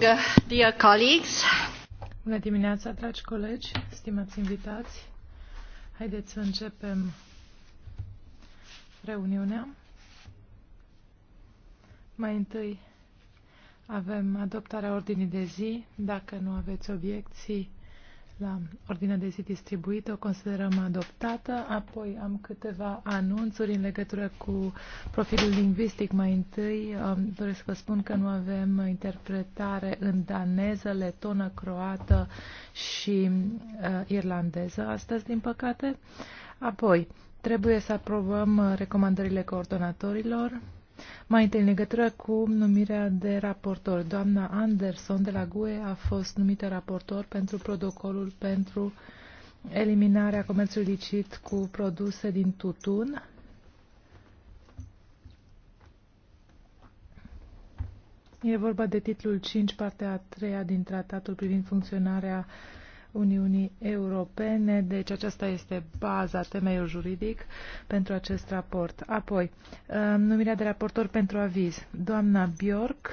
morning, dear colleagues. Bună dimineața, dragi colegi, stimați invitați. Haideți să începem reuniunea. Mai întâi avem adoptarea ordinii de zi. Dacă nu aveți obiecții, la ordinea de zi distribuită, o considerăm adoptată. Apoi am câteva anunțuri în legătură cu profilul lingvistic. Mai întâi um, doresc să vă spun că nu avem interpretare în daneză, letonă, croată și uh, irlandeză astăzi, din păcate. Apoi, trebuie să aprobăm uh, recomandările coordonatorilor mai întâi, în legătură cu numirea de raportor, doamna Anderson de la GUE a fost numită raportor pentru protocolul pentru eliminarea comerțului licit cu produse din tutun. E vorba de titlul 5, partea a treia din tratatul privind funcționarea uh, Uniunii Europene. Deci aceasta este baza, temeiul juridic pentru acest raport. Apoi, numirea de raportor pentru aviz. Doamna Bjork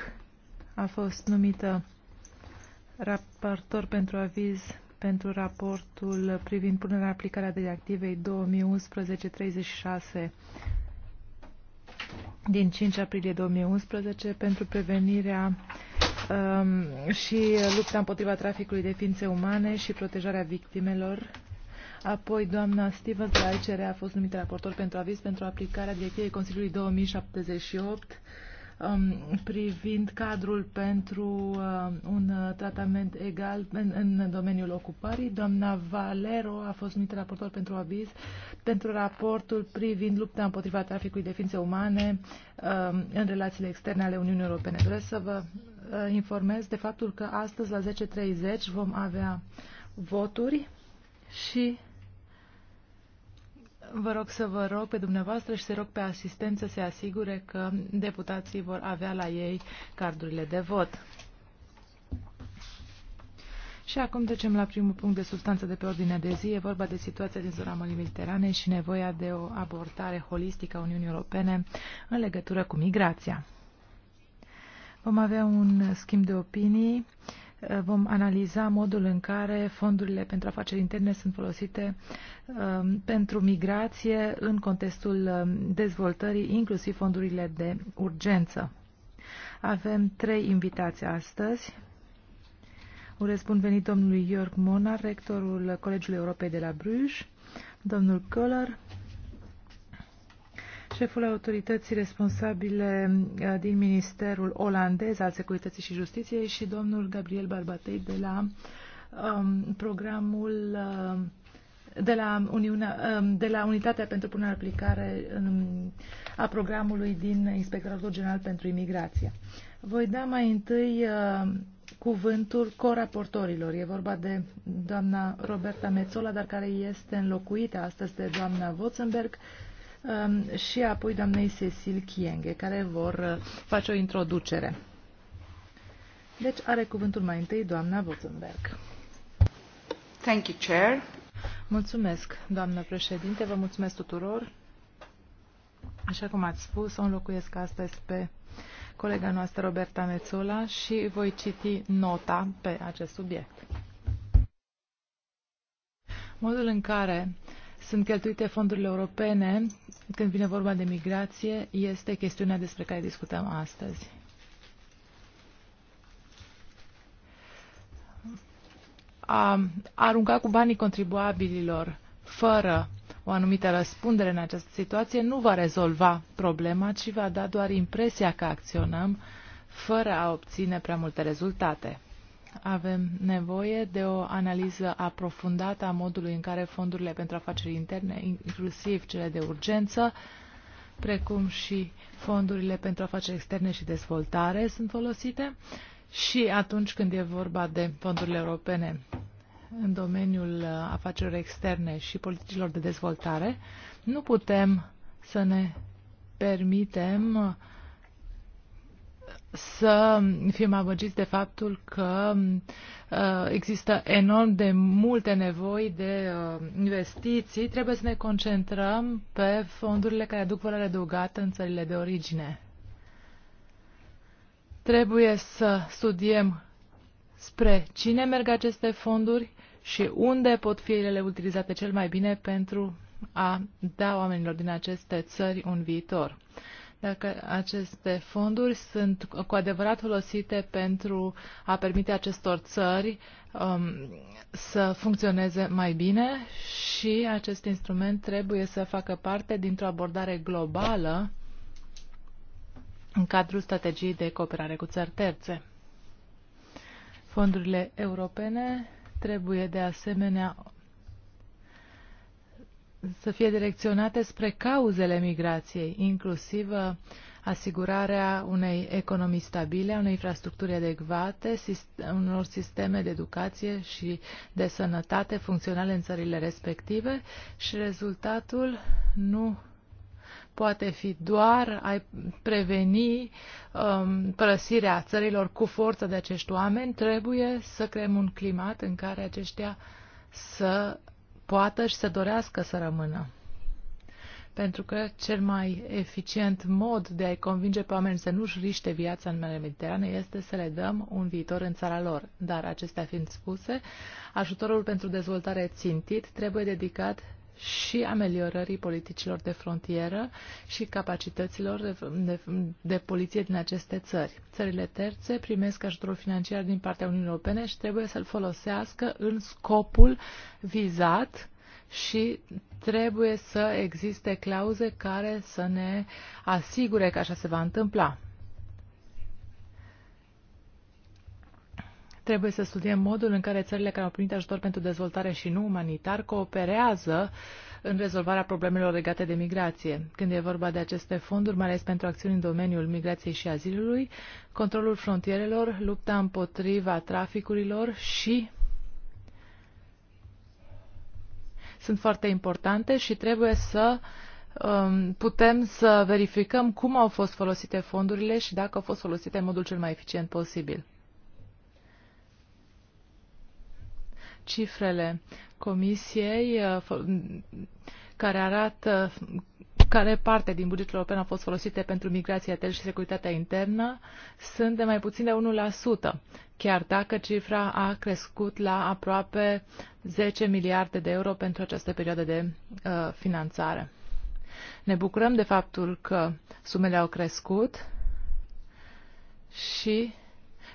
a fost numită raportor pentru aviz pentru raportul privind punerea aplicarea aplicare a directivei 2011-36 din 5 aprilie 2011 pentru prevenirea um, și lupta împotriva traficului de ființe umane și protejarea victimelor. Apoi, doamna Stevens, la ICR, a fost numită raportor pentru aviz pentru aplicarea directivei Consiliului 2078 um, privind cadrul pentru um, un uh, tratament egal în, în domeniul ocupării. Doamna Valero a fost numită raportor pentru aviz uh, pentru raportul privind lupta împotriva traficului de ființe umane um, în relațiile externe ale Uniunii Europene. Doresc să vă uh, informez de faptul că astăzi la 10.30 vom avea voturi și vă rog să vă rog pe dumneavoastră și să rog pe asistență să se asigure că deputații vor avea la ei cardurile de vot. Și acum trecem la primul punct de substanță de pe ordinea de zi. E vorba de situația din zona Mării Mediterane și nevoia de o abordare holistică a Uniunii Europene în legătură cu migrația. Vom avea un schimb de opinii, vom analiza modul în care fondurile pentru afaceri interne sunt folosite um, pentru migrație în contextul um, dezvoltării, inclusiv fondurile de urgență. Avem trei invitații astăzi Urez bun venit domnului Iorg Mona, rectorul Colegiului Europei de la Bruges, domnul Köller, șeful autorității responsabile uh, din Ministerul Olandez al Securității și Justiției și domnul Gabriel Barbatei de la um, programul uh, de la, Uniunea, um, de la Unitatea pentru punerea aplicare um, a programului din Inspectoratul General pentru Imigrație. Voi da mai întâi uh, cuvântul coraportorilor. E vorba de doamna Roberta Mețola, dar care este înlocuită astăzi de doamna Wotzenberg um, și apoi doamnei Cecil Chienghe, care vor uh, face o introducere. Deci are cuvântul mai întâi doamna Wotzenberg. Thank you, Chair. Mulțumesc, doamnă președinte, vă mulțumesc tuturor. Așa cum ați spus, o înlocuiesc astăzi pe colega noastră Roberta Mețula și voi citi nota pe acest subiect. Modul în care sunt cheltuite fondurile europene când vine vorba de migrație este chestiunea despre care discutăm astăzi. A arunca cu banii contribuabililor fără o anumită răspundere în această situație nu va rezolva problema, ci va da doar impresia că acționăm fără a obține prea multe rezultate. Avem nevoie de o analiză aprofundată a modului în care fondurile pentru afaceri interne, inclusiv cele de urgență, precum și fondurile pentru afaceri externe și dezvoltare sunt folosite și atunci când e vorba de fondurile europene în domeniul uh, afacerilor externe și politicilor de dezvoltare, nu putem să ne permitem uh, să fim amăgiți de faptul că uh, există enorm de multe nevoi de investiții. Trebuie să ne concentrăm pe fondurile care aduc valoare adăugată în țările de origine. Trebuie să studiem spre cine merg aceste fonduri, și unde pot fi ele utilizate cel mai bine pentru a da oamenilor din aceste țări un viitor. Dacă aceste fonduri sunt cu adevărat folosite pentru a permite acestor țări um, să funcționeze mai bine și acest instrument trebuie să facă parte dintr-o abordare globală în cadrul strategiei de cooperare cu țări terțe. Fondurile europene trebuie de asemenea să fie direcționate spre cauzele migrației, inclusiv asigurarea unei economii stabile, a unei infrastructuri adecvate, unor sisteme de educație și de sănătate funcționale în țările respective și rezultatul nu poate fi doar a preveni um, părăsirea țărilor cu forță de acești oameni, trebuie să creăm un climat în care aceștia să poată și să dorească să rămână. Pentru că cel mai eficient mod de a-i convinge pe oameni să nu-și riște viața în Marea Mediterană este să le dăm un viitor în țara lor. Dar acestea fiind spuse, ajutorul pentru dezvoltare țintit trebuie dedicat și ameliorării politicilor de frontieră și capacităților de, de, de poliție din aceste țări. Țările terțe primesc ajutorul financiar din partea Uniunii Europene și trebuie să-l folosească în scopul vizat și trebuie să existe clauze care să ne asigure că așa se va întâmpla. Trebuie să studiem modul în care țările care au primit ajutor pentru dezvoltare și nu umanitar cooperează în rezolvarea problemelor legate de migrație. Când e vorba de aceste fonduri, mai ales pentru acțiuni în domeniul migrației și azilului, controlul frontierelor, lupta împotriva traficurilor și sunt foarte importante și trebuie să um, putem să verificăm cum au fost folosite fondurile și dacă au fost folosite în modul cel mai eficient posibil. cifrele Comisiei uh, care arată care parte din bugetul european a fost folosite pentru migrația tel și securitatea internă sunt de mai puțin de 1%, chiar dacă cifra a crescut la aproape 10 miliarde de euro pentru această perioadă de uh, finanțare. Ne bucurăm de faptul că sumele au crescut și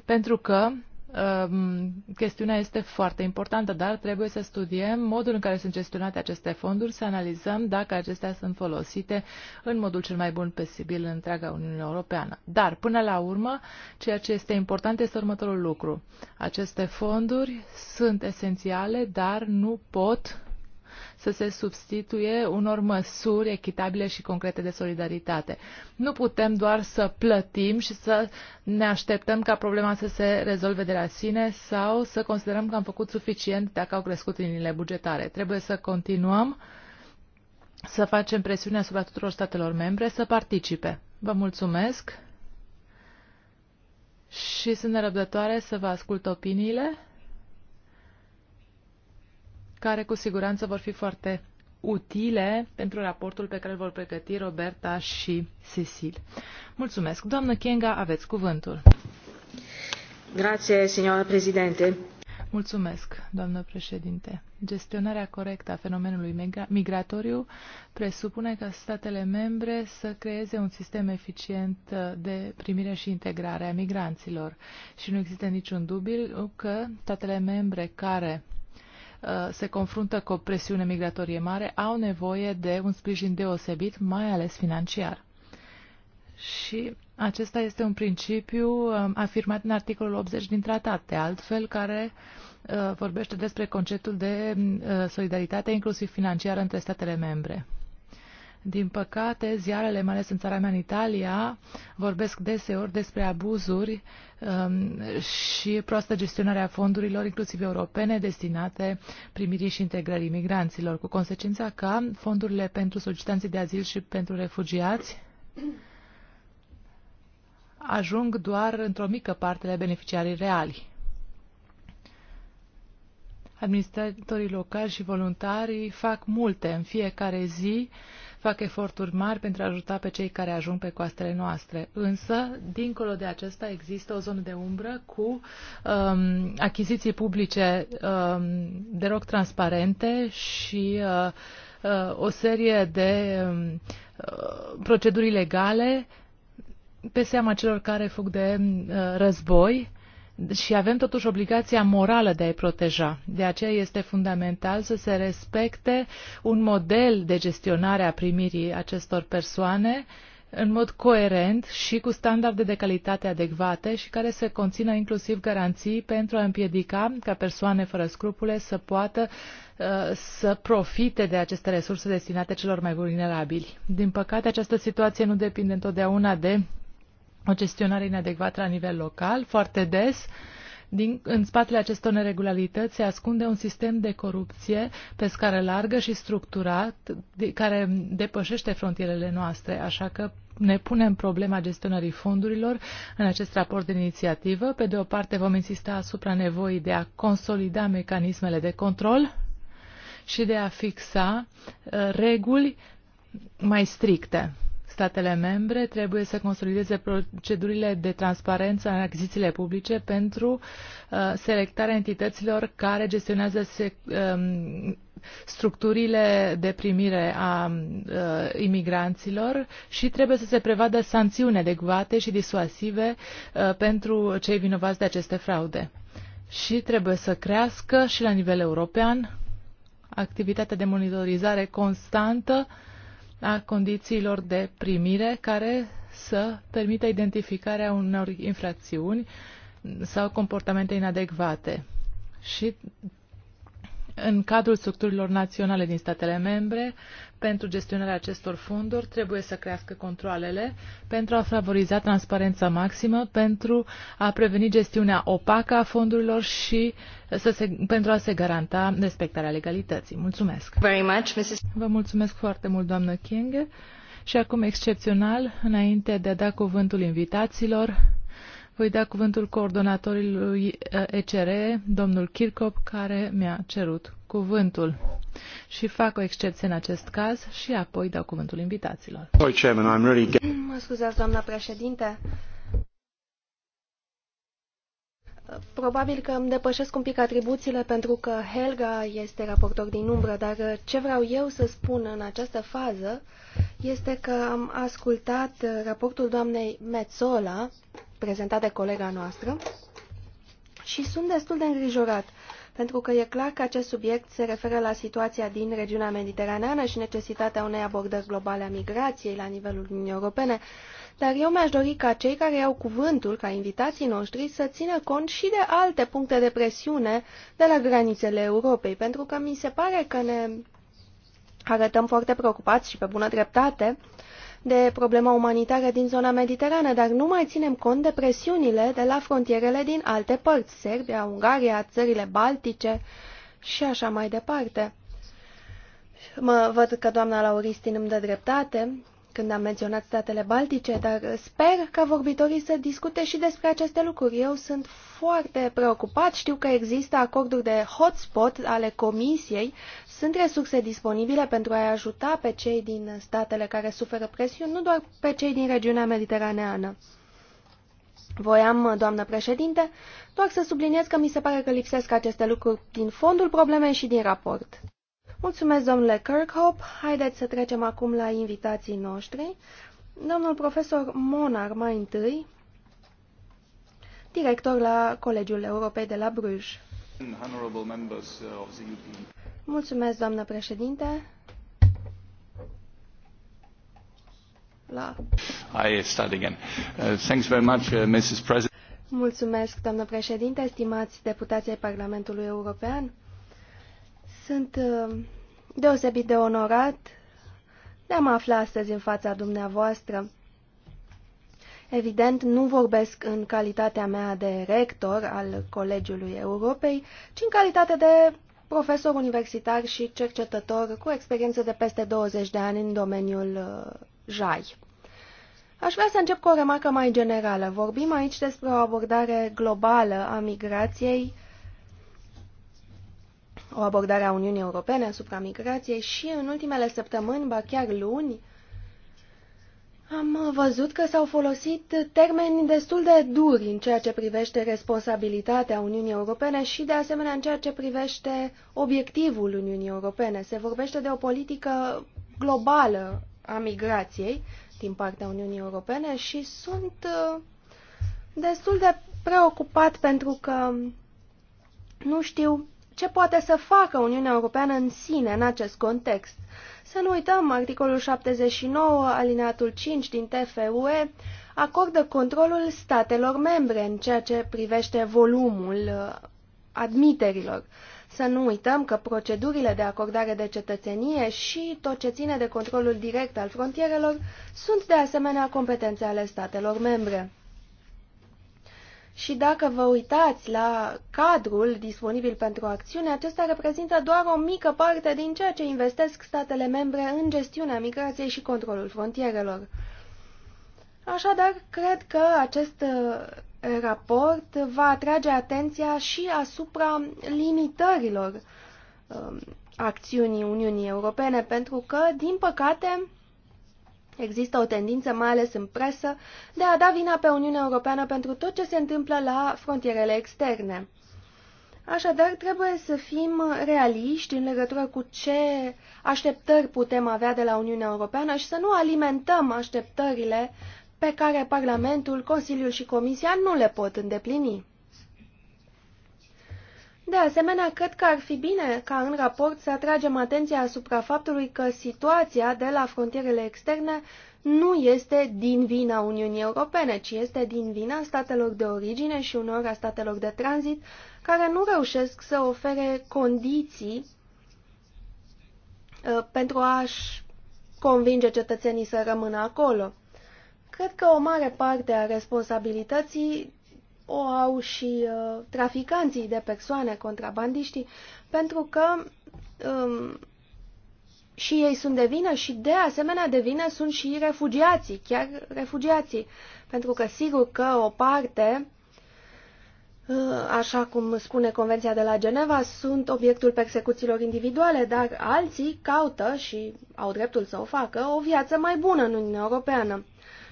pentru că Ehm, chestiunea este foarte importantă, dar trebuie să studiem modul în care sunt gestionate aceste fonduri, să analizăm dacă acestea sunt folosite în modul cel mai bun posibil în întreaga Uniune Europeană. Dar, până la urmă, ceea ce este important este următorul lucru. Aceste fonduri sunt esențiale, dar nu pot să se substituie unor măsuri echitabile și concrete de solidaritate. Nu putem doar să plătim și să ne așteptăm ca problema să se rezolve de la sine sau să considerăm că am făcut suficient dacă au crescut liniile bugetare. Trebuie să continuăm să facem presiune asupra tuturor statelor membre să participe. Vă mulțumesc! și sunt nerăbdătoare să vă ascult opiniile care cu siguranță vor fi foarte utile pentru raportul pe care îl vor pregăti Roberta și Cecil. Mulțumesc. Doamnă Kenga, aveți cuvântul. Grație, signora președinte. Mulțumesc, doamnă președinte. Gestionarea corectă a fenomenului migratoriu presupune ca statele membre să creeze un sistem eficient uh, de primire și integrare a migranților. Și nu există niciun dubiu că statele membre care Uh, se confruntă cu o presiune migratorie mare, au nevoie de un sprijin deosebit, mai ales financiar. Și acesta este un principiu um, afirmat în articolul 80 din tratat, de altfel care uh, vorbește despre conceptul de uh, solidaritate inclusiv financiară între statele membre. Din păcate, ziarele, mai ales în țara mea, în Italia, vorbesc deseori despre abuzuri um, și proastă gestionare a fondurilor, inclusiv europene, destinate primirii și integrării migranților, cu consecința că fondurile pentru solicitanții de azil și pentru refugiați ajung doar într-o mică parte la beneficiarii reali. Administratorii locali și voluntarii fac multe în fiecare zi fac eforturi mari pentru a ajuta pe cei care ajung pe coastele noastre. Însă, dincolo de acesta, există o zonă de umbră cu um, achiziții publice um, de rog transparente și uh, uh, o serie de um, uh, proceduri legale pe seama celor care fug de uh, război și avem totuși obligația morală de a-i proteja. De aceea este fundamental să se respecte un model de gestionare a primirii acestor persoane în mod coerent și cu standarde de calitate adecvate și care să conțină inclusiv garanții pentru a împiedica ca persoane fără scrupule să poată uh, să profite de aceste resurse destinate celor mai vulnerabili. Din păcate, această situație nu depinde întotdeauna de o gestionare inadecvată la nivel local. Foarte des, din, în spatele acestor neregularități se ascunde un sistem de corupție pe scară largă și structurat de, care depășește frontierele noastre, așa că ne punem problema gestionării fondurilor în acest raport de inițiativă. Pe de o parte vom insista asupra nevoii de a consolida mecanismele de control și de a fixa uh, reguli mai stricte. Statele membre trebuie să consolideze procedurile de transparență în achizițiile publice pentru uh, selectarea entităților care gestionează um, structurile de primire a uh, imigranților și trebuie să se prevadă sancțiuni adecvate și disuasive uh, pentru cei vinovați de aceste fraude. Și trebuie să crească și la nivel european activitatea de monitorizare constantă uh, a condițiilor de primire care să permită identificarea unor infracțiuni sau comportamente inadecvate. Și în cadrul structurilor naționale din statele membre pentru gestionarea acestor fonduri trebuie să crească controlele pentru a favoriza transparența maximă, pentru a preveni gestiunea opacă a fondurilor și să se, pentru a se garanta respectarea legalității. Mulțumesc! Very much, Mrs. Vă mulțumesc foarte mult, doamnă King. Și acum, excepțional, înainte de a da cuvântul invitaților, voi da cuvântul coordonatorului uh, ECR, domnul Kirkop, care mi-a cerut cuvântul. Și fac o excepție în acest caz și apoi dau cuvântul invitaților. Mă scuzați, doamna președinte. Probabil că îmi depășesc un pic atribuțiile pentru că Helga este raportor din umbră, dar ce vreau eu să spun în această fază este că am ascultat raportul doamnei Metzola prezentat de colega noastră și sunt destul de îngrijorat, pentru că e clar că acest subiect se referă la situația din regiunea mediteraneană și necesitatea unei abordări globale a migrației la nivelul Uniunii Europene, dar eu mi-aș dori ca cei care iau cuvântul, ca invitații noștri, să țină cont și de alte puncte de presiune de la granițele Europei, pentru că mi se pare că ne arătăm foarte preocupați și pe bună dreptate de problema umanitară din zona mediterană, dar nu mai ținem cont de presiunile de la frontierele din alte părți, Serbia, Ungaria, țările baltice și așa mai departe. Mă văd că doamna Lauristin îmi dă dreptate când am menționat statele baltice, dar sper ca vorbitorii să discute și despre aceste lucruri. Eu sunt foarte preocupat, știu că există acorduri de hotspot ale comisiei sunt resurse disponibile pentru a-i ajuta pe cei din statele care suferă presiuni, nu doar pe cei din regiunea mediteraneană. Voiam, doamnă președinte, doar să subliniez că mi se pare că lipsesc aceste lucruri din fondul problemei și din raport. Mulțumesc, domnule Kirkhope. Haideți să trecem acum la invitații noștri. Domnul profesor Monar, mai întâi, director la Colegiul Europei de la Bruges. Mulțumesc, doamnă președinte. La... I start again. Uh, thanks very much, uh, Mrs. President. Mulțumesc, doamnă președinte, stimați deputații ai Parlamentului European. Sunt uh, deosebit de onorat de a mă afla astăzi în fața dumneavoastră. Evident, nu vorbesc în calitatea mea de rector al Colegiului Europei, ci în calitate de profesor universitar și cercetător cu experiență de peste 20 de ani în domeniul uh, JAI. Aș vrea să încep cu o remarcă mai generală. Vorbim aici despre o abordare globală a migrației, o abordare a Uniunii Europene asupra migrației și în ultimele săptămâni, ba chiar luni, am văzut că s-au folosit termeni destul de duri în ceea ce privește responsabilitatea Uniunii Europene și, de asemenea, în ceea ce privește obiectivul Uniunii Europene. Se vorbește de o politică globală a migrației din partea Uniunii Europene și sunt uh, destul de preocupat pentru că nu știu ce poate să facă Uniunea Europeană în sine în acest context. Să nu uităm, articolul 79, alineatul 5 din TFUE acordă controlul statelor membre în ceea ce privește volumul uh, admiterilor. Să nu uităm că procedurile de acordare de cetățenie și tot ce ține de controlul direct al frontierelor sunt de asemenea competențe ale statelor membre. Și dacă vă uitați la cadrul disponibil pentru acțiune, acesta reprezintă doar o mică parte din ceea ce investesc statele membre în gestiunea migrației și controlul frontierelor. Așadar, cred că acest uh, raport va atrage atenția și asupra limitărilor um, acțiunii Uniunii Europene, pentru că, din păcate, Există o tendință, mai ales în presă, de a da vina pe Uniunea Europeană pentru tot ce se întâmplă la frontierele externe. Așadar, trebuie să fim realiști în legătură cu ce așteptări putem avea de la Uniunea Europeană și să nu alimentăm așteptările pe care Parlamentul, Consiliul și Comisia nu le pot îndeplini. De asemenea, cred că ar fi bine ca în raport să atragem atenția asupra faptului că situația de la frontierele externe nu este din vina Uniunii Europene, ci este din vina statelor de origine și unor a statelor de tranzit care nu reușesc să ofere condiții uh, pentru a-și convinge cetățenii să rămână acolo. Cred că o mare parte a responsabilității o au și uh, traficanții de persoane, contrabandiștii, pentru că um, și ei sunt de vină și de asemenea de vină sunt și refugiații, chiar refugiații, pentru că sigur că o parte uh, așa cum spune Convenția de la Geneva, sunt obiectul persecuțiilor individuale, dar alții caută și au dreptul să o facă o viață mai bună în Uniunea Europeană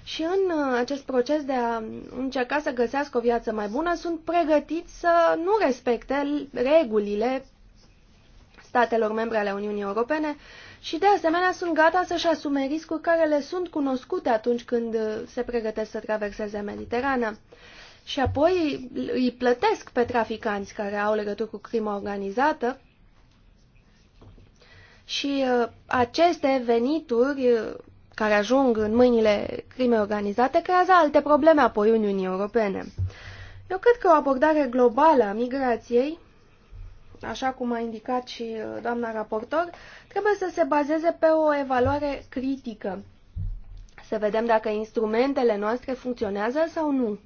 și în uh, acest proces de a încerca să găsească o viață mai bună sunt pregătiți să nu respecte regulile statelor membre ale Uniunii Europene și de asemenea sunt gata să-și asume riscuri care le sunt cunoscute atunci când uh, se pregătesc să traverseze Mediterana. Și apoi îi plătesc pe traficanți care au legături cu crima organizată și uh, aceste venituri care ajung în mâinile crimei organizate creează alte probleme apoi Uniunii Europene. Eu cred că o abordare globală a migrației, așa cum a indicat și uh, doamna raportor, trebuie să se bazeze pe o evaluare critică. Să vedem dacă instrumentele noastre funcționează sau nu.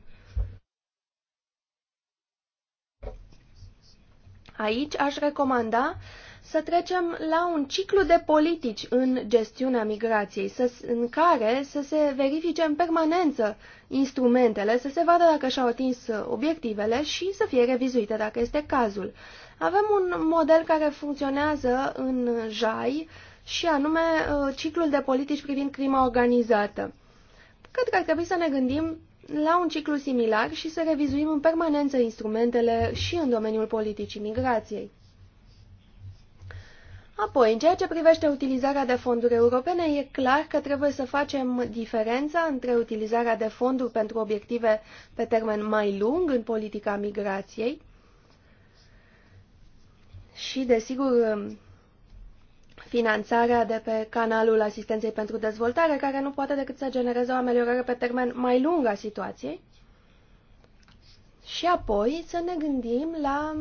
Aici aș recomanda uh, să trecem la un ciclu de politici în gestiunea migrației, să, în care să se verifice în permanență instrumentele, să se vadă dacă și-au atins uh, obiectivele și să fie revizuite dacă este cazul. Avem un model care funcționează în JAI și anume uh, ciclul de politici privind crima organizată. Cred că ar trebui să ne gândim la un ciclu similar și să revizuim în permanență instrumentele și în domeniul politicii migrației. Apoi, în ceea ce privește utilizarea de fonduri europene, e clar că trebuie să facem diferența între utilizarea de fonduri pentru obiective pe termen mai lung în politica migrației și, desigur, finanțarea de pe canalul asistenței pentru dezvoltare, care nu poate decât să genereze o ameliorare pe termen mai lung a situației și apoi să ne gândim la,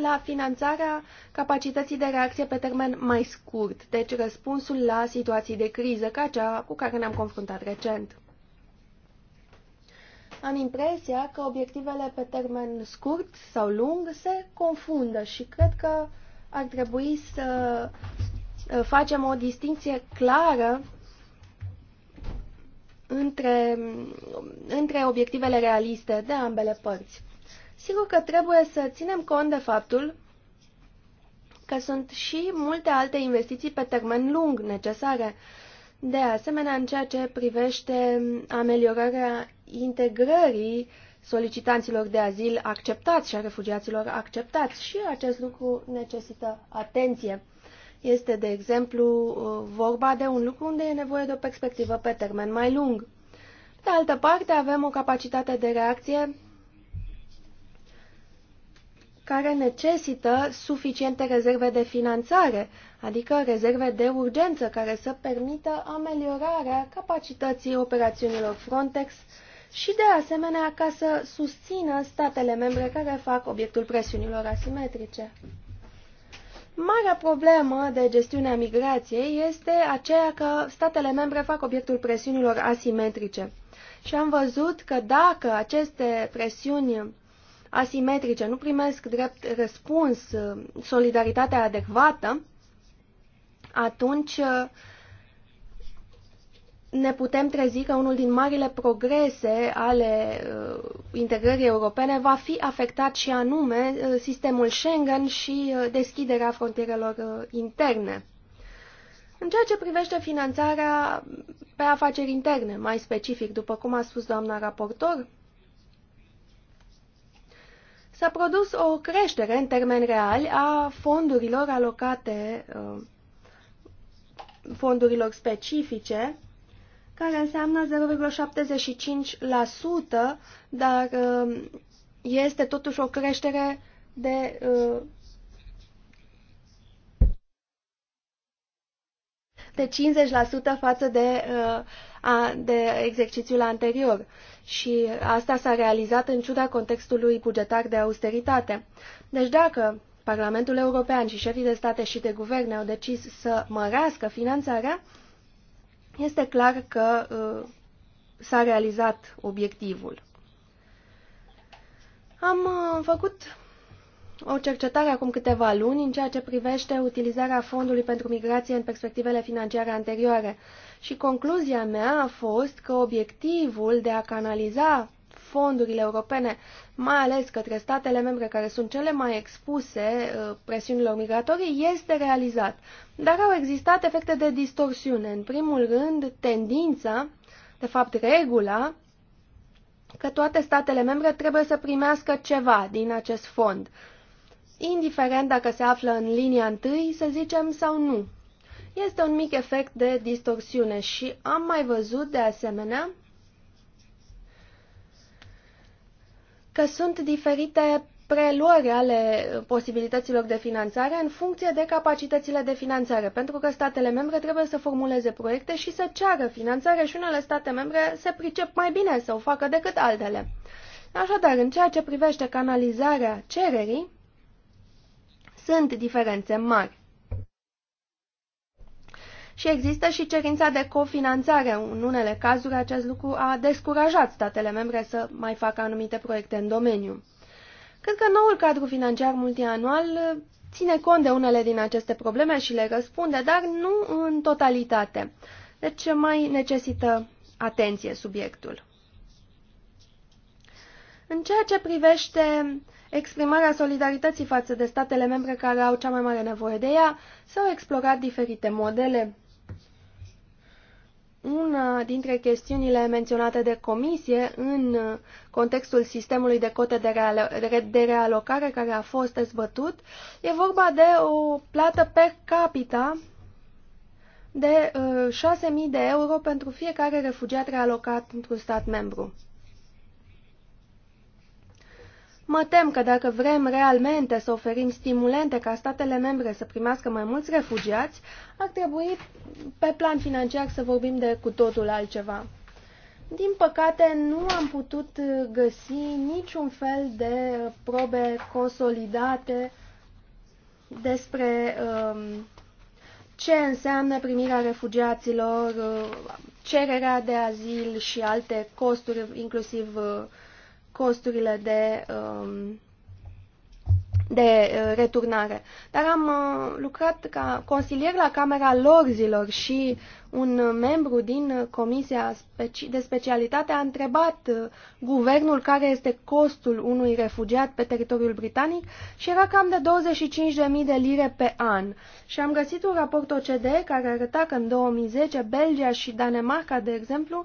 la finanțarea capacității de reacție pe termen mai scurt, deci răspunsul la situații de criză ca cea cu care ne-am confruntat recent. Am impresia că obiectivele pe termen scurt sau lung se confundă și cred că ar trebui să facem o distinție clară între, între obiectivele realiste de ambele părți. Sigur că trebuie să ținem cont de faptul că sunt și multe alte investiții pe termen lung necesare. De asemenea, în ceea ce privește ameliorarea integrării solicitanților de azil acceptați și a refugiaților acceptați și acest lucru necesită atenție. Este, de exemplu, vorba de un lucru unde e nevoie de o perspectivă pe termen mai lung. De altă parte, avem o capacitate de reacție care necesită suficiente rezerve de finanțare, adică rezerve de urgență care să permită ameliorarea capacității operațiunilor Frontex și, de asemenea, ca să susțină statele membre care fac obiectul presiunilor asimetrice. Marea problemă de gestiune a migrației este aceea că statele membre fac obiectul presiunilor asimetrice. Și am văzut că dacă aceste presiuni asimetrice nu primesc drept răspuns uh, solidaritatea adecvată, atunci uh, ne putem trezi că unul din marile progrese ale uh, integrării europene va fi afectat și anume uh, sistemul Schengen și uh, deschiderea frontierelor uh, interne. În ceea ce privește finanțarea pe afaceri interne, mai specific, după cum a spus doamna raportor, s-a produs o creștere în termeni reali a fondurilor alocate uh, fondurilor specifice care înseamnă 0,75%, dar uh, este totuși o creștere de uh, de 50% față de, uh, de exercițiul anterior. Și asta s-a realizat în ciuda contextului bugetar de austeritate. Deci dacă Parlamentul European și șefii de state și de guverne au decis să mărească finanțarea, este clar că uh, s-a realizat obiectivul. Am uh, făcut o cercetare acum câteva luni în ceea ce privește utilizarea fondului pentru migrație în perspectivele financiare anterioare și concluzia mea a fost că obiectivul de a canaliza fondurile europene, mai ales către statele membre care sunt cele mai expuse uh, presiunilor migratorii, este realizat. Dar au existat efecte de distorsiune. În primul rând, tendința, de fapt regula, că toate statele membre trebuie să primească ceva din acest fond, indiferent dacă se află în linia întâi, să zicem, sau nu. Este un mic efect de distorsiune și am mai văzut, de asemenea, că sunt diferite preluări ale posibilităților de finanțare în funcție de capacitățile de finanțare, pentru că statele membre trebuie să formuleze proiecte și să ceară finanțare și unele state membre se pricep mai bine să o facă decât altele. Așadar, în ceea ce privește canalizarea cererii, sunt diferențe mari. Și există și cerința de cofinanțare. În unele cazuri, acest lucru a descurajat statele membre să mai facă anumite proiecte în domeniu. Cred că noul cadru financiar multianual ține cont de unele din aceste probleme și le răspunde, dar nu în totalitate. Deci mai necesită atenție subiectul. În ceea ce privește exprimarea solidarității față de statele membre care au cea mai mare nevoie de ea, s-au explorat diferite modele. Una dintre chestiunile menționate de comisie în contextul sistemului de cote de realocare care a fost dezbătut e vorba de o plată per capita de 6.000 uh, de euro pentru fiecare refugiat realocat într-un stat membru. Mă tem că dacă vrem realmente să oferim stimulente ca statele membre să primească mai mulți refugiați, ar trebui pe plan financiar să vorbim de cu totul altceva. Din păcate, nu am putut găsi niciun fel de probe consolidate despre um, ce înseamnă primirea refugiaților, uh, cererea de azil și alte costuri, inclusiv uh, costurile de, um, de uh, returnare. Dar am uh, lucrat ca consilier la Camera Lorzilor și un membru din Comisia de Specialitate a întrebat uh, guvernul care este costul unui refugiat pe teritoriul britanic și era cam de 25.000 de lire pe an. Și am găsit un raport OCDE care arăta că în 2010 Belgia și Danemarca, de exemplu,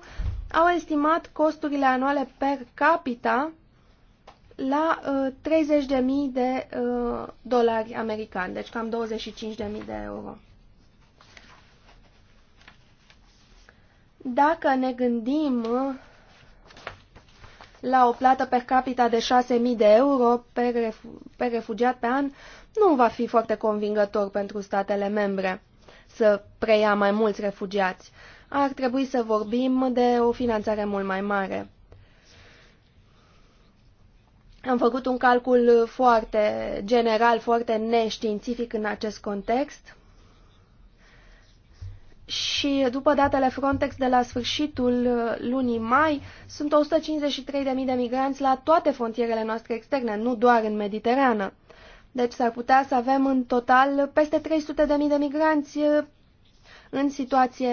au estimat costurile anuale per capita la uh, 30.000 de uh, dolari americani, deci cam 25.000 de euro. Dacă ne gândim uh, la o plată per capita de 6.000 de euro per refu per refugiat pe an, nu va fi foarte convingător pentru statele membre să preia mai mulți refugiați. Uh, ar trebui să vorbim de o finanțare mult mai mare. Am făcut un calcul foarte general, foarte neștiințific în acest context. Și după datele Frontex de la sfârșitul lunii mai, sunt 153.000 de migranți la toate frontierele noastre externe, nu doar în Mediterană. Deci s-ar putea să avem în total peste 300.000 de migranți în situație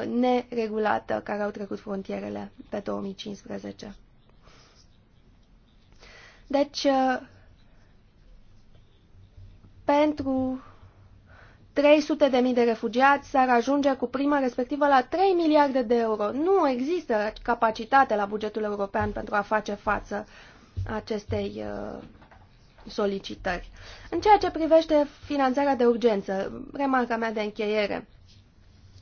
uh, neregulată care au trecut frontierele pe 2015. Deci, uh, pentru 300 de mii de refugiați s-ar ajunge cu prima respectivă la 3 miliarde de euro. Nu există capacitate la bugetul european pentru a face față acestei uh, solicitări. În ceea ce privește finanțarea de urgență, remarca mea de încheiere,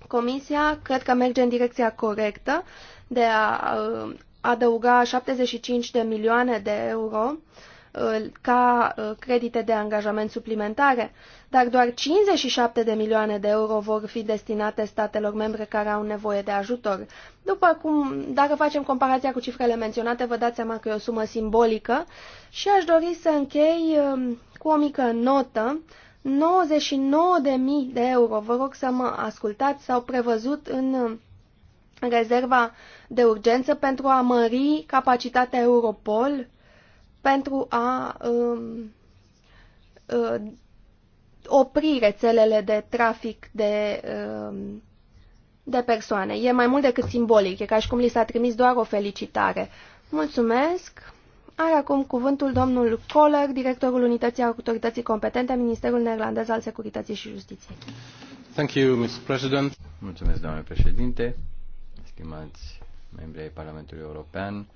Comisia cred că merge în direcția corectă de a uh, adăuga 75 de milioane de euro uh, ca uh, credite de angajament suplimentare, dar doar 57 de milioane de euro vor fi destinate statelor membre care au nevoie de ajutor. După cum, dacă facem comparația cu cifrele menționate, vă dați seama că e o sumă simbolică și aș dori să închei um, cu o mică notă 99.000 de euro, vă rog să mă ascultați, s-au prevăzut în rezerva de urgență pentru a mări capacitatea Europol, pentru a um, uh, opri rețelele de trafic de, um, de persoane. E mai mult decât simbolic, e ca și cum li s-a trimis doar o felicitare. Mulțumesc! Are acum cuvântul domnul Kohler, directorul Unității Autorității Competente, Ministerul Neerlandez al Securității și Justiției. Thank you, Mr. President. Mulțumesc, doamne președinte, stimați membri ai Parlamentului European.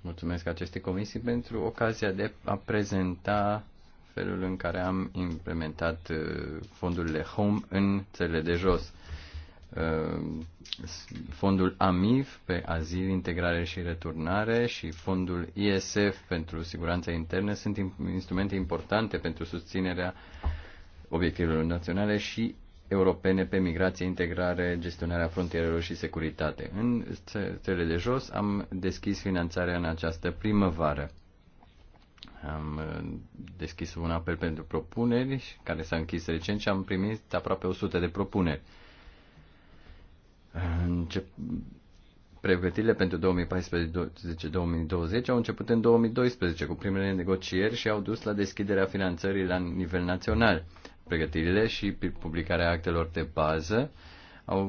Mulțumesc acestei comisii pentru ocazia de a prezenta felul în care am implementat uh, fondurile Home în țările de jos. Uh, fondul AMIF pe azil, integrare și returnare și fondul ISF pentru siguranța internă sunt instrumente importante pentru susținerea obiectivelor naționale și europene pe migrație, integrare, gestionarea frontierelor și securitate. În țările de jos am deschis finanțarea în această primăvară. Am uh, deschis un apel pentru propuneri care s-a închis recent și am primit aproape 100 de propuneri Încep... Pregătirile pentru 2014-2020 au început în 2012 cu primele negocieri și au dus la deschiderea finanțării la nivel național. Pregătirile și publicarea actelor de bază au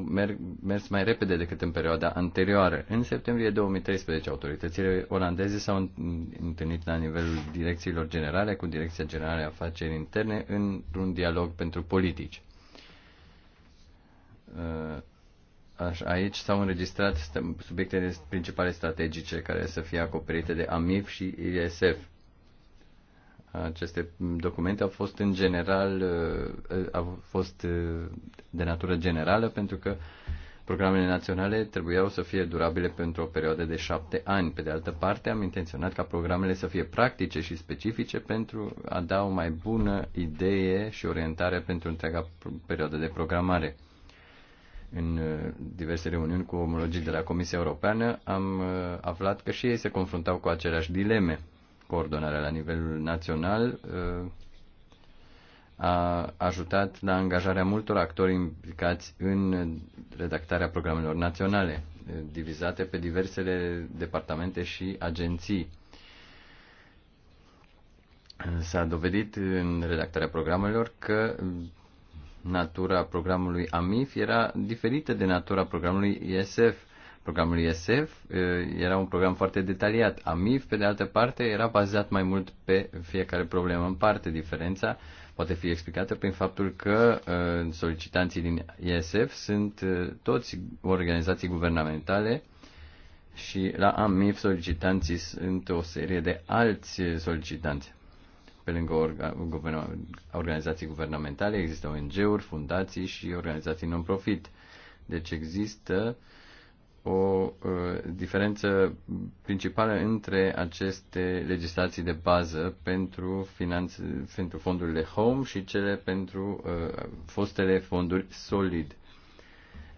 mers mai repede decât în perioada anterioară. În septembrie 2013, autoritățile olandeze s-au întâlnit la nivelul direcțiilor generale cu Direcția Generală a Afaceri Interne într-un dialog pentru politici uh, Aici s-au înregistrat subiectele principale strategice care să fie acoperite de AMIF și ISF. Aceste documente au fost în general, uh, au fost uh, de natură generală pentru că programele naționale trebuiau să fie durabile pentru o perioadă de șapte ani. Pe de altă parte, am intenționat ca programele să fie practice și specifice pentru a da o mai bună idee și orientare pentru întreaga perioadă de programare în uh, diverse reuniuni cu omologii de la Comisia Europeană am uh, aflat că și ei se confruntau cu aceleași dileme. Coordonarea la nivel național uh, a ajutat la angajarea multor actori implicați în redactarea programelor naționale, divizate pe diversele departamente și agenții. S-a dovedit în redactarea programelor că natura programului AMIF era diferită de natura programului ISF. Programul ISF era un program foarte detaliat. AMIF, pe de altă parte, era bazat mai mult pe fiecare problemă în parte. Diferența poate fi explicată prin faptul că solicitanții din ISF sunt toți organizații guvernamentale și la AMIF solicitanții sunt o serie de alți solicitanți. Pe lângă orga, guverna, organizații guvernamentale există ONG-uri, fundații și organizații non-profit. Deci există o uh, diferență principală între aceste legislații de bază pentru, finanțe, pentru fondurile home și cele pentru uh, fostele fonduri solid. Uh,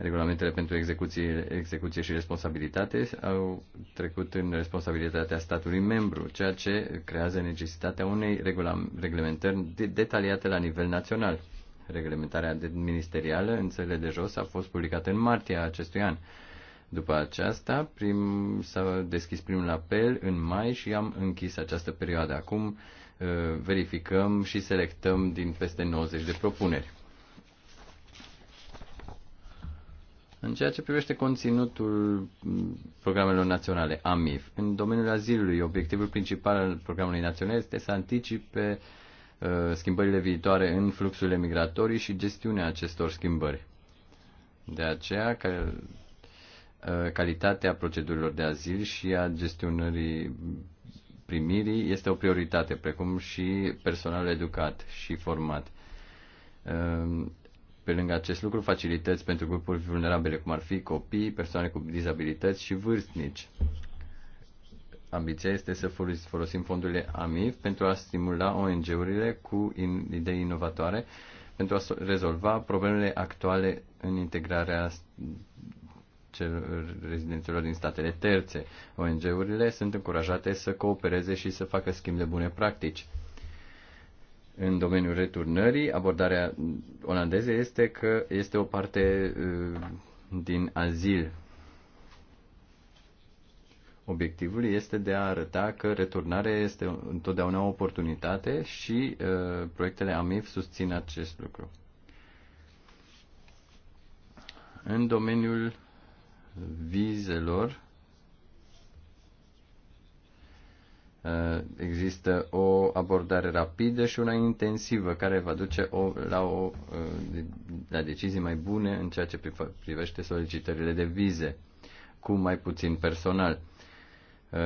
Regulamentele pentru execuție, execuție și responsabilitate au trecut în responsabilitatea statului membru, ceea ce creează necesitatea unei reglementări detaliate la nivel național. Reglementarea ministerială în țările de jos a fost publicată în martie a acestui an. După aceasta, prim, s-a deschis primul apel în mai și am închis această perioadă. Acum uh, verificăm și selectăm din peste 90 de propuneri. În ceea ce privește conținutul programelor naționale, AMIF, în domeniul azilului, obiectivul principal al programului național este să anticipe uh, schimbările viitoare în fluxurile migratorii și gestiunea acestor schimbări. De aceea, uh, calitatea procedurilor de azil și a gestionării primirii este o prioritate, precum și personal educat și format. Uh, pe lângă acest lucru, facilități pentru grupuri vulnerabile, cum ar fi copii, persoane cu dizabilități și vârstnici. Ambiția este să folosim fondurile AMIF pentru a stimula ONG-urile cu idei inovatoare pentru a rezolva problemele actuale în integrarea rezidenților din statele terțe. ONG-urile sunt încurajate să coopereze și să facă schimb de bune practici. În domeniul returnării, abordarea olandeză este că este o parte uh, din azil. Obiectivul este de a arăta că returnarea este întotdeauna o oportunitate și uh, proiectele AMIF susțin acest lucru. În domeniul vizelor, Eh, există o abordare rapidă și una intensivă care va duce o, la, o, eh, la decizii mai bune în ceea ce privește solicitările de vize cu mai puțin personal.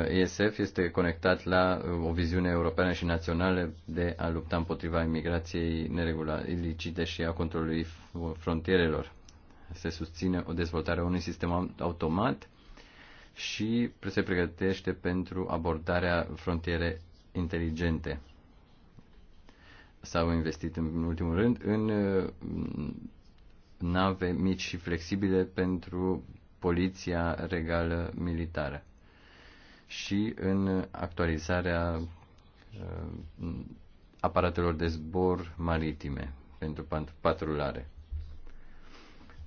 ESF eh, este conectat la o viziune europeană și națională de a lupta împotriva imigrației neregulare, ilicite și a controlului frontierelor. Se susține o dezvoltare a unui sistem automat și se pregătește pentru abordarea frontiere inteligente. S-au investit în ultimul rând în mm, nave mici și flexibile pentru poliția regală militară și în actualizarea uh, mm, aparatelor de zbor maritime pentru patrulare.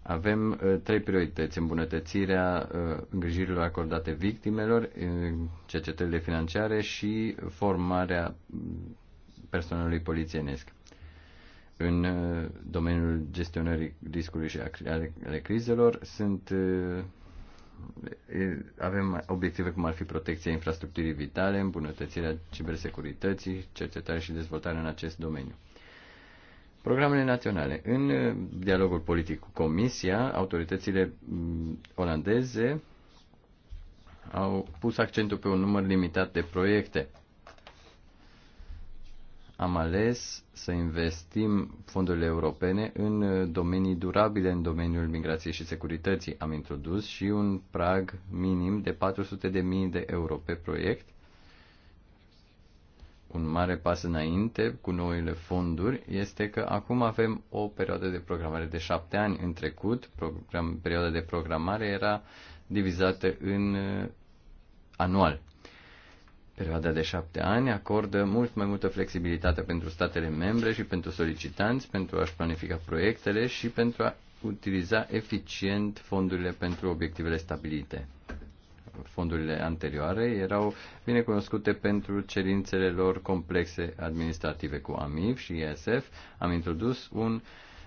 Avem uh, trei priorități. Îmbunătățirea uh, îngrijirilor acordate victimelor, uh, cercetările financiare și formarea personalului polițienesc. În domeniul gestionării riscului și ale crizelor sunt avem obiective cum ar fi protecția infrastructurii vitale, îmbunătățirea cibersecurității, cercetare și dezvoltare în acest domeniu. Programele naționale. În uh, dialogul politic cu Comisia, autoritățile mm, olandeze au pus accentul pe un număr limitat de proiecte. Am ales să investim fondurile europene în uh, domenii durabile în domeniul migrației și securității. Am introdus și un prag minim de 400.000 de euro pe proiect un mare pas înainte cu noile fonduri este că acum avem o perioadă de programare de șapte ani. În trecut, program, perioada de programare era divizată în uh, anual. Perioada de șapte ani acordă mult mai multă flexibilitate pentru statele membre și pentru solicitanți, pentru a-și planifica proiectele și pentru a utiliza eficient fondurile pentru obiectivele stabilite fondurile anterioare erau bine cunoscute pentru cerințele lor complexe administrative cu AMIF și ISF. Am introdus un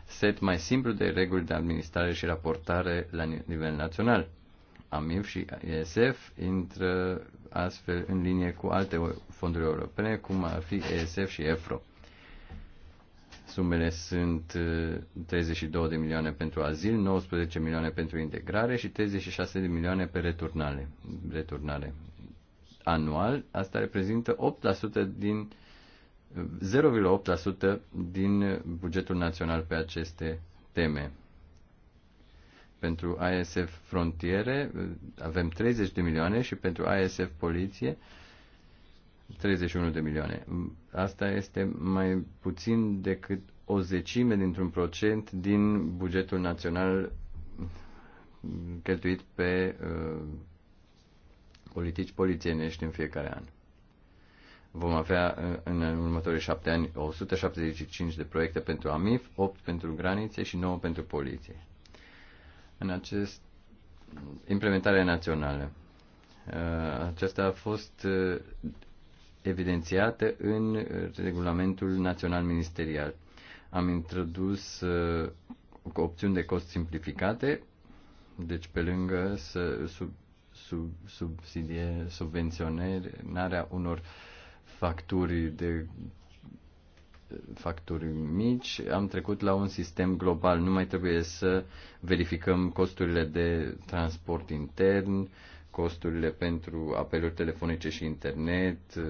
set mai simplu de reguli de administrare și raportare la nivel național. AMIF și ESF intră astfel în linie cu alte fonduri europene, cum ar fi ESF și EFRO. Sumele sunt 32 uh, de milioane pentru azil, 19 milioane pentru integrare și 36 de milioane pe returnare. returnare. Anual, asta reprezintă 8% din 0,8% uh, din bugetul național pe aceste teme. Pentru ASF Frontiere uh, avem 30 de milioane și pentru ASF Poliție 31 de milioane. Asta este mai puțin decât o zecime dintr-un procent din bugetul național cheltuit pe uh, politici polițienești în fiecare an. Vom avea uh, în următorii șapte ani 175 de proiecte pentru AMIF, 8 pentru granițe și 9 pentru poliție. În acest implementare națională. Uh, aceasta a fost uh, evidențiată în regulamentul național ministerial. Am introdus uh, opțiuni de cost simplificate, deci pe lângă să sub, sub, subsidie, subvenționarea unor facturi de facturi mici, am trecut la un sistem global. Nu mai trebuie să verificăm costurile de transport intern, costurile pentru apeluri telefonice și internet uh,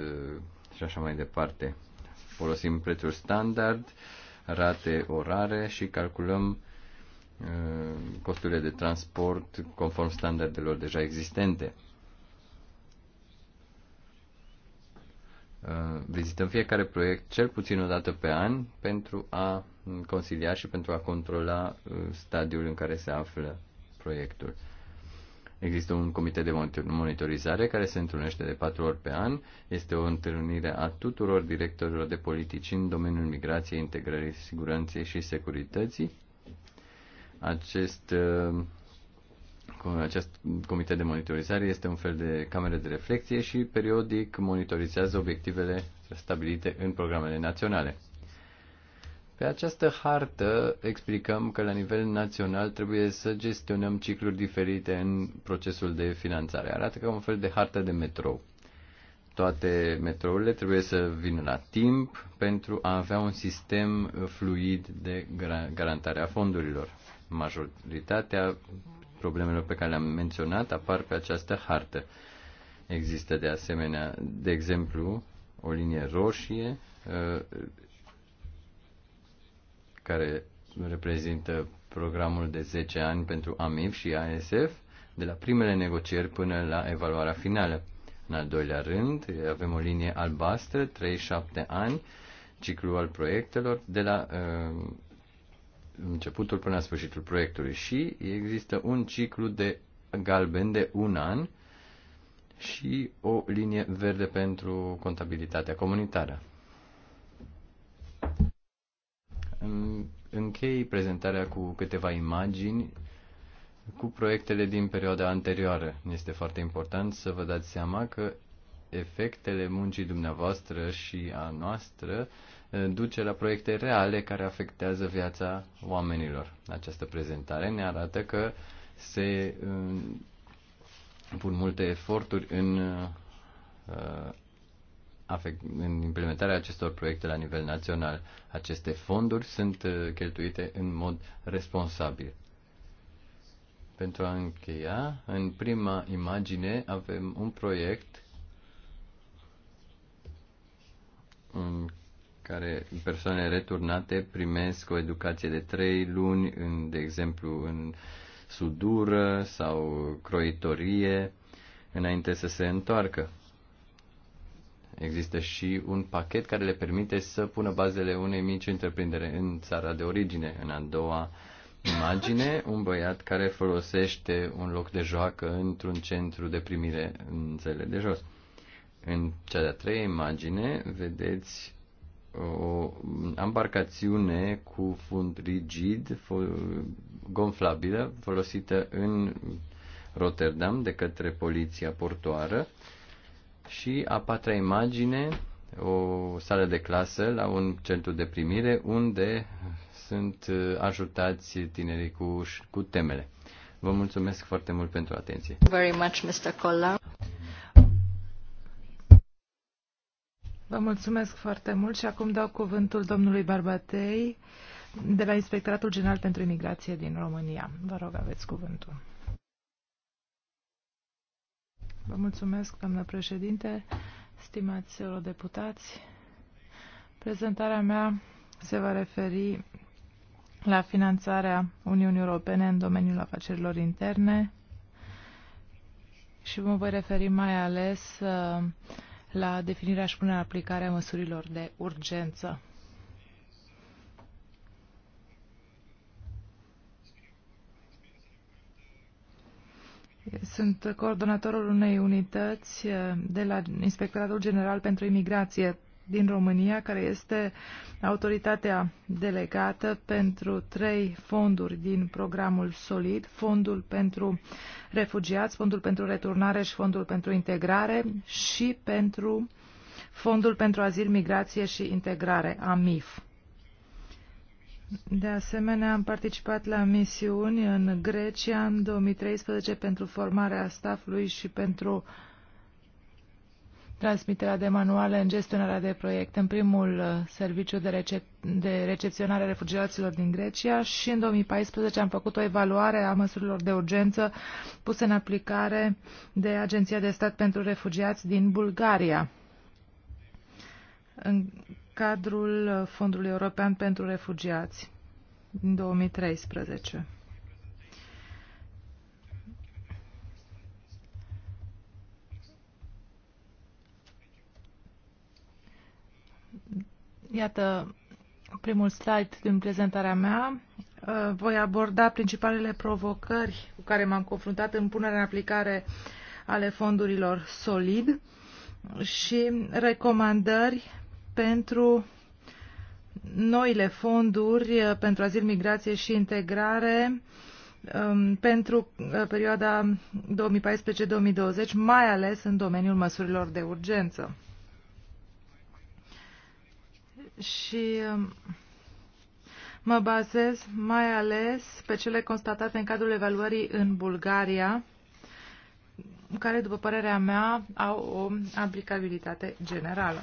și așa mai departe. Folosim prețuri standard, rate orare și calculăm uh, costurile de transport conform standardelor deja existente. Uh, vizităm fiecare proiect cel puțin o dată pe an pentru a consilia și pentru a controla stadiul în care se află proiectul. Există un comitet de monitorizare care se întrunește de patru ori pe an. Este o întâlnire a tuturor directorilor de politici în domeniul migrației, integrării, siguranței și securității. Acest, uh, acest comitet de monitorizare este un fel de cameră de reflexie și periodic monitorizează obiectivele stabilite în programele naționale. Pe această hartă explicăm că la nivel național trebuie să gestionăm cicluri diferite în procesul de finanțare. Arată ca un fel de hartă de metrou. Toate metrourile trebuie să vină la timp pentru a avea un sistem fluid de garantare a fondurilor. Majoritatea problemelor pe care le-am menționat apar pe această hartă. Există de asemenea, de exemplu, o linie roșie uh, care reprezintă programul de 10 ani pentru AMIF și ASF, de la primele negocieri până la evaluarea finală. În al doilea rând, avem o linie albastră, 3-7 ani, ciclul al proiectelor, de la uh, începutul până la sfârșitul proiectului și există un ciclu de galben de un an și o linie verde pentru contabilitatea comunitară. închei prezentarea cu câteva imagini cu proiectele din perioada anterioară. Este foarte important să vă dați seama că efectele muncii dumneavoastră și a noastră eh, duce la proiecte reale care afectează viața oamenilor. Această prezentare ne arată că se eh, pun multe eforturi în eh, în implementarea acestor proiecte la nivel național. Aceste fonduri sunt uh, cheltuite în mod responsabil. Pentru a încheia, în prima imagine avem un proiect în care persoane returnate primesc o educație de trei luni, în, de exemplu, în sudură sau croitorie, înainte să se întoarcă. Există și un pachet care le permite să pună bazele unei mici întreprindere în țara de origine. În a doua imagine, un băiat care folosește un loc de joacă într-un centru de primire în țările de jos. În cea de-a treia imagine vedeți o embarcațiune cu fund rigid, gonflabilă, folosită în Rotterdam de către poliția portoară și a patra imagine, o sală de clasă la un centru de primire unde sunt uh, ajutați tinerii cu, cu temele. Vă mulțumesc foarte mult pentru atenție. Very much, Mr. Colla. Vă mulțumesc foarte mult și acum dau cuvântul domnului Barbatei de la Inspectoratul General pentru Imigrație din România. Vă rog, aveți cuvântul. Vă mulțumesc, doamnă președinte, stimați eurodeputați. Prezentarea mea se va referi la finanțarea Uniunii Europene în domeniul afacerilor interne și mă voi referi mai ales uh, la definirea și punerea a măsurilor de urgență. Sunt coordonatorul unei unități eh, de la Inspectoratul General pentru Imigrație din România, care este autoritatea delegată pentru trei fonduri din programul SOLID, Fondul pentru Refugiați, Fondul pentru Returnare și Fondul pentru Integrare și pentru Fondul pentru Azil, Migrație și Integrare, AMIF. De asemenea, am participat la misiuni în Grecia în 2013 pentru formarea staffului și pentru transmiterea de manuale în gestionarea de proiecte în primul uh, serviciu de, recep- de recepționare a refugiaților din Grecia și în 2014 am făcut o evaluare a măsurilor de urgență puse în aplicare de Agenția de Stat pentru Refugiați din Bulgaria. În cadrul Fondului European pentru Refugiați din 2013. Iată primul slide din prezentarea mea. Uh, voi aborda principalele provocări cu care m-am confruntat în punerea în aplicare ale fondurilor SOLID și recomandări pentru noile fonduri uh, pentru azil, migrație și integrare um, pentru uh, perioada 2014-2020, mai ales în domeniul măsurilor de urgență. Și um, mă bazez mai ales pe cele constatate în cadrul evaluării în Bulgaria, care, după părerea mea, au o aplicabilitate generală.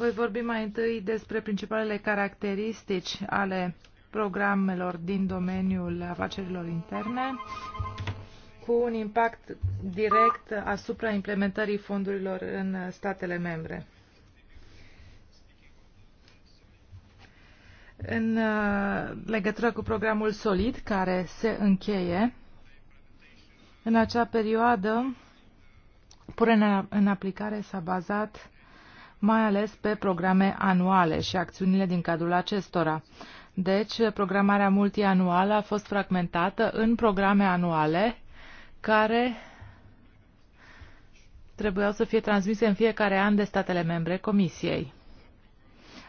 Voi vorbi mai întâi despre principalele caracteristici ale programelor din domeniul afacerilor interne cu un impact direct asupra implementării fondurilor în statele membre. În uh, legătură cu programul SOLID, care se încheie, în acea perioadă, punerea în aplicare s-a bazat mai ales pe programe anuale și acțiunile din cadrul acestora. Deci, programarea multianuală a fost fragmentată în programe anuale care trebuiau să fie transmise în fiecare an de statele membre Comisiei.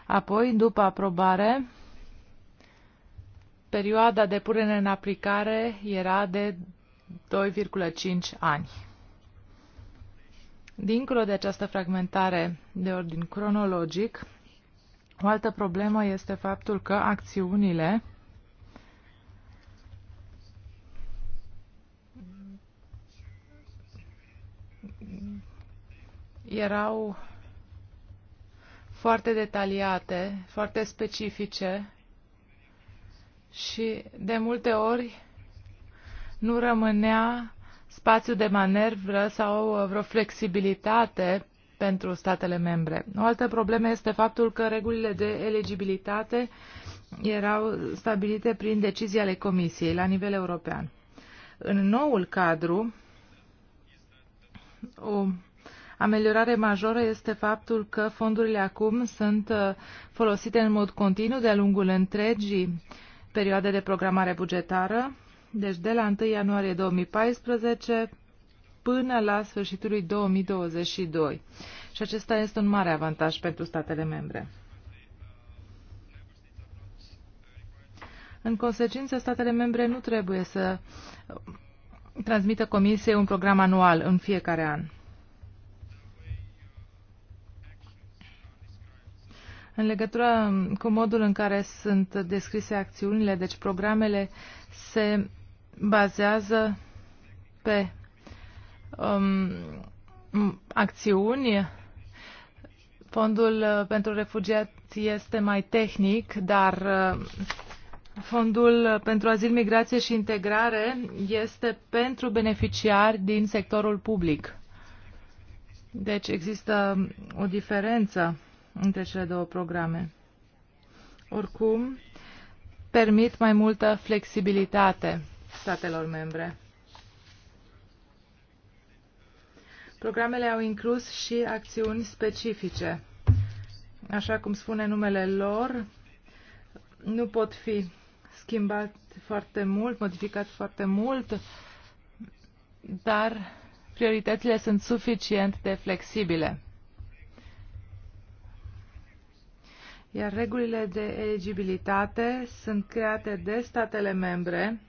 Apoi, după aprobare, perioada de punere în aplicare era de 2,5 ani. Dincolo de această fragmentare de ordin cronologic, o altă problemă este faptul că acțiunile erau foarte detaliate, foarte specifice și de multe ori nu rămânea spațiu de manevră sau uh, vreo flexibilitate pentru statele membre. O altă problemă este faptul că regulile de eligibilitate erau stabilite prin decizii ale Comisiei la nivel european. În noul cadru, o ameliorare majoră este faptul că fondurile acum sunt uh, folosite în mod continuu de-a lungul întregii perioade de programare bugetară deci de la 1 ianuarie 2014 până la sfârșitul lui 2022. Și acesta este un mare avantaj pentru statele membre. În consecință, statele membre nu trebuie să transmită Comisiei un program anual în fiecare an. În legătură cu modul în care sunt descrise acțiunile, deci programele se bazează pe um, acțiuni. Fondul uh, pentru refugiați este mai tehnic, dar uh, fondul uh, pentru azil, migrație și integrare este pentru beneficiari din sectorul public. Deci există o diferență între cele două programe. Oricum, permit mai multă flexibilitate statelor membre. Programele au inclus și acțiuni specifice. Așa cum spune numele lor, nu pot fi schimbat foarte mult, modificat foarte mult, dar prioritățile sunt suficient de flexibile. Iar regulile de eligibilitate sunt create de statele membre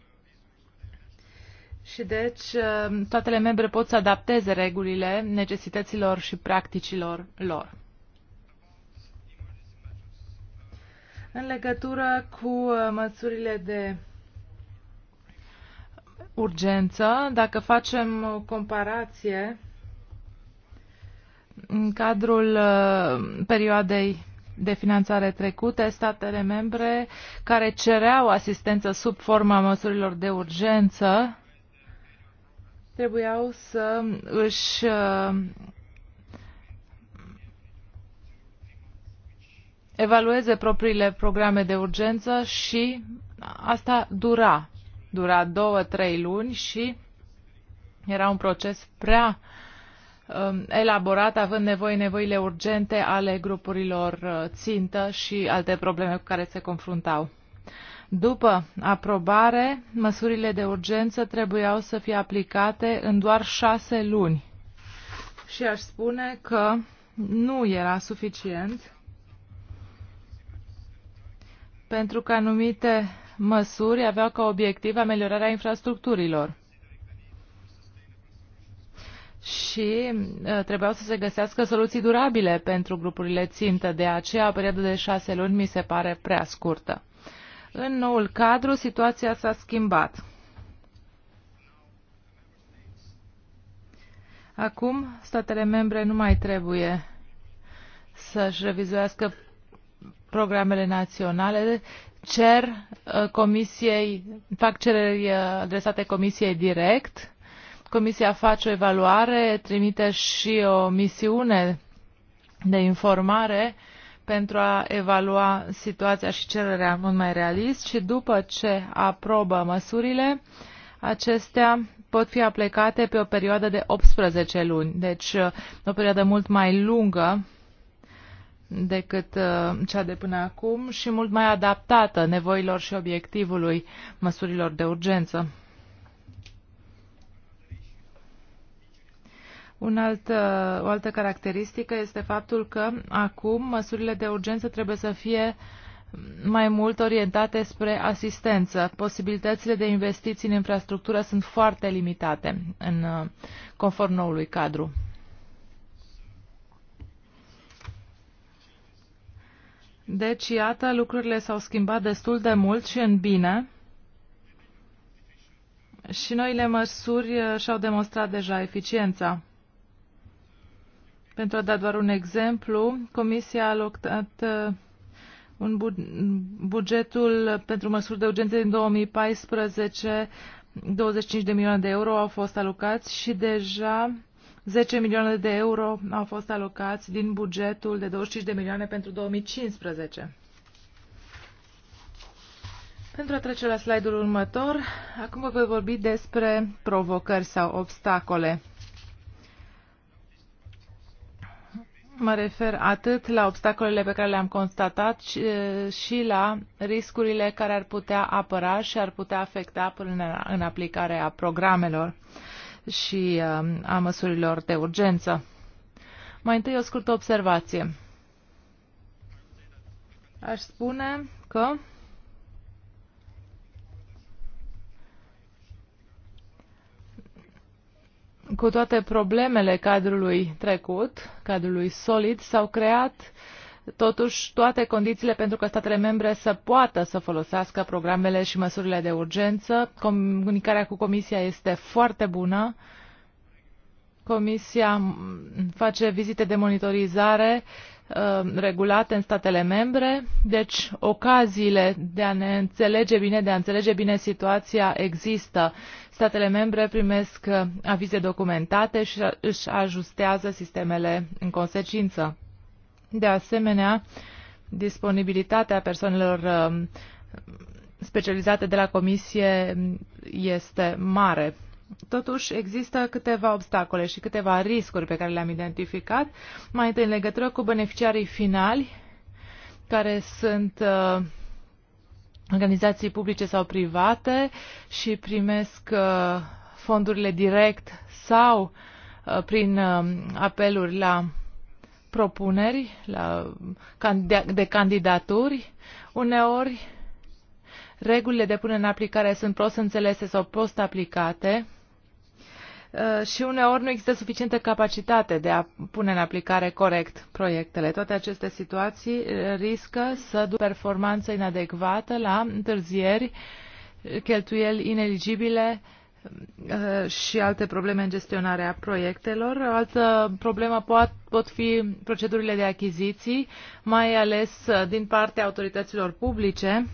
și deci um, toatele membre pot să adapteze regulile necesităților și practicilor lor. În legătură cu uh, măsurile de urgență, dacă facem o comparație în cadrul uh, perioadei de finanțare trecute, statele membre care cereau asistență sub forma măsurilor de urgență trebuiau să își uh, evalueze propriile programe de urgență și asta dura, dura două, trei luni și era un proces prea um, elaborat, având nevoie nevoile urgente ale grupurilor uh, țintă și alte probleme cu care se confruntau. După aprobare, măsurile de urgență trebuiau să fie aplicate în doar șase luni. Și aș spune că nu era suficient pentru că anumite măsuri aveau ca obiectiv ameliorarea infrastructurilor. Și uh, trebuiau să se găsească soluții durabile pentru grupurile țintă, de aceea o perioadă de șase luni mi se pare prea scurtă. În noul cadru, situația s-a schimbat. Acum, statele membre nu mai trebuie să-și revizuiască programele naționale, cer uh, comisiei, fac cereri uh, adresate comisiei direct. Comisia face o evaluare, trimite și o misiune de informare pentru a evalua situația și cererea în mod mai realist și după ce aprobă măsurile, acestea pot fi aplicate pe o perioadă de 18 luni, deci uh, o perioadă mult mai lungă decât uh, cea de până acum și mult mai adaptată nevoilor și obiectivului măsurilor de urgență. Un alt, o altă caracteristică este faptul că acum măsurile de urgență trebuie să fie mai mult orientate spre asistență. Posibilitățile de investiții în infrastructură sunt foarte limitate în conform noului cadru. Deci, iată, lucrurile s-au schimbat destul de mult și în bine. Și noile măsuri uh, și-au demonstrat deja eficiența. Pentru a da doar un exemplu, Comisia a alocat uh, un bu bugetul pentru măsuri de urgență din 2014, 25 de milioane de euro au fost alocați și deja 10 milioane de euro au fost alocați din bugetul de 25 de milioane pentru 2015. Pentru a trece la slide-ul următor, acum vă voi vorbi despre provocări sau obstacole. Mă refer atât la obstacolele pe care le-am constatat și, la riscurile care ar putea apăra și ar putea afecta până în aplicarea programelor și a măsurilor de urgență. Mai întâi o scurtă observație. Aș spune că cu toate problemele cadrului trecut, cadrului solid, s-au creat totuși toate condițiile pentru că statele membre să poată să folosească programele și măsurile de urgență. Comunicarea cu Comisia este foarte bună. Comisia face vizite de monitorizare Uh, regulate în statele membre, deci ocaziile de a ne înțelege bine, de a înțelege bine situația există. Statele membre primesc uh, avize documentate și își ajustează sistemele în consecință. De asemenea, disponibilitatea persoanelor uh, specializate de la Comisie este mare Totuși, există câteva obstacole și câteva riscuri pe care le-am identificat, mai întâi în legătură cu beneficiarii finali, care sunt uh, organizații publice sau private și primesc uh, fondurile direct sau uh, prin uh, apeluri la propuneri la, de candidaturi. Uneori, regulile de punere în aplicare sunt prost înțelese sau prost aplicate Uh, și uneori nu există suficientă capacitate de a pune în aplicare corect proiectele. Toate aceste situații uh, riscă să ducă performanță inadecvată la întârzieri, cheltuieli ineligibile uh, și alte probleme în gestionarea proiectelor. O altă problemă pot, pot fi procedurile de achiziții, mai ales din partea autorităților publice,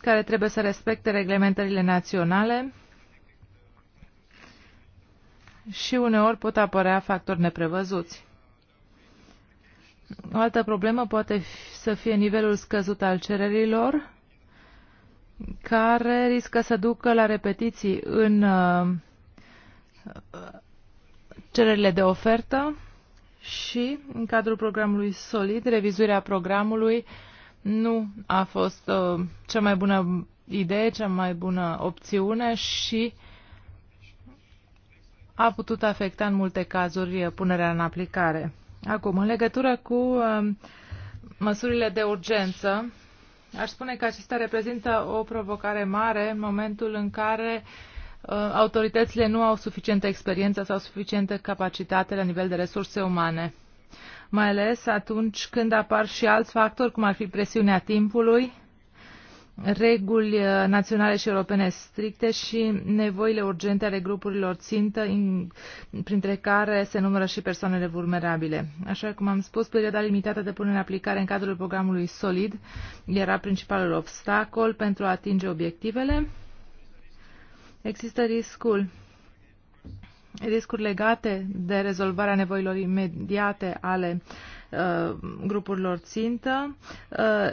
care trebuie să respecte reglementările naționale și uneori pot apărea factori neprevăzuți. O altă problemă poate să fie nivelul scăzut al cererilor, care riscă să ducă la repetiții în uh, cererile de ofertă și, în cadrul programului SOLID, revizuirea programului nu a fost uh, cea mai bună idee, cea mai bună opțiune și uh, a putut afecta în multe cazuri punerea în aplicare. Acum, în legătură cu um, măsurile de urgență, aș spune că acestea reprezintă o provocare mare în momentul în care uh, autoritățile nu au suficientă experiență sau suficientă capacitate la nivel de resurse umane mai ales atunci când apar și alți factori, cum ar fi presiunea timpului reguli uh, naționale și europene stricte și nevoile urgente ale grupurilor țintă, printre care se numără și persoanele vulnerabile. Așa cum am spus, perioada limitată de punere în aplicare în cadrul programului SOLID era principalul obstacol pentru a atinge obiectivele. Există riscul riscuri legate de rezolvarea nevoilor imediate ale uh, Uh, grupurilor țintă uh,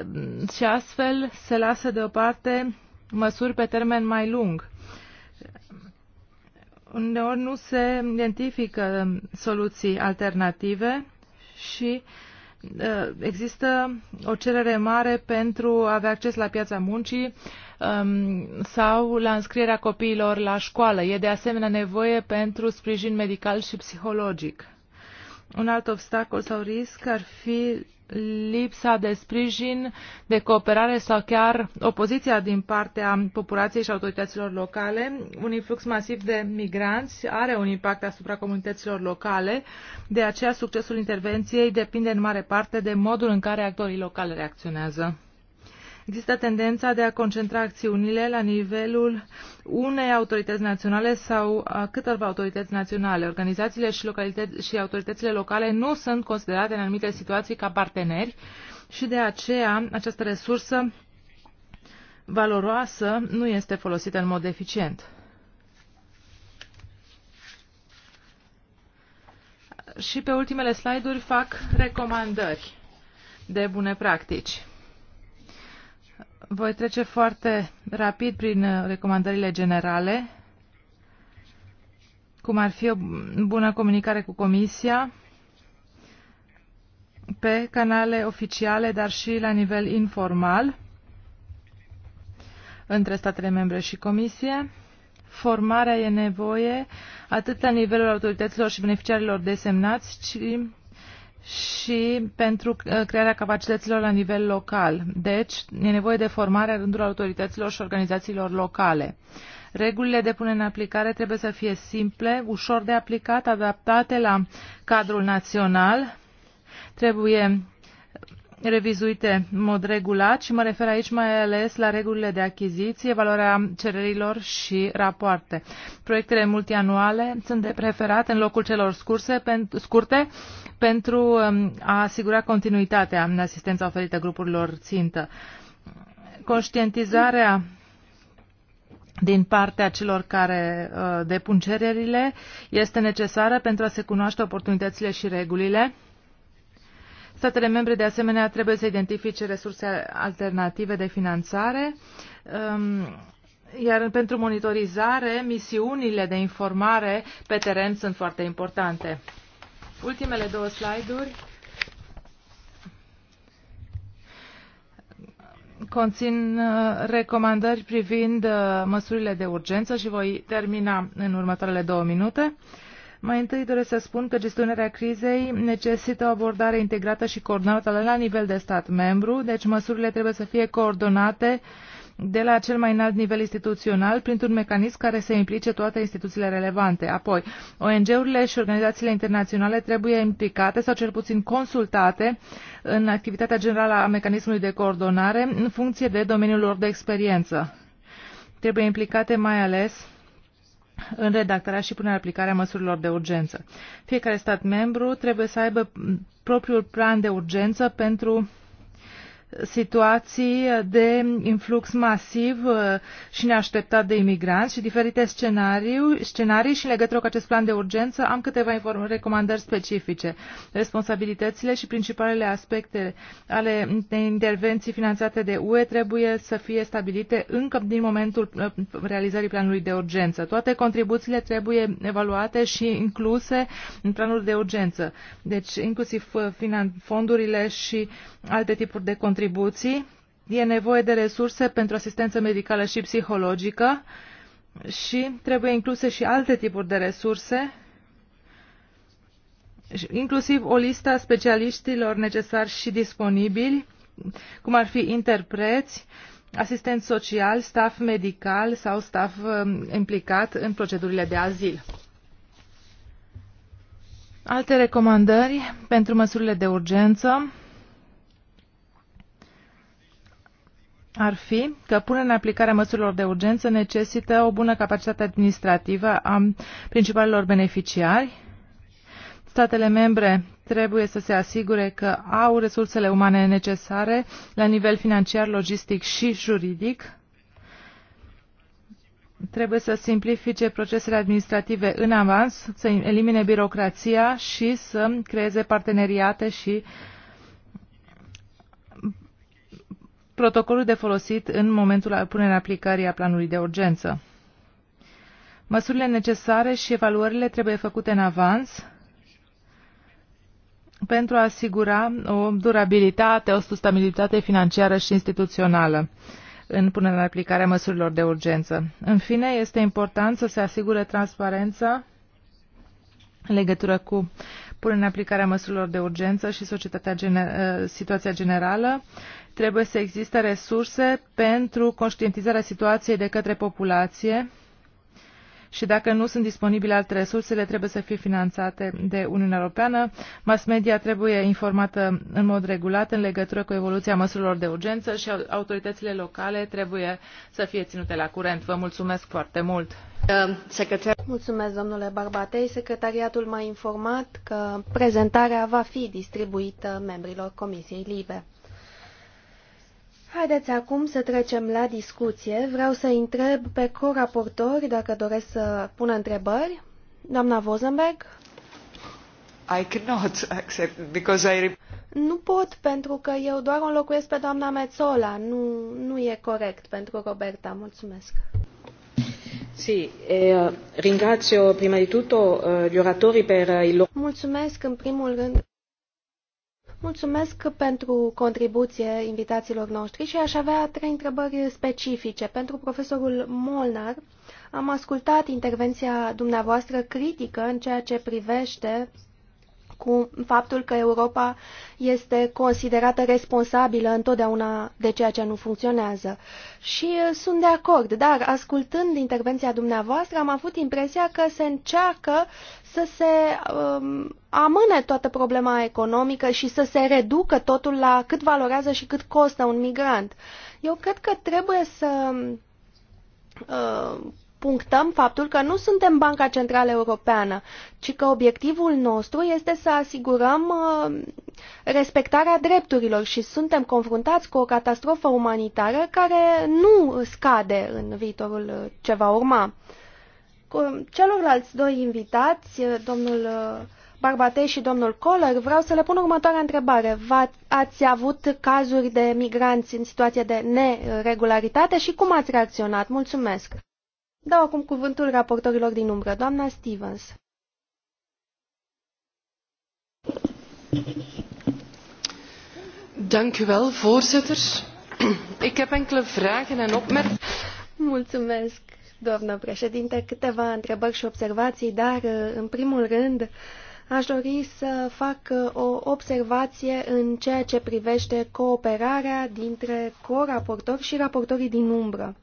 și astfel se lasă deoparte măsuri pe termen mai lung. Uneori nu se identifică soluții alternative și uh, există o cerere mare pentru a avea acces la piața muncii um, sau la înscrierea copiilor la școală. E de asemenea nevoie pentru sprijin medical și psihologic. Un alt obstacol sau risc ar fi lipsa de sprijin, de cooperare sau chiar opoziția din partea populației și autorităților locale. Un influx masiv de migranți are un impact asupra comunităților locale, de aceea succesul intervenției depinde în mare parte de modul în care actorii locale reacționează. Există tendența de a concentra acțiunile la nivelul unei autorități naționale sau a câtorva autorități naționale. Organizațiile și, și autoritățile locale nu sunt considerate în anumite situații ca parteneri și de aceea această resursă valoroasă nu este folosită în mod eficient. Și pe ultimele slide-uri fac recomandări de bune practici. Voi trece foarte rapid prin uh, recomandările generale, cum ar fi o bună comunicare cu Comisia pe canale oficiale, dar și la nivel informal între statele membre și Comisie. Formarea e nevoie atât la nivelul autorităților și beneficiarilor desemnați, ci și pentru uh, crearea capacităților la nivel local. Deci, e nevoie de formare în rândul autorităților și organizațiilor locale. Regulile de punere în aplicare trebuie să fie simple, ușor de aplicat, adaptate la cadrul național. Trebuie revizuite în mod regulat și mă refer aici mai ales la regulile de achiziție, valoarea cererilor și rapoarte. Proiectele multianuale sunt de preferat în locul celor scurse, scurte pentru um, a asigura continuitatea în asistența oferită grupurilor țintă. Conștientizarea din partea celor care uh, depun cererile este necesară pentru a se cunoaște oportunitățile și regulile Statele membre, de asemenea, trebuie să identifice resurse alternative de finanțare. Um, iar pentru monitorizare, misiunile de informare pe teren sunt foarte importante. Ultimele două slide-uri conțin uh, recomandări privind uh, măsurile de urgență și voi termina în următoarele două minute. Mai întâi doresc să spun că gestionarea crizei necesită o abordare integrată și coordonată la nivel de stat membru, deci măsurile trebuie să fie coordonate de la cel mai înalt nivel instituțional printr-un mecanism care să implice toate instituțiile relevante. Apoi, ONG-urile și organizațiile internaționale trebuie implicate sau cel puțin consultate în activitatea generală a mecanismului de coordonare în funcție de domeniul lor de experiență. Trebuie implicate mai ales în redactarea și punerea aplicarea măsurilor de urgență. Fiecare stat membru trebuie să aibă propriul plan de urgență pentru situații de influx masiv uh, și neașteptat de imigranți și diferite scenarii, scenarii și în legătură cu acest plan de urgență am câteva recomandări specifice. Responsabilitățile și principalele aspecte ale intervenții finanțate de UE trebuie să fie stabilite încă din momentul uh, realizării planului de urgență. Toate contribuțiile trebuie evaluate și incluse în planul de urgență, deci inclusiv uh, fondurile și alte tipuri de contribuții contribuții. E nevoie de resurse pentru asistență medicală și psihologică și trebuie incluse și alte tipuri de resurse, inclusiv o listă a specialiștilor necesari și disponibili, cum ar fi interpreți, asistent social, staff medical sau staff um, implicat în procedurile de azil. Alte recomandări pentru măsurile de urgență ar fi că punerea în aplicare a măsurilor de urgență necesită o bună capacitate administrativă a principalilor beneficiari. Statele membre trebuie să se asigure că au resursele umane necesare la nivel financiar, logistic și juridic. Trebuie să simplifice procesele administrative în avans, să elimine birocrația și să creeze parteneriate și uh, protocolul de folosit în momentul punerii în aplicare a planului de urgență. Măsurile necesare și evaluările trebuie făcute în avans pentru a asigura o durabilitate, o sustenabilitate financiară și instituțională în punerea în aplicare a măsurilor de urgență. În fine, este important să se asigure transparența în legătură cu punerea în aplicare a măsurilor de urgență și societatea gener- eh, situația generală Trebuie să existe resurse pentru conștientizarea situației de către populație și dacă nu sunt disponibile alte resurse, le trebuie să fie finanțate de Uniunea Europeană. Mass media trebuie informată în mod regulat în legătură cu evoluția măsurilor de urgență și autoritățile locale trebuie să fie ținute la curent. Vă mulțumesc foarte mult! Secretar... Mulțumesc, domnule Barbatei. Secretariatul m-a informat că prezentarea va fi distribuită membrilor Comisiei Libe. Haideți acum să trecem la discuție. Vreau să întreb pe coraportori dacă doresc să pună întrebări. Doamna Vozenberg? I cannot accept because I... Nu pot pentru că eu doar înlocuiesc pe doamna Mețola. Nu, nu e corect pentru Roberta. Mulțumesc. Sì, eh, ringrazio prima di tutto eh, gli oratori per uh, il loro... Mulțumesc în primul rând. Mulțumesc pentru contribuție invitațiilor noștri și aș avea trei întrebări specifice. Pentru profesorul Molnar, am ascultat intervenția dumneavoastră critică în ceea ce privește cu faptul că Europa este considerată responsabilă întotdeauna de ceea ce nu funcționează. Și sunt de acord, dar ascultând intervenția dumneavoastră am avut impresia că se încearcă să se um, amâne toată problema economică și să se reducă totul la cât valorează și cât costă un migrant. Eu cred că trebuie să uh, punctăm faptul că nu suntem Banca Centrală Europeană, ci că obiectivul nostru este să asigurăm uh, respectarea drepturilor și suntem confruntați cu o catastrofă umanitară care nu scade în viitorul uh, ce va urma celorlalți doi invitați, uh, domnul uh, Barbatei și domnul Coller, vreau să le pun următoarea întrebare. Ați avut cazuri de migranți în situație de neregularitate și cum ați reacționat? Mulțumesc! Dau acum cuvântul raportorilor din umbră. Doamna Stevens. Dank u wel, voorzitter. Ik heb enkele vragen en opmerkingen. Mulțumesc, doamnă președinte, câteva întrebări și observații, dar, uh, în primul rând, aș dori să fac uh, o observație în ceea ce privește cooperarea dintre co-raportori și raportorii din umbră.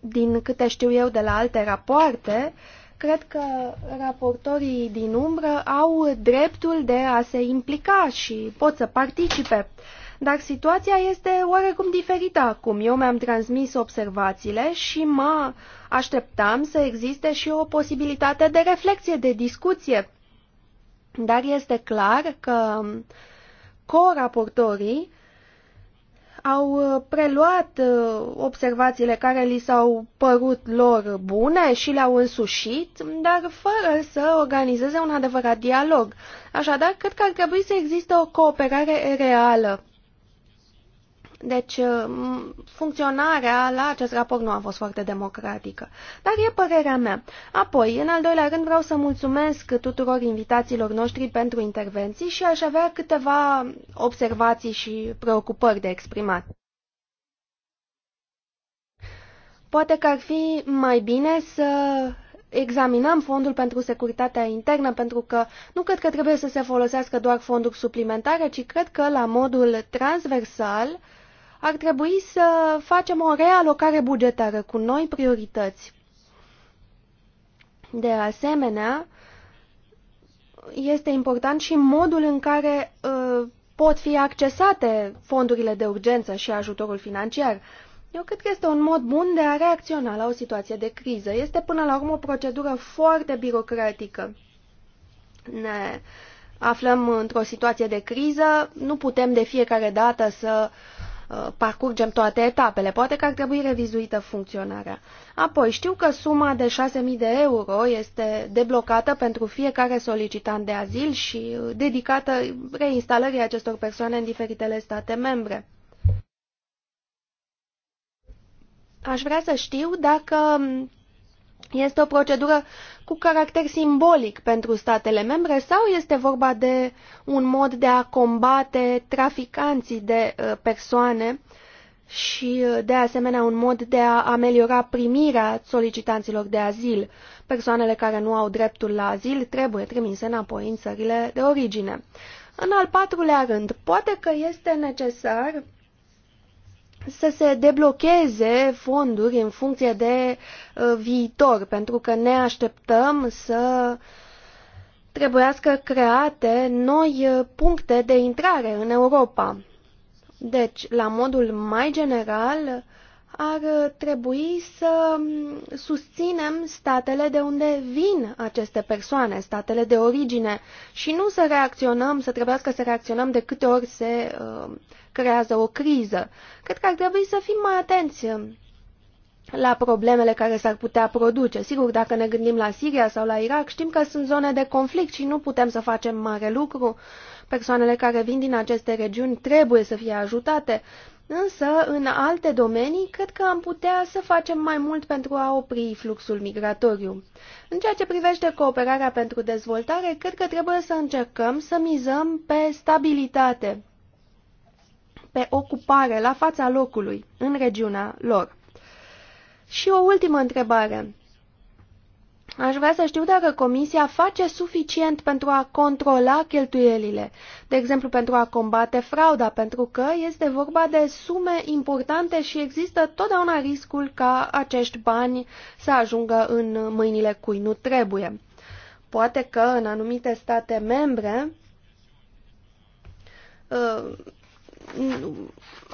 Din câte știu eu de la alte rapoarte, cred că raportorii din umbră au dreptul de a se implica și pot să participe uh, dar situația este oarecum diferită acum. Eu mi-am transmis observațiile și mă așteptam să existe și o posibilitate de reflexie, de discuție. Dar este clar că co-raportorii au preluat uh, observațiile care li s-au părut lor bune și le-au însușit, dar fără să organizeze un adevărat dialog. Așadar, cred că ar trebui să existe o cooperare reală deci, uh, funcționarea la acest raport nu a fost foarte democratică. Dar e părerea mea. Apoi, în al doilea rând, vreau să mulțumesc tuturor invitațiilor noștri pentru intervenții și aș avea câteva observații și preocupări de exprimat. Poate că ar fi mai bine să examinăm fondul pentru securitatea internă, pentru că nu cred că trebuie să se folosească doar fonduri suplimentare, ci cred că la modul transversal uh, ar trebui să facem o realocare bugetară cu noi priorități. De asemenea, este important și modul în care uh, pot fi accesate fondurile de urgență și ajutorul financiar. Eu cred că este un mod bun de a reacționa la o situație de criză. Este până la urmă o procedură foarte birocratică. Ne aflăm într-o situație de criză, nu putem de fiecare dată să uh, Uh, parcurgem toate etapele. Poate că ar trebui revizuită funcționarea. Apoi, știu că suma de 6.000 de euro este deblocată pentru fiecare solicitant de azil și uh, dedicată reinstalării acestor persoane în diferitele state membre. Aș vrea să știu dacă um, este o procedură cu caracter simbolic pentru statele membre sau este vorba de un mod de a combate traficanții de uh, persoane și, uh, de asemenea, un mod de a ameliora primirea solicitanților de azil? Persoanele care nu au dreptul la azil trebuie trimise înapoi în țările de origine. În al patrulea rând, poate că este necesar să se deblocheze fonduri în funcție de uh, viitor, pentru că ne așteptăm să trebuiască create noi uh, puncte de intrare în Europa. Deci, la modul mai general, ar uh, trebui să um, susținem statele de unde vin aceste persoane, statele de origine, și nu să reacționăm, să trebuiască să reacționăm de câte ori se uh, creează o criză. Cred că ar trebui să fim mai atenți la problemele care s-ar putea produce. Sigur, dacă ne gândim la Siria sau la Irak, știm că sunt zone de conflict și nu putem să facem mare lucru. Persoanele care vin din aceste regiuni trebuie să fie ajutate, însă în alte domenii cred că am putea să facem mai mult pentru a opri fluxul migratoriu. În ceea ce privește cooperarea pentru dezvoltare, cred că trebuie să încercăm să mizăm pe stabilitate pe ocupare la fața locului în regiunea lor. Și o ultimă întrebare. Aș vrea să știu dacă Comisia face suficient pentru a controla cheltuielile, de exemplu pentru a combate frauda, pentru că este vorba de sume importante și există totdeauna riscul ca acești bani să ajungă în mâinile cui nu trebuie. Poate că în anumite state membre uh,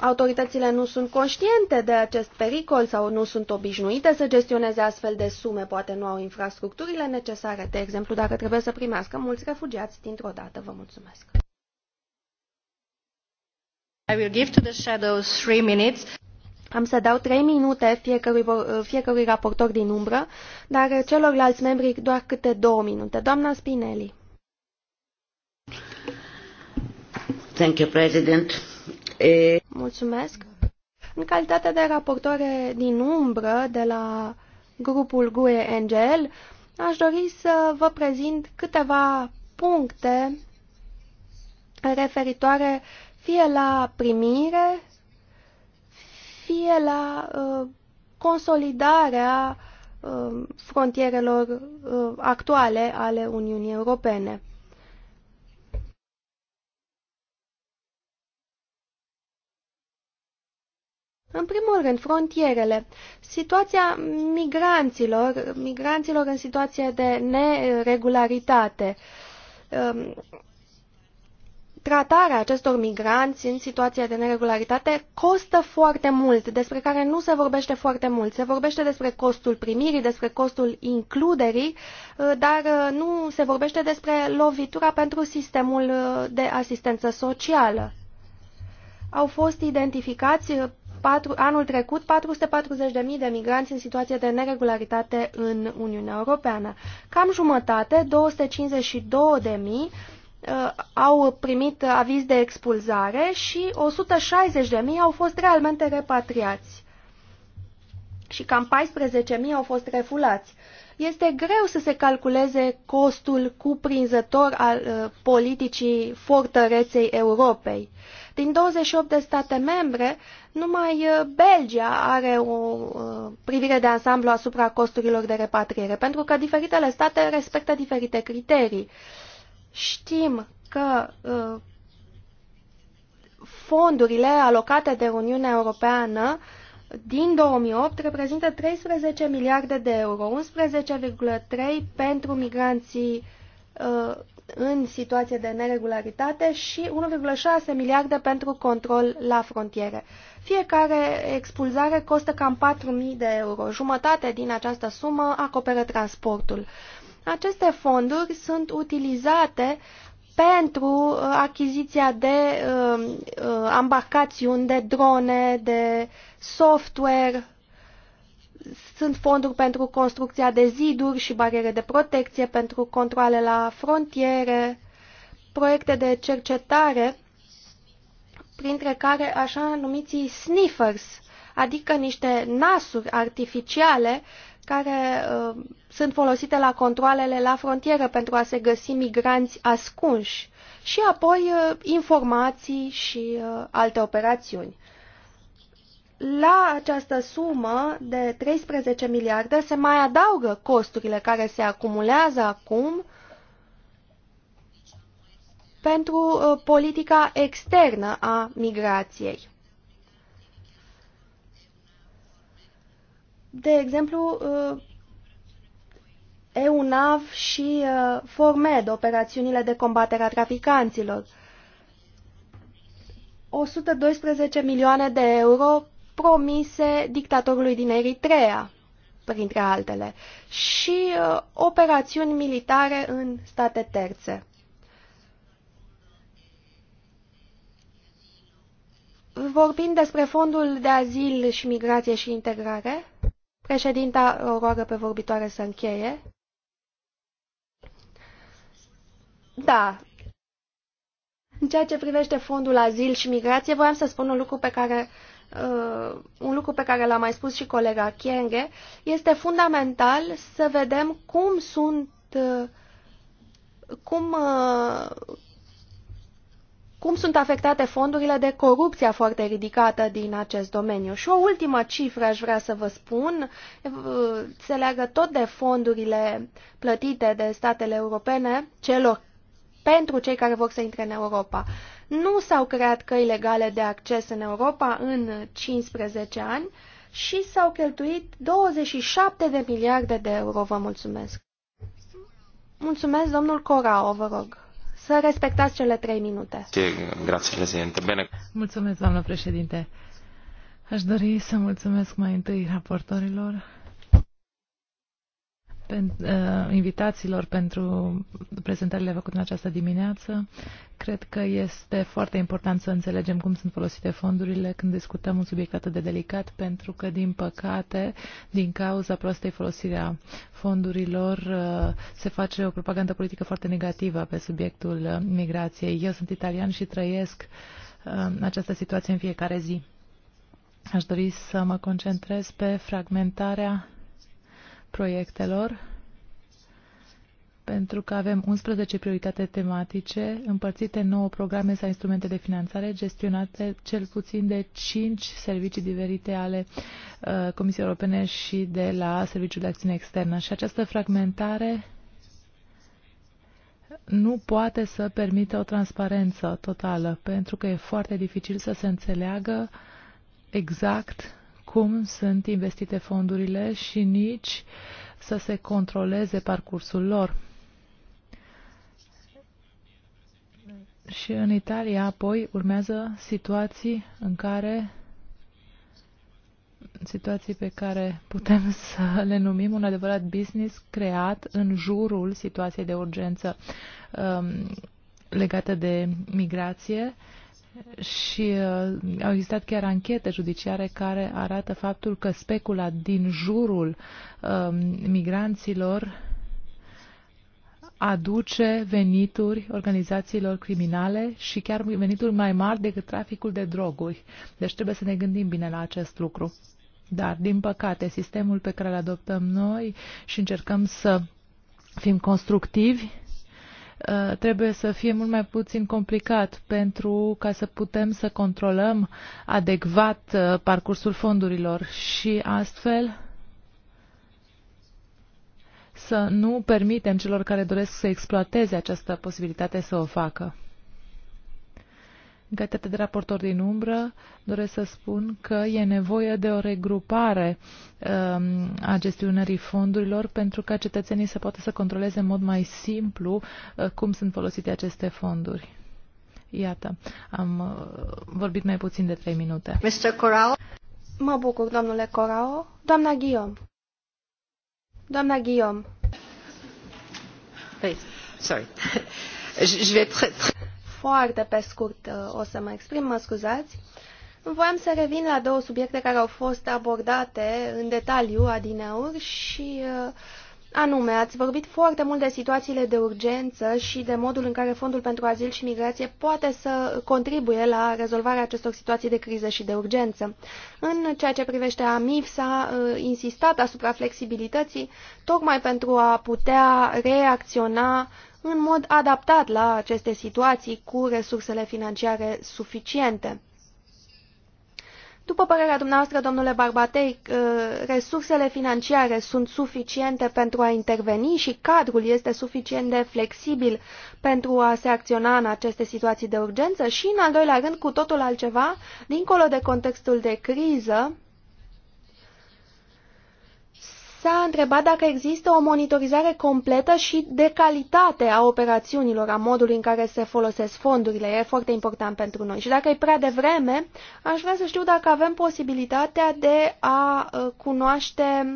autoritățile nu sunt conștiente de acest pericol sau nu sunt obișnuite să gestioneze astfel de sume, poate nu au infrastructurile necesare, de exemplu, dacă trebuie să primească mulți refugiați dintr-o dată. Vă mulțumesc. I will give to the shadows three minutes. Am să dau trei minute fiecărui, fiecărui raportor din umbră, dar celorlalți membri doar câte două minute. Doamna Spinelli. Thank you, President. Mulțumesc. În calitate de raportoare din umbră de la grupul GUE NGL, aș dori să vă prezint câteva puncte referitoare fie la primire, fie la uh, consolidarea uh, frontierelor uh, actuale ale Uniunii Europene. În primul rând, frontierele. Situația migranților, migranților în situație de neregularitate. Ehm, tratarea acestor migranți în situația de neregularitate costă foarte mult, despre care nu se vorbește foarte mult. Se vorbește despre costul primirii, despre costul includerii, eh, dar eh, nu se vorbește despre lovitura pentru sistemul eh, de asistență socială au fost identificați patru, anul trecut 440.000 de migranți în situație de neregularitate în Uniunea Europeană. Cam jumătate, 252.000, uh, au primit aviz de expulzare și 160.000 au fost realmente repatriați și cam 14.000 au fost refulați. Este greu să se calculeze costul cuprinzător al uh, politicii fortăreței Europei. Din 28 de state membre, numai uh, Belgia are o uh, privire de ansamblu asupra costurilor de repatriere, pentru că diferitele state respectă diferite criterii. Știm că uh, fondurile alocate de Uniunea Europeană din 2008 reprezintă 13 miliarde de euro, 11,3 pentru migranții în situație de neregularitate și 1,6 miliarde pentru control la frontiere. Fiecare expulzare costă cam 4.000 de euro. Jumătate din această sumă acoperă transportul. Aceste fonduri sunt utilizate pentru uh, achiziția de uh, ambarcațiuni, uh, de drone, de software sunt fonduri pentru construcția de ziduri și bariere de protecție, pentru controle la frontiere, proiecte de cercetare, printre care așa numiții sniffers, adică niște nasuri artificiale care uh, sunt folosite la controlele la frontieră pentru a se găsi migranți ascunși și apoi uh, informații și uh, alte operațiuni la această sumă de 13 miliarde se mai adaugă costurile care se acumulează acum pentru uh, politica externă a migrației. De exemplu, uh, EUNAV și uh, FORMED, operațiunile de combatere a traficanților. 112 milioane de euro promise dictatorului din Eritrea, printre altele, și uh, operațiuni militare în state terțe. Vorbind despre fondul de azil și migrație și integrare, președinta o roagă pe vorbitoare să încheie. Da. În ceea ce privește fondul azil și migrație, voiam să spun un lucru pe care uh, Uh, un lucru pe care l-a mai spus și colega Kienge, este fundamental să vedem cum sunt, uh, cum, uh, cum sunt afectate fondurile de corupția foarte ridicată din acest domeniu. Și o ultimă cifră aș vrea să vă spun, se leagă tot de fondurile plătite de statele europene, celor pentru cei care vor să intre în Europa. Nu s-au creat căi legale de acces în Europa în 15 ani și s-au cheltuit 27 de miliarde de euro. Vă mulțumesc. Mulțumesc, domnul Corao, vă rog. Să respectați cele trei minute. Grazie, președinte. Bine. Mulțumesc, doamnă președinte. Aș dori să mulțumesc mai întâi raportorilor Uh, invitațiilor pentru prezentările făcute în această dimineață. Cred că este foarte important să înțelegem cum sunt folosite fondurile când discutăm un subiect atât de delicat, pentru că, din păcate, din cauza prostei folosirea fondurilor, uh, se face o propagandă politică foarte negativă pe subiectul uh, migrației. Eu sunt italian și trăiesc această situație în fiecare zi. Aș dori să mă concentrez pe fragmentarea proiectelor, pentru că avem 11 prioritate tematice, împărțite în 9 programe sau instrumente de finanțare, gestionate cel puțin de 5 servicii diferite ale uh, Comisiei Europene și de la Serviciul de Acțiune Externă. Și această fragmentare nu poate să permită o transparență totală, pentru că e foarte dificil să se înțeleagă exact cum sunt investite fondurile și nici să se controleze parcursul lor. Și în Italia apoi urmează situații în care situații pe care putem să le numim un adevărat business creat în jurul situației de urgență um, legată de migrație și uh, au existat chiar anchete judiciare care arată faptul că specula din jurul uh, migranților aduce venituri organizațiilor criminale și chiar venituri mai mari decât traficul de droguri. Deci trebuie să ne gândim bine la acest lucru. Dar, din păcate, sistemul pe care îl adoptăm noi și încercăm să fim constructivi Uh, trebuie să fie mult mai puțin complicat pentru ca să putem să controlăm adecvat uh, parcursul fondurilor și astfel să nu permitem celor care doresc să exploateze această posibilitate să o facă în calitate de raportor din umbră, doresc să spun că e nevoie de o regrupare um, a gestionării fondurilor pentru ca cetățenii să poată să controleze în mod mai simplu uh, cum sunt folosite aceste fonduri. Iată, am uh, vorbit mai puțin de trei minute. Mr. Corao? Mă bucur, domnule Corao. Doamna Guillaume. Doamna Guillaume. Please. Sorry. Je vais très, très foarte pe scurt uh, o să mă exprim, mă scuzați. Voiam să revin la două subiecte care au fost abordate în detaliu adineuri și uh, anume, ați vorbit foarte mult de situațiile de urgență și de modul în care Fondul pentru Azil și Migrație poate să contribuie la rezolvarea acestor situații de criză și de urgență. În ceea ce privește AMIF s-a uh, insistat asupra flexibilității tocmai pentru a putea reacționa în mod adaptat la aceste situații cu resursele financiare suficiente. După părerea dumneavoastră, domnule Barbatei, uh, resursele financiare sunt suficiente pentru a interveni și cadrul este suficient de flexibil pentru a se acționa în aceste situații de urgență și, în al doilea rând, cu totul altceva, dincolo de contextul de criză, s-a întrebat dacă există o monitorizare completă și de calitate a operațiunilor, a modului în care se folosesc fondurile. E foarte important pentru noi. Și dacă e prea devreme, aș vrea să știu dacă avem posibilitatea de a uh, cunoaște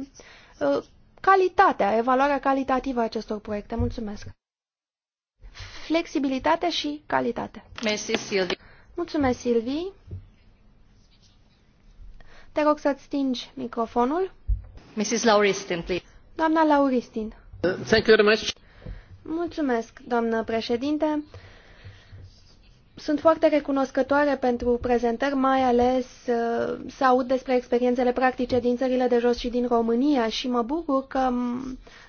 uh, calitatea, evaluarea calitativă a acestor proiecte. Mulțumesc! Flexibilitate și calitate. Mersi, Silvi. Mulțumesc, Silvi. Te rog să-ți stingi microfonul. Lauristin, Mulțumesc, doamnă președinte. Sunt foarte recunoscătoare pentru prezentări, mai ales uh, să aud despre experiențele practice din țările de jos și din România și mă bucur că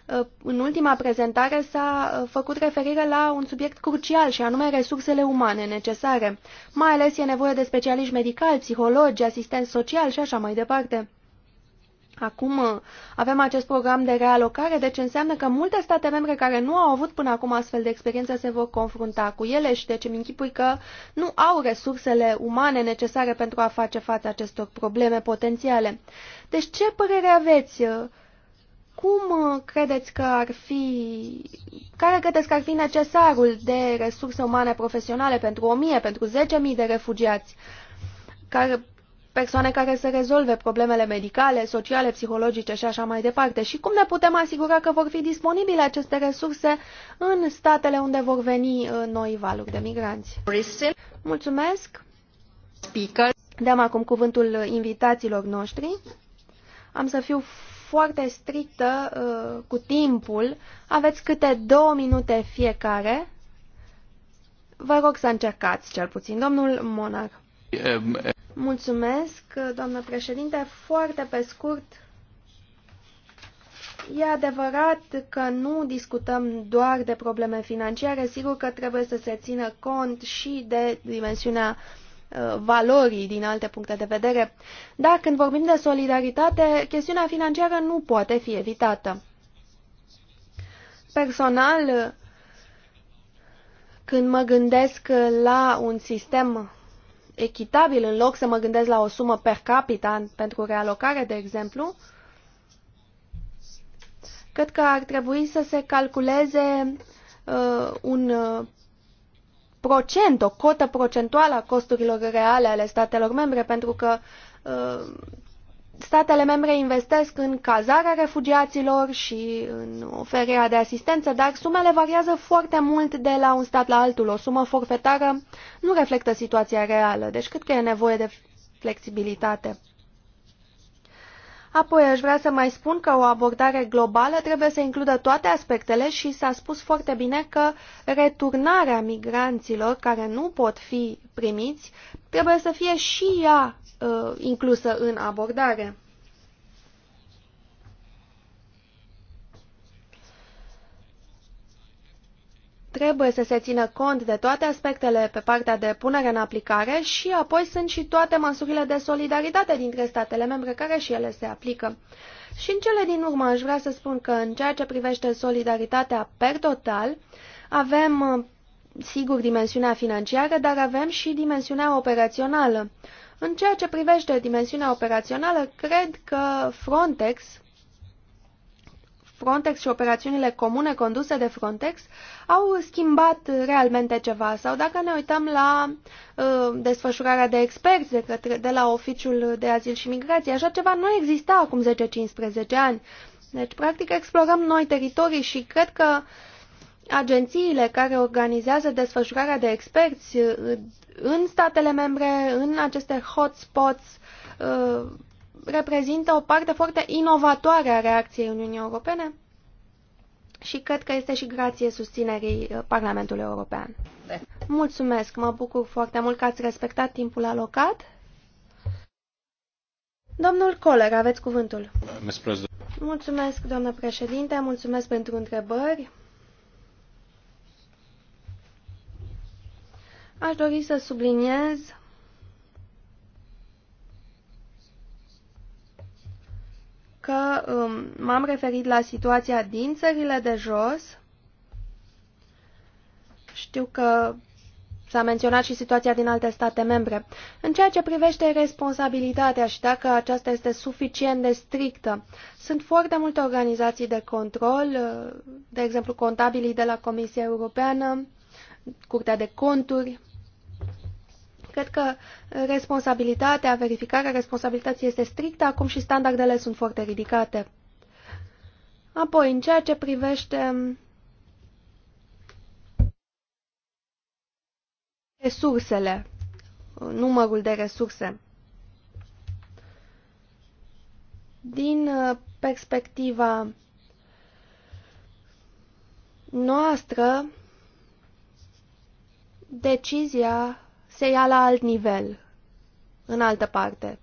uh, în ultima prezentare s-a uh, făcut referire la un subiect crucial și anume resursele umane necesare. Mai ales e nevoie de specialiști medicali, psihologi, asistenți sociali și așa mai departe. Acum uh, avem acest program de realocare, deci înseamnă că multe state membre care nu au avut până acum astfel de experiență se vor confrunta cu ele și deci îmi închipui că nu au resursele umane necesare pentru a face față acestor probleme potențiale. Deci ce părere aveți? Uh, cum uh, credeți că ar fi, care credeți că ar fi necesarul de resurse umane profesionale pentru 1000, pentru 10.000 de refugiați? Care, persoane care să rezolve problemele medicale, sociale, psihologice și așa mai departe și cum ne putem asigura că vor fi disponibile aceste resurse în statele unde vor veni uh, noi valuri de migranți. Mulțumesc! Speaker. Dăm acum cuvântul invitațiilor noștri. Am să fiu foarte strictă uh, cu timpul. Aveți câte două minute fiecare. Vă rog să încercați, cel puțin, domnul Monar. Mulțumesc, doamnă președinte. Foarte pe scurt, E adevărat că nu discutăm doar de probleme financiare, sigur că trebuie să se țină cont și de dimensiunea uh, valorii din alte puncte de vedere, dar când vorbim de solidaritate, chestiunea financiară nu poate fi evitată. Personal, când mă gândesc la un sistem echitabil, în loc să mă gândesc la o sumă per capita pentru realocare, de exemplu, cred că ar trebui să se calculeze uh, un uh, procent, o cotă procentuală a costurilor reale ale statelor membre, pentru că uh, statele membre investesc în cazarea refugiaților și în oferirea de asistență, dar sumele variază foarte mult de la un stat la altul. O sumă forfetară nu reflectă situația reală, deci cred că e nevoie de flexibilitate. Apoi aș vrea să mai spun că o abordare globală trebuie să includă toate aspectele și s-a spus foarte bine că returnarea migranților care nu pot fi primiți trebuie să fie și ea uh, inclusă în abordare. Trebuie să se țină cont de toate aspectele pe partea de punere în aplicare și apoi sunt și toate măsurile de solidaritate dintre statele membre care și ele se aplică. Și în cele din urmă aș vrea să spun că în ceea ce privește solidaritatea per total, avem sigur dimensiunea financiară, dar avem și dimensiunea operațională. În ceea ce privește dimensiunea operațională, cred că Frontex Frontex și operațiunile comune conduse de Frontex au schimbat realmente ceva sau dacă ne uităm la uh, desfășurarea de experți de, către, de la Oficiul de Azil și Migrație, așa ceva nu exista acum 10-15 ani. Deci, practic, explorăm noi teritorii și cred că agențiile care organizează desfășurarea de experți uh, în statele membre, în aceste hotspots, uh, reprezintă o parte foarte inovatoare a reacției Uniunii Europene și cred că este și grație susținerii uh, Parlamentului European. Mulțumesc, mă bucur foarte mult că ați respectat timpul alocat. Domnul Coller, aveți cuvântul. Mulțumesc, doamnă președinte, mulțumesc pentru întrebări. Aș dori să subliniez că um, m-am referit la situația din țările de jos. Știu că s-a menționat și situația din alte state membre. În ceea ce privește responsabilitatea și dacă aceasta este suficient de strictă, sunt foarte multe organizații de control, uh, de exemplu contabilii de la Comisia Europeană, Curtea de Conturi, Cred că responsabilitatea, verificarea responsabilității este strictă acum și standardele sunt foarte ridicate. Apoi, în ceea ce privește resursele, numărul de resurse, din uh, perspectiva noastră, decizia se ia la alt nivel, în altă parte.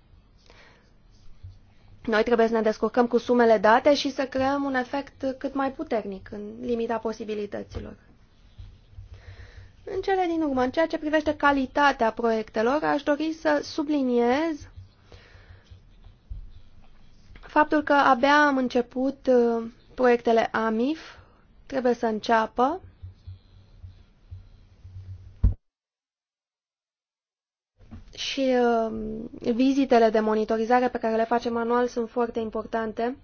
Noi trebuie să ne descurcăm cu sumele date și să creăm un efect cât mai puternic, în limita posibilităților. În cele din urmă, în ceea ce privește calitatea proiectelor, aș dori să subliniez faptul că abia am început uh, proiectele AMIF, trebuie să înceapă și uh, vizitele de monitorizare pe care le facem anual sunt foarte importante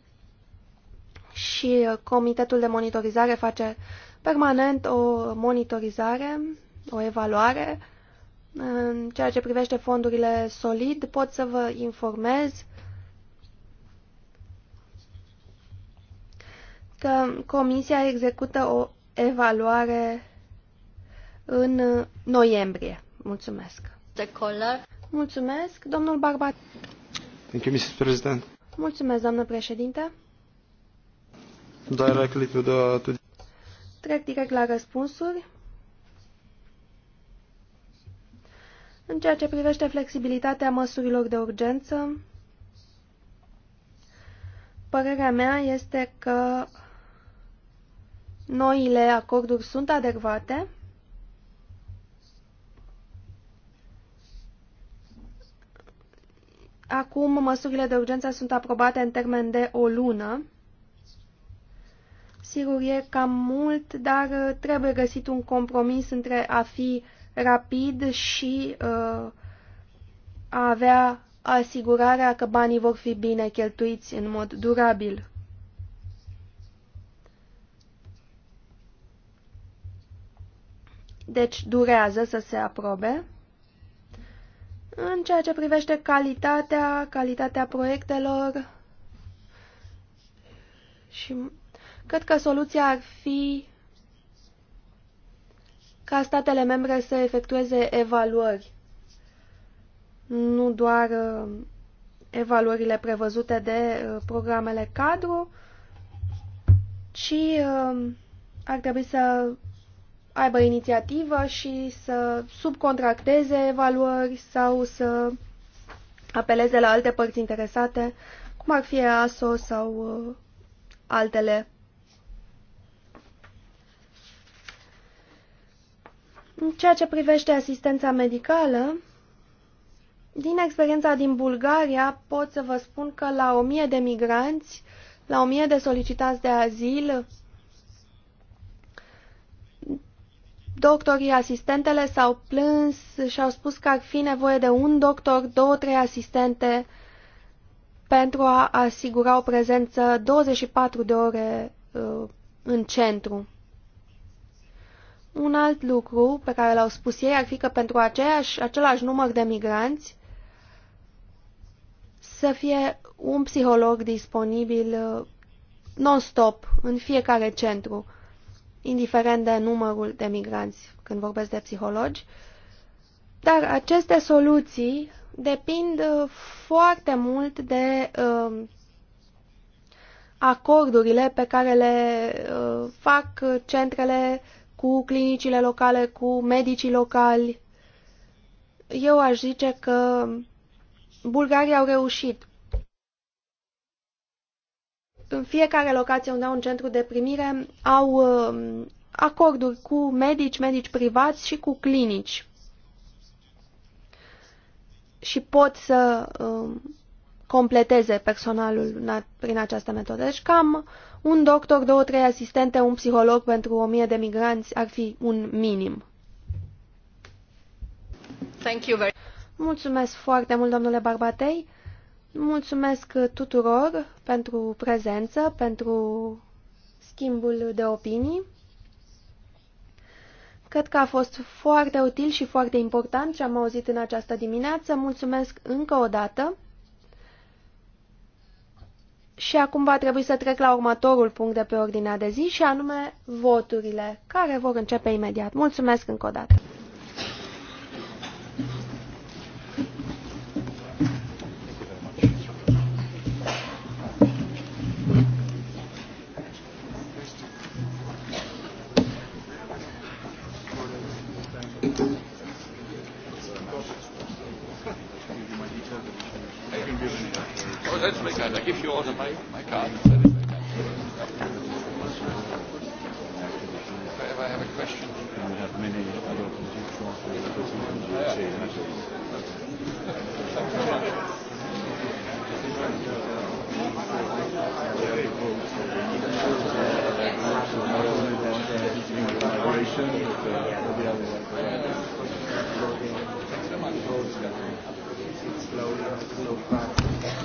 și uh, comitetul de monitorizare face permanent o monitorizare, o evaluare. În ceea ce privește fondurile solid, pot să vă informez că Comisia execută o evaluare în noiembrie. Mulțumesc! The caller. Mulțumesc, domnul Barbat. Thank you, Mr. President. Mulțumesc, doamnă președinte. Directly to the... Trec direct la răspunsuri. În ceea ce privește flexibilitatea măsurilor de urgență, părerea mea este că noile acorduri sunt adecvate Acum măsurile de urgență sunt aprobate în termen de o lună. Sigur, e cam mult, dar uh, trebuie găsit un compromis între a fi rapid și uh, a avea asigurarea că banii vor fi bine cheltuiți în mod durabil. Deci durează să se aprobe. În ceea ce privește calitatea, calitatea proiectelor și cred că soluția ar fi ca statele membre să efectueze evaluări, nu doar uh, evaluările prevăzute de uh, programele cadru, ci uh, ar trebui să aibă inițiativă și să subcontracteze evaluări sau să apeleze la alte părți interesate, cum ar fi ASO sau uh, altele. În ceea ce privește asistența medicală, din experiența din Bulgaria pot să vă spun că la o mie de migranți, la o mie de solicitați de azil, Doctorii asistentele s-au plâns și au spus că ar fi nevoie de un doctor, două, trei asistente pentru a asigura o prezență 24 de ore uh, în centru. Un alt lucru pe care l-au spus ei ar fi că pentru aceeași, același număr de migranți să fie un psiholog disponibil uh, non-stop în fiecare centru indiferent de numărul de migranți, când vorbesc de psihologi, dar aceste soluții depind uh, foarte mult de uh, acordurile pe care le uh, fac centrele cu clinicile locale, cu medicii locali. Eu aș zice că Bulgarii au reușit în fiecare locație unde au un centru de primire au um, acorduri cu medici, medici privați și cu clinici. Și pot să um, completeze personalul prin această metodă. Deci cam un doctor, două, trei asistente, un psiholog pentru o mie de migranți ar fi un minim. Thank you very Mulțumesc foarte mult, domnule Barbatei. Mulțumesc tuturor pentru prezență, pentru schimbul de opinii. Cred că a fost foarte util și foarte important ce am auzit în această dimineață. Mulțumesc încă o dată. Și acum va trebui să trec la următorul punct de pe ordinea de zi și anume voturile, care vor începe imediat. Mulțumesc încă o dată. that's my card. I give you also my, my card. That is my card. If I ever have a question. And we have many other constituents who are present in the yeah. Collaboration with uh, the other one. Thanks so much. It's slow, it's so fast. Thank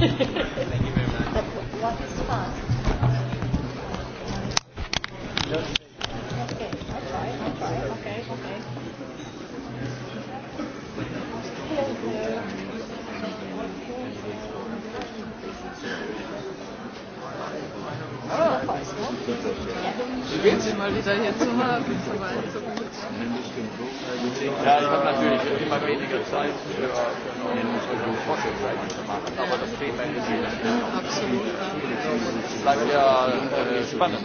you very much. But what is fast? schön, Sie mal wieder hier zu haben. Sie waren so gut. Ja, ich habe natürlich immer weniger Zeit für Forschungsprojekte zu machen, aber das Thema ist ja. Absolut. Es bleibt ja äh, spannend.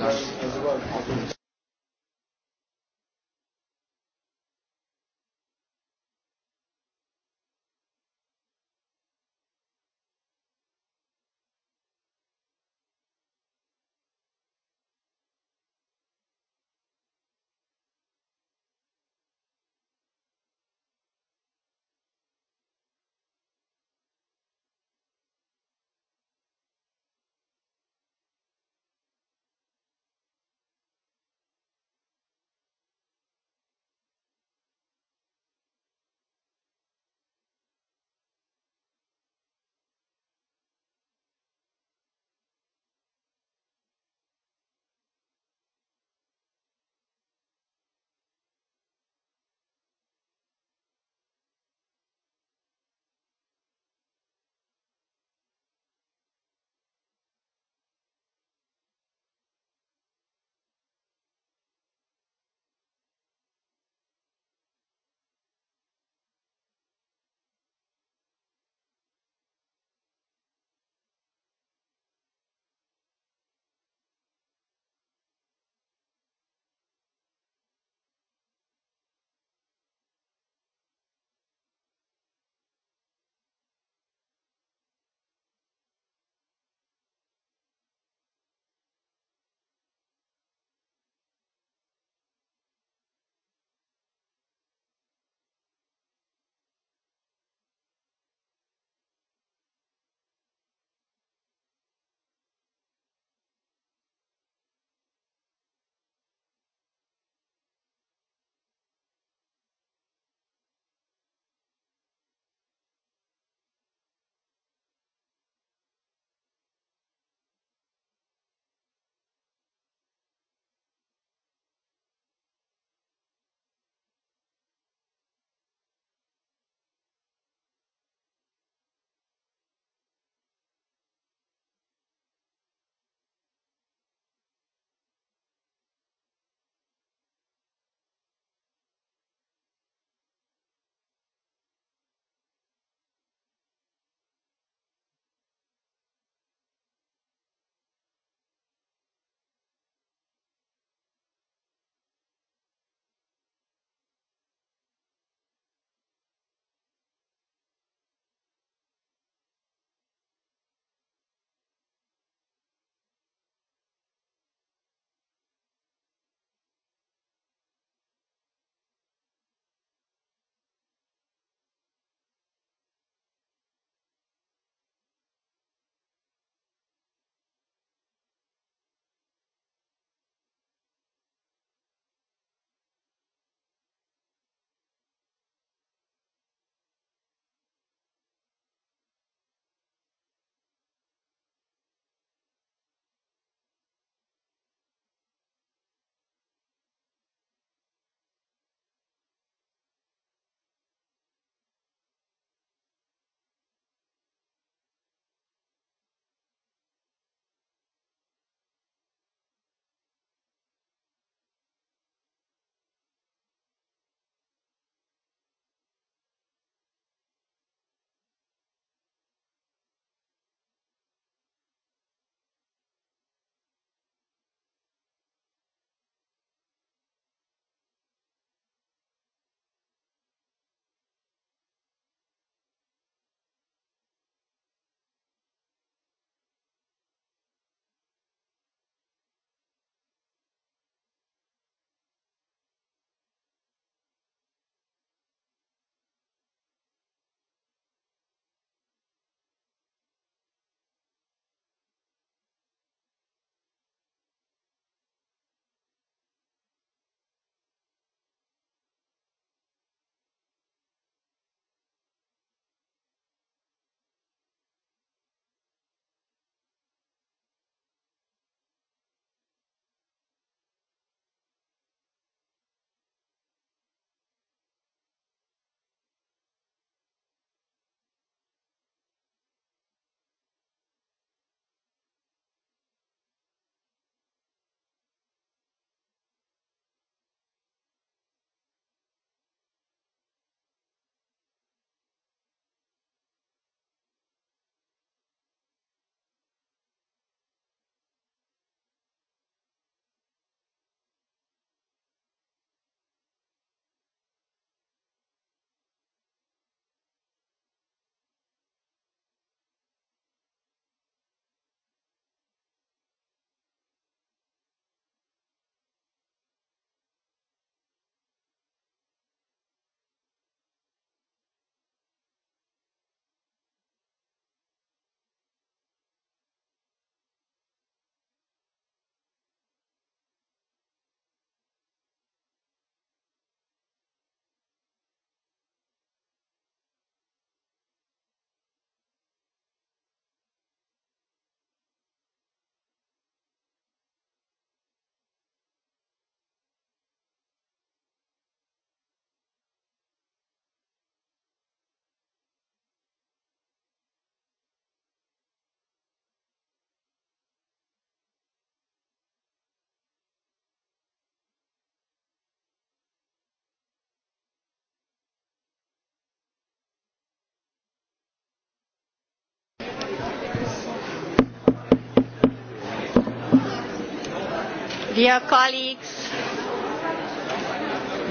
Dear colleagues,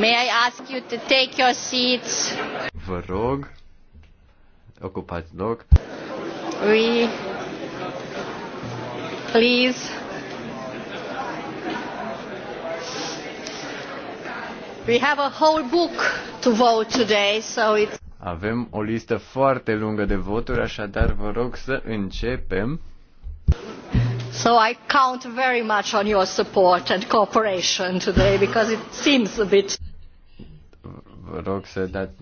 may I ask you to take your seats? Vă rog, ocupați loc. We please We have a whole book to vote today, so it's Avem o listă foarte lungă de voturi, așadar vă rog să începem so i count very much on your support and cooperation today because it seems a bit Vă rog să dați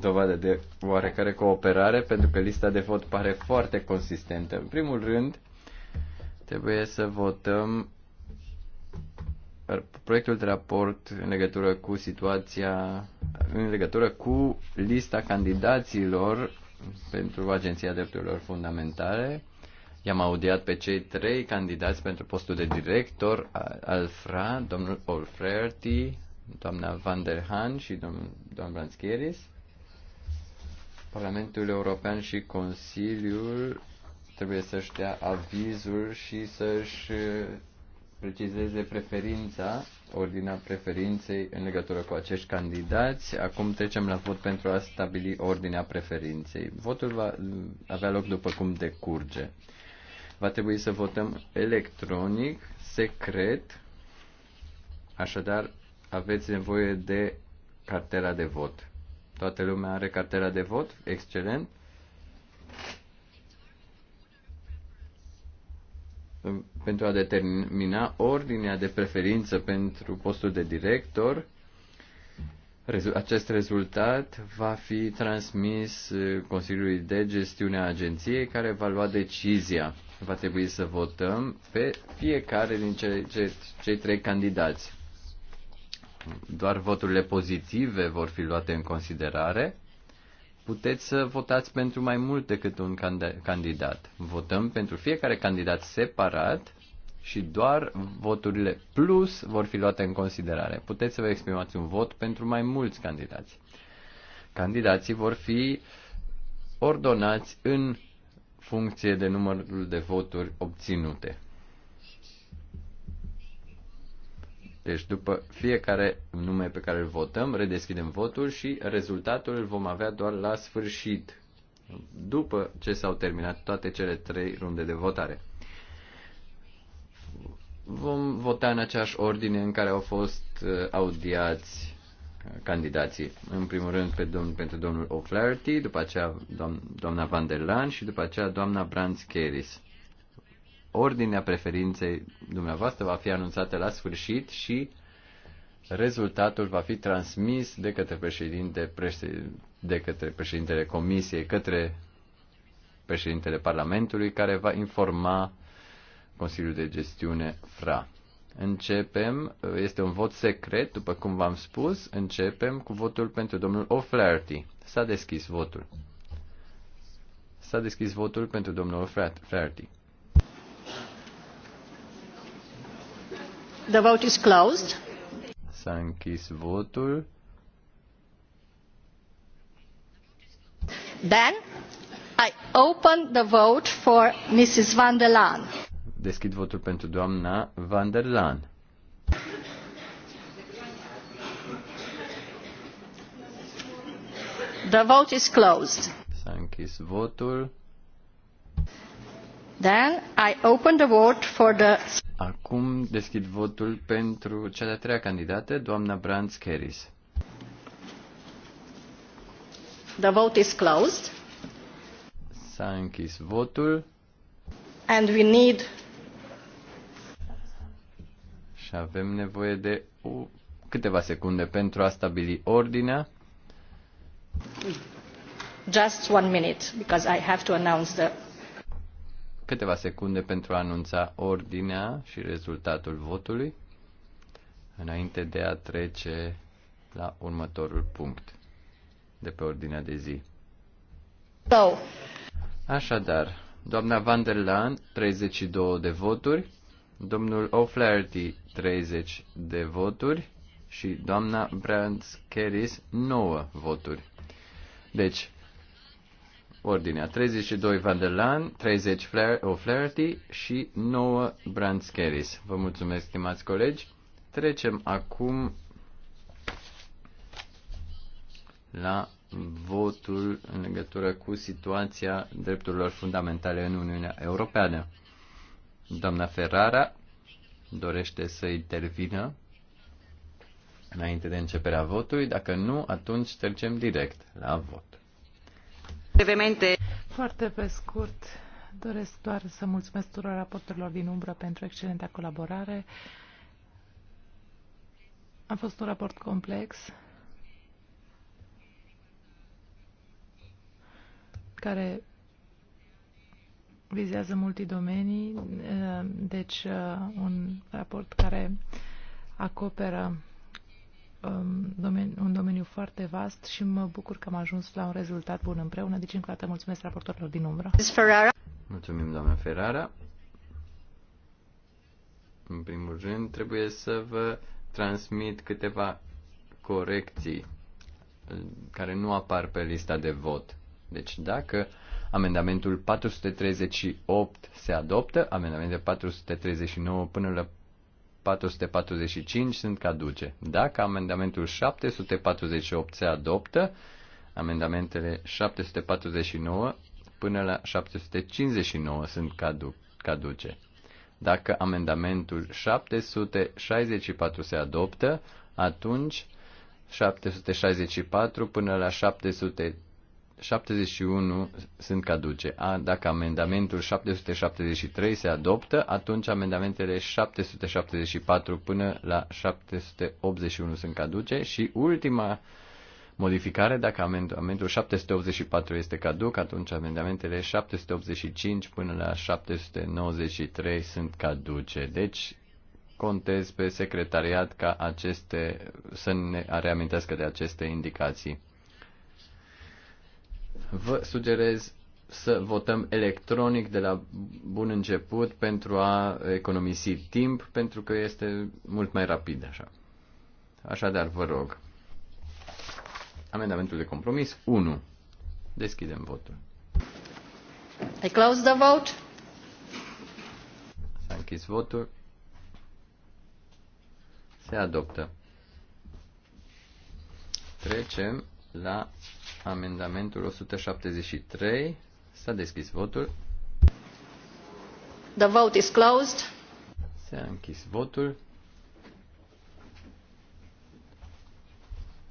dovadă de oarecare cooperare pentru că lista de vot pare foarte consistentă. În primul rând, trebuie să votăm proiectul de raport în legătură cu situația, în legătură cu lista candidaților pentru Agenția Drepturilor Fundamentale I-am audiat pe cei trei candidați pentru postul de director al FRA, domnul Olfrerti, doamna Van der Han și domnul domn Branschieris. Parlamentul European și Consiliul trebuie să-și dea avizul și să-și uh, precizeze preferința, ordinea preferinței în legătură cu acești candidați. Acum trecem la vot pentru a stabili ordinea preferinței. Votul va avea loc după cum decurge. Va trebui să votăm electronic, secret. Așadar, aveți nevoie de cartela de vot. Toată lumea are cartela de vot? Excelent. Pentru a determina ordinea de preferință pentru postul de director, acest rezultat va fi transmis eh, Consiliului de Gestiune a Agenției, care va lua decizia va trebui să votăm pe fiecare din cei, cei, cei trei candidați. Doar voturile pozitive vor fi luate în considerare. Puteți să votați pentru mai mult decât un candidat. Votăm pentru fiecare candidat separat și doar voturile plus vor fi luate în considerare. Puteți să vă exprimați un vot pentru mai mulți candidați. Candidații vor fi ordonați în funcție de numărul de voturi obținute. Deci după fiecare nume pe care îl votăm, redeschidem votul și rezultatul îl vom avea doar la sfârșit, după ce s-au terminat toate cele trei runde de votare. Vom vota în aceeași ordine în care au fost uh, audiați candidații. În primul rând pe domn, pentru domnul O'Flaherty, după aceea doam- doamna Van der Laan și după aceea doamna Brands Keris. Ordinea preferinței dumneavoastră va fi anunțată la sfârșit și rezultatul va fi transmis de către președinte, de către președintele comisiei, către președintele Parlamentului, care va informa Consiliul de Gestiune FRA. Începem, este un vot secret, după cum v-am spus, începem cu votul pentru domnul O'Flaherty. S-a deschis votul. S-a deschis votul pentru domnul O'Flaherty. The vote is closed. S-a închis votul. Then I open the vote for Mrs. Van der Laan. Deschid votul pentru doamna Van der Laan. The vote is closed. S-a închis votul. Then I open the vote for the... Acum deschid votul pentru cea de-a treia candidată, doamna Brands Keris. The vote is closed. S-a închis votul. And we need și avem nevoie de o, câteva secunde pentru a stabili ordinea. Just one minute, because I have to announce the... Câteva secunde pentru a anunța ordinea și rezultatul votului, înainte de a trece la următorul punct de pe ordinea de zi. So. Așadar, doamna van der Laan, 32 de voturi, Domnul O'Flaherty 30 de voturi și doamna Brands Keris 9 voturi. Deci, ordinea 32 Laan, 30 O'Flaherty și 9 Brands Keris. Vă mulțumesc, stimați colegi. Trecem acum la votul în legătură cu situația drepturilor fundamentale în Uniunea Europeană. Doamna Ferrara dorește să intervină înainte de începerea votului. Dacă nu, atunci trecem direct la vot. Foarte pe scurt, doresc doar să mulțumesc tuturor raporturilor din umbră pentru excelenta colaborare. A fost un raport complex care vizează multidomenii, uh, deci uh, un raport care acoperă um, un domeniu foarte vast și mă bucur că am ajuns la un rezultat bun împreună. Deci, încă o dată, mulțumesc raportorilor din umbră. Mulțumim, doamna Ferrara. În primul rând, trebuie să vă transmit câteva corecții uh, care nu apar pe lista de vot. Deci, dacă uh, Amendamentul 438 se adoptă, amendamentele 439 până la 445 sunt caduce. Dacă amendamentul 748 se adoptă, amendamentele 749 până la 759 sunt cadu- caduce. Dacă amendamentul 764 se adoptă, atunci 764 până la 700 71 sunt caduce. A, dacă amendamentul 773 se adoptă, atunci amendamentele 774 până la 781 sunt caduce și ultima modificare, dacă amendamentul 784 este caduc, atunci amendamentele 785 până la 793 sunt caduce. Deci contez pe secretariat ca aceste, să ne reamintească de aceste indicații vă sugerez să votăm electronic de la bun început pentru a economisi timp, pentru că este mult mai rapid așa. Așadar, vă rog. Amendamentul de compromis 1. Deschidem votul. I close the vote. S-a închis votul. Se adoptă. Trecem la Amendamentul 173. S-a deschis votul. The vote is closed. S-a închis votul.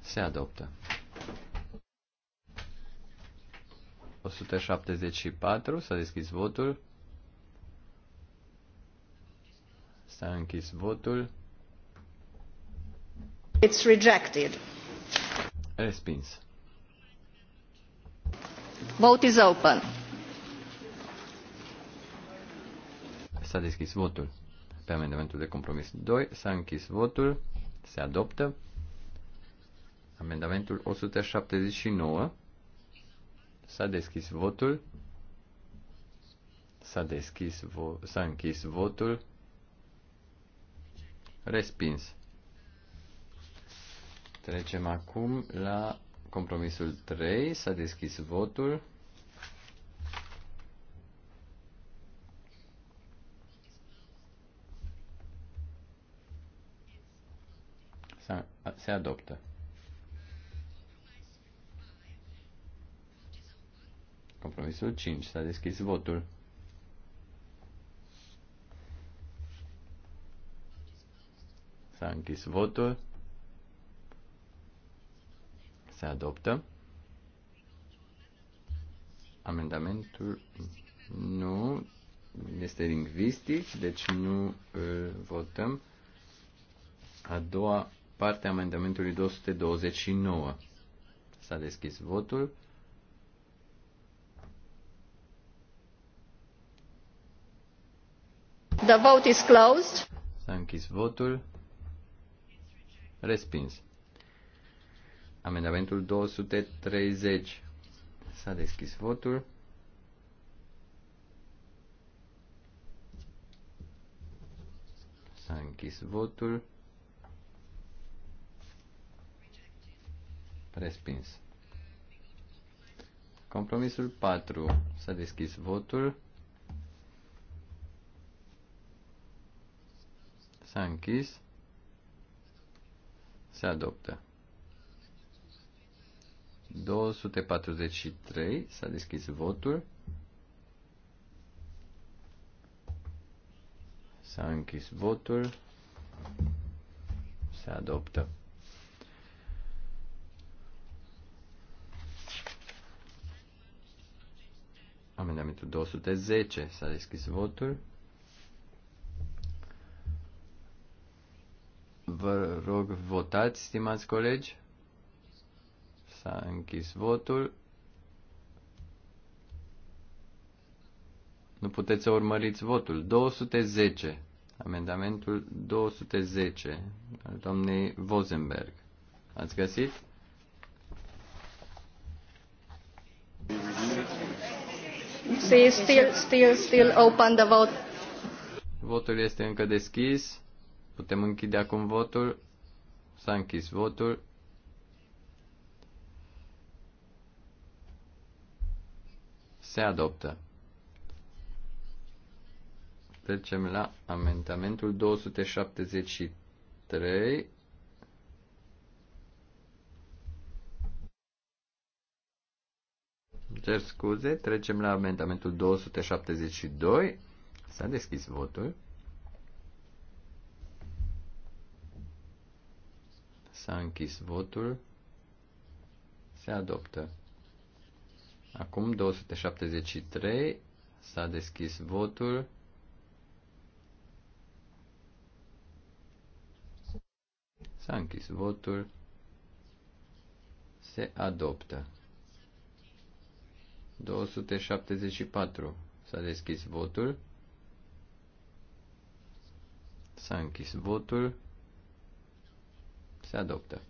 Se adoptă. 174. S-a deschis votul. S-a închis votul. It's rejected. Respins. Vote is open. S-a deschis votul. Pe amendamentul de compromis 2 s-a închis votul. Se adoptă. Amendamentul 179. S-a deschis votul. S-a deschis vo- s-a închis votul. Respins. Trecem acum la Compromisul 3. S-a deschis votul. Se adoptă. Compromisul 5. S-a deschis votul. S-a închis votul. Se adoptă. Amendamentul nu este lingvistic, deci nu îl votăm. A doua parte a amendamentului 229. S-a deschis votul. The vote is closed. S-a închis votul. Respins. Amendamentul 230. S-a deschis votul. S-a închis votul. Respins. Compromisul 4. S-a deschis votul. S-a închis. Se adoptă. 243. S-a deschis votul. S-a închis votul. Se adoptă. Amendamentul 210. S-a deschis votul. Vă rog, votați, stimați colegi. S-a închis votul. Nu puteți să urmăriți votul. 210. Amendamentul 210 al doamnei Vozenberg. Ați găsit? See, still, still, still open the vote. Votul este încă deschis. Putem închide acum votul. S-a închis votul. Se adoptă. Trecem la amendamentul 273. Cer scuze, trecem la amendamentul 272. S-a deschis votul. S-a închis votul. Se adoptă. Acum 273 s-a deschis votul. S-a închis votul. Se adoptă. 274 s-a deschis votul. S-a închis votul. Se adoptă.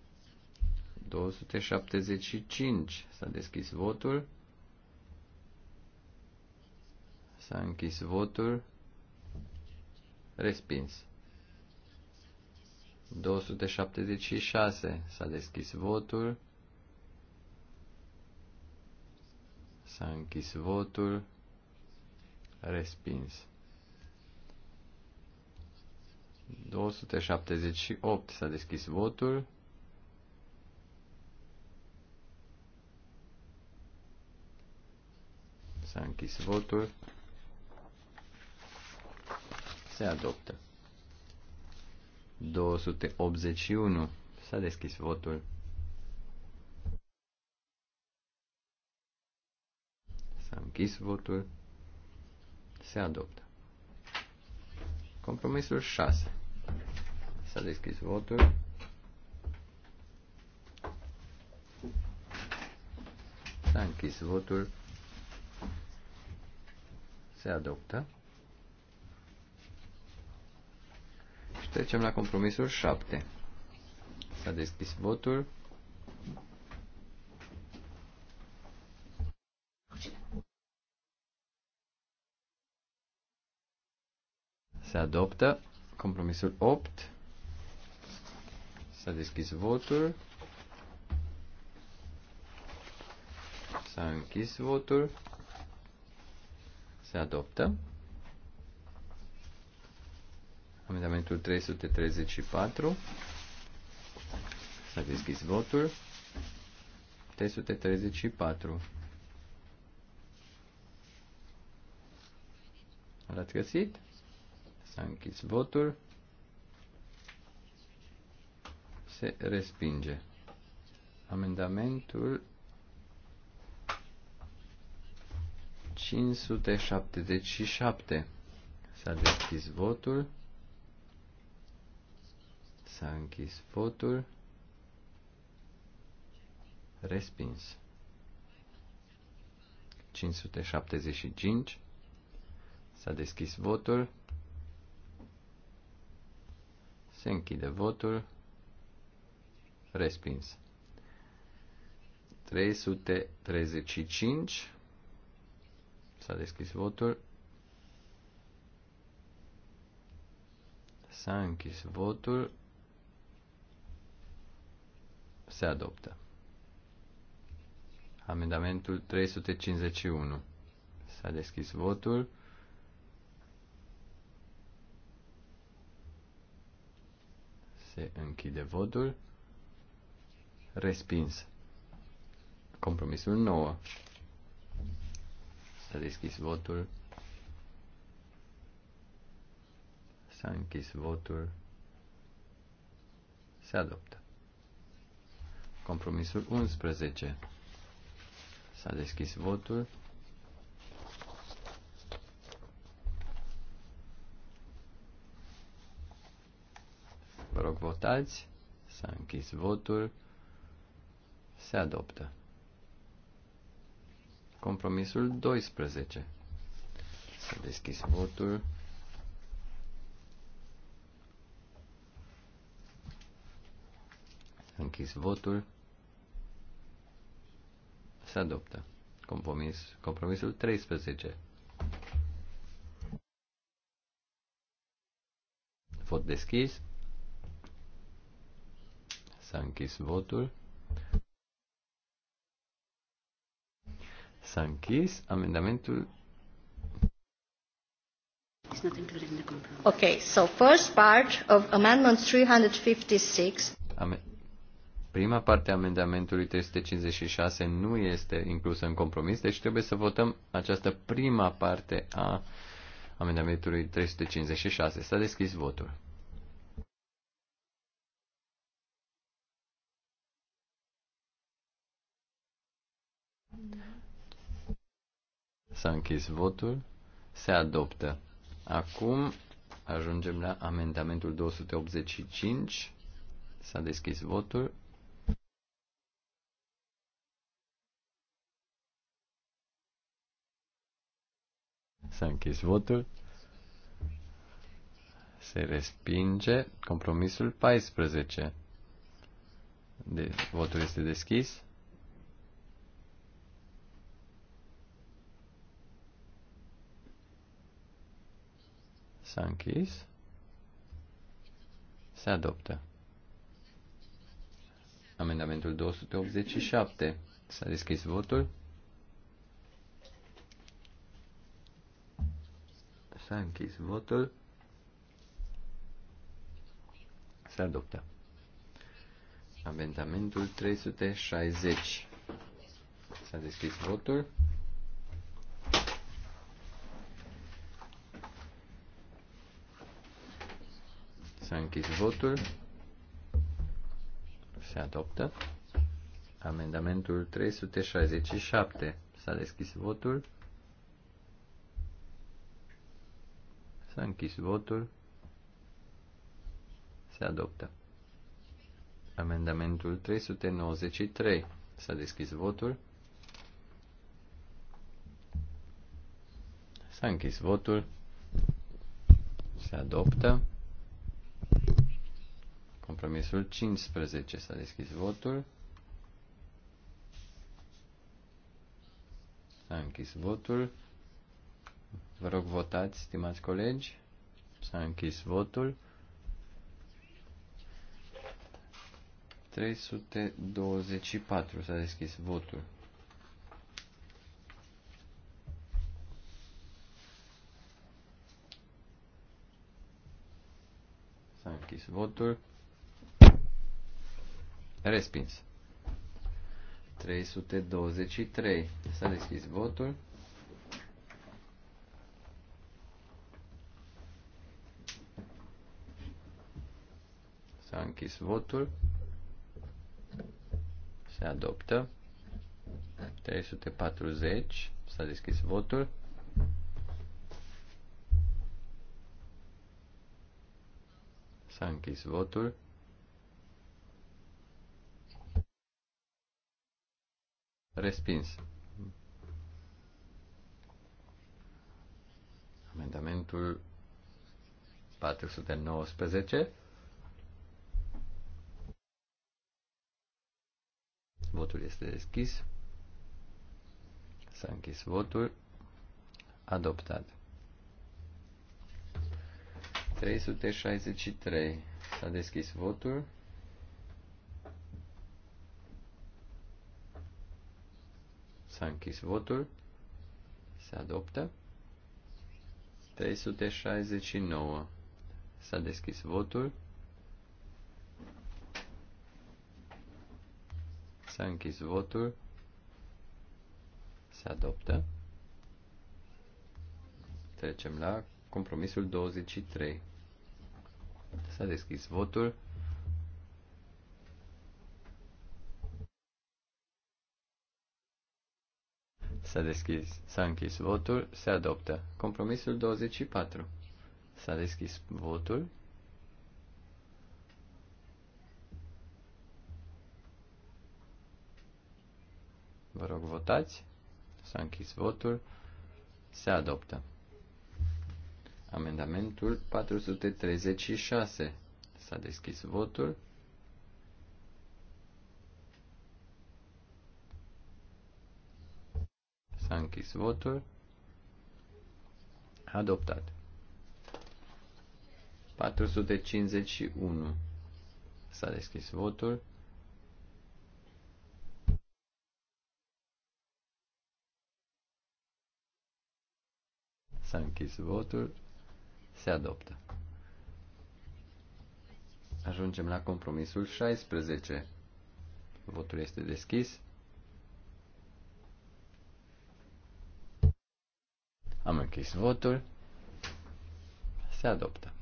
275 s-a deschis votul. S-a închis votul. Respins. 276. S-a deschis votul. S-a închis votul. Respins. 278. S-a deschis votul. S-a închis votul se adoptă. 281. S-a deschis votul. S-a închis votul. Se adoptă. Compromisul 6. S-a deschis votul. S-a închis votul. Se adoptă. Trecem la compromisul 7. S-a deschis votul. Se adoptă compromisul 8. S-a deschis votul. S-a închis votul. Se adoptă. Amendamentul 334. S-a deschis votul. 334. L-ați găsit? S-a închis votul. Se respinge. Amendamentul 577. S-a deschis votul. S-a închis votul. Respins. 575. S-a deschis votul. Se închide votul. Respins. 335. S-a deschis votul. S-a închis votul. Se adoptă. Amendamentul 351. S-a deschis votul. Se închide votul. Respins. Compromisul 9. S-a deschis votul. S-a închis votul. Se adoptă. Compromisul 11. S-a deschis votul. Vă rog, votați. S-a închis votul. Se adoptă. Compromisul 12. S-a deschis votul. Închis votul se adoptă. Compromis, compromisul 13. Vot deschis. S-a închis votul. S-a închis amendamentul. Ok, so first part of amendment 356. Prima parte a amendamentului 356 nu este inclusă în compromis, deci trebuie să votăm această prima parte a amendamentului 356. S-a deschis votul. S-a închis votul. Se adoptă. Acum ajungem la amendamentul 285. S-a deschis votul. S-a închis votul. Se respinge compromisul 14. De, votul este deschis. S-a închis. Se adoptă. Amendamentul 287. S-a deschis votul. S-a închis votul. Se adoptă. Amendamentul 360. S-a deschis votul. S-a închis votul. Se adoptă. Amendamentul 367. S-a deschis votul. S-a închis votul. Se adoptă. Amendamentul 393. S-a deschis votul. S-a închis votul. Se adoptă. Compromisul 15. S-a deschis votul. S-a închis votul. Vă rog votați, stimați colegi. S-a închis votul. 324 s-a deschis votul. S-a închis votul. Respins. 323 s-a deschis votul. închis votul. Se adoptă. 340. S-a deschis votul. S-a închis votul. Respins. Amendamentul 419. Votul este deschis. S-a închis votul. Adoptat. 363. S-a deschis votul. S-a închis votul. Se adoptă. 369. S-a deschis votul. S-a închis votul. Se adoptă. Trecem la compromisul 23. S-a deschis votul. S-a deschis, s-a închis votul, se adoptă. Compromisul 24. S-a deschis votul. Vă rog, votați. S-a închis votul. Se adoptă. Amendamentul 436. S-a deschis votul. S-a închis votul. Adoptat. 451. S-a deschis votul. S-a închis votul. Se adoptă. Ajungem la compromisul 16. Votul este deschis. Am închis votul. Se adoptă.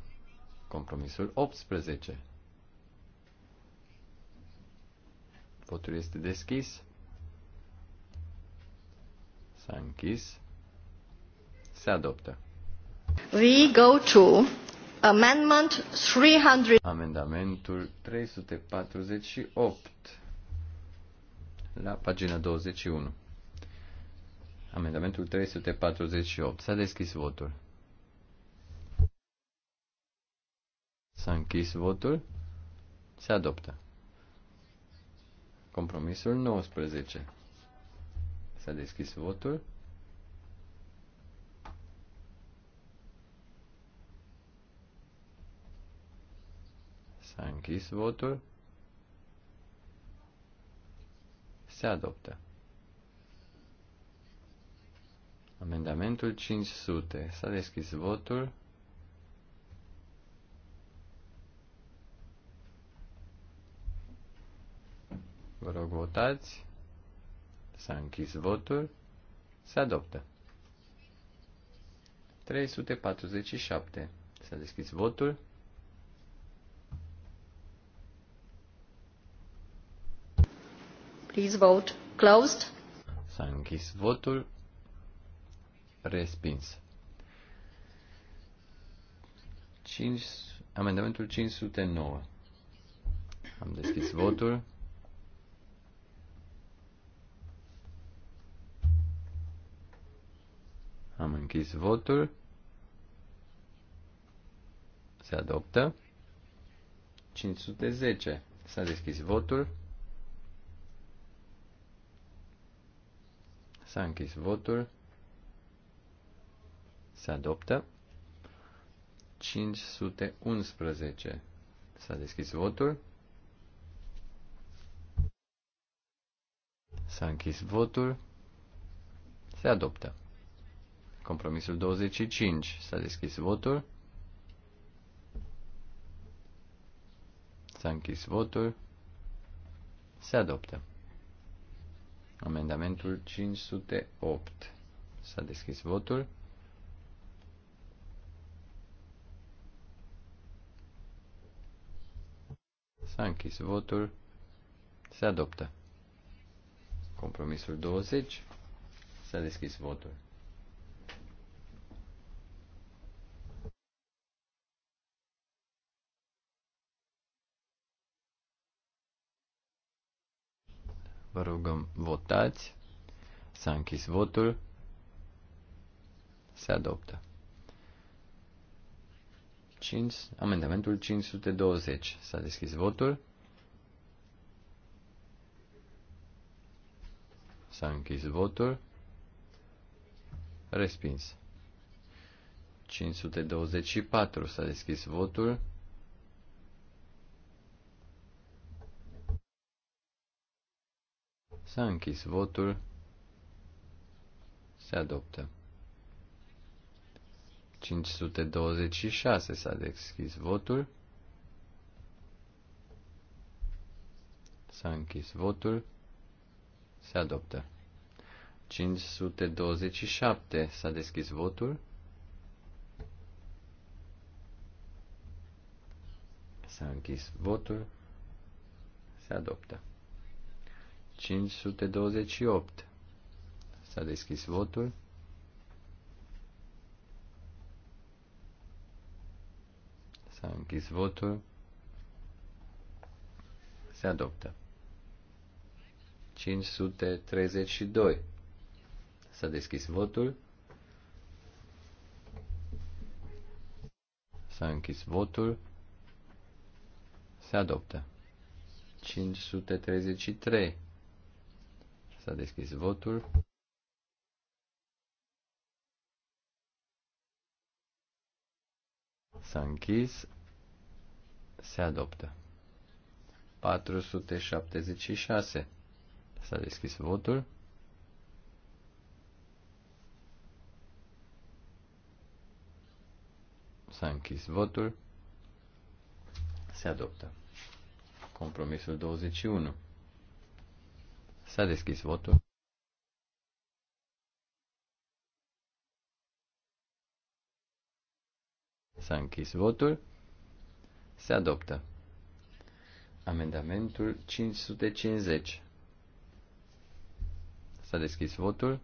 Compromisul 18. Votul este deschis. S-a închis. Se adoptă. We go to amendment 300. Amendamentul 348 la pagina 21. Amendamentul 348. S-a deschis votul. S-a închis votul. Se adoptă. Compromisul 19. S-a deschis votul. S-a închis votul. Se adoptă. Amendamentul 500. S-a deschis votul. Vă rog, votați. S-a închis votul. Se adoptă. 347. S-a deschis votul. Please vote. Closed. S-a închis votul. Respins. 5, amendamentul 509. Am deschis votul. Am închis votul. Se adoptă. 510. S-a deschis votul. S-a închis votul. Se adoptă. 511. S-a deschis votul. S-a închis votul. Se adoptă. Compromisul 25. S-a deschis votul. S-a închis votul. Se adoptă. Amendamentul 508. S-a deschis votul. S-a închis votul. Se adoptă. Compromisul 20. S-a deschis votul. Vă rugăm, votați. S-a închis votul. Se adoptă. 5, amendamentul 520. S-a deschis votul. S-a închis votul. Respins. 524. S-a deschis votul. S-a închis votul. Se adoptă. 526 s-a deschis votul. S-a închis votul. Se adoptă. 527 s-a deschis votul. S-a închis votul. Se adoptă. 528. S-a deschis votul. S-a închis votul. Se adoptă. 532. S-a deschis votul. S-a închis votul. Se adoptă. 533. S-a deschis votul. S-a închis. Se adoptă. 476. S-a deschis votul. S-a închis votul. Se adoptă. Compromisul 21. S-a deschis votul. S-a închis votul. Se adoptă. Amendamentul 550. S-a deschis votul.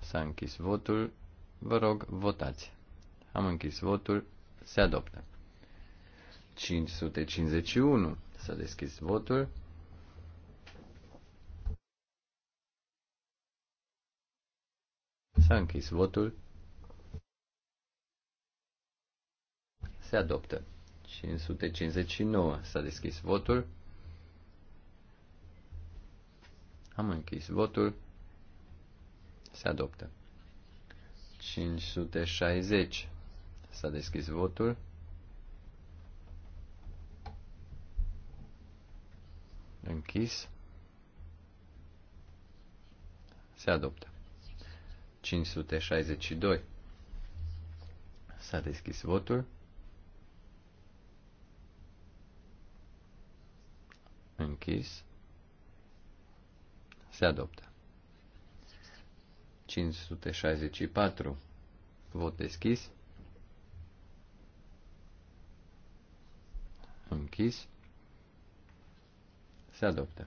S-a închis votul. Vă rog, votați. Am închis votul. Se adoptă. 551. S-a deschis votul. S-a închis votul. Se adoptă. 559. S-a deschis votul. Am închis votul. Se adoptă. 560. S-a deschis votul. Închis. Se adoptă. 562. S-a deschis votul. Închis. Se adoptă. 564. Vot deschis. Închis. Se adoptă.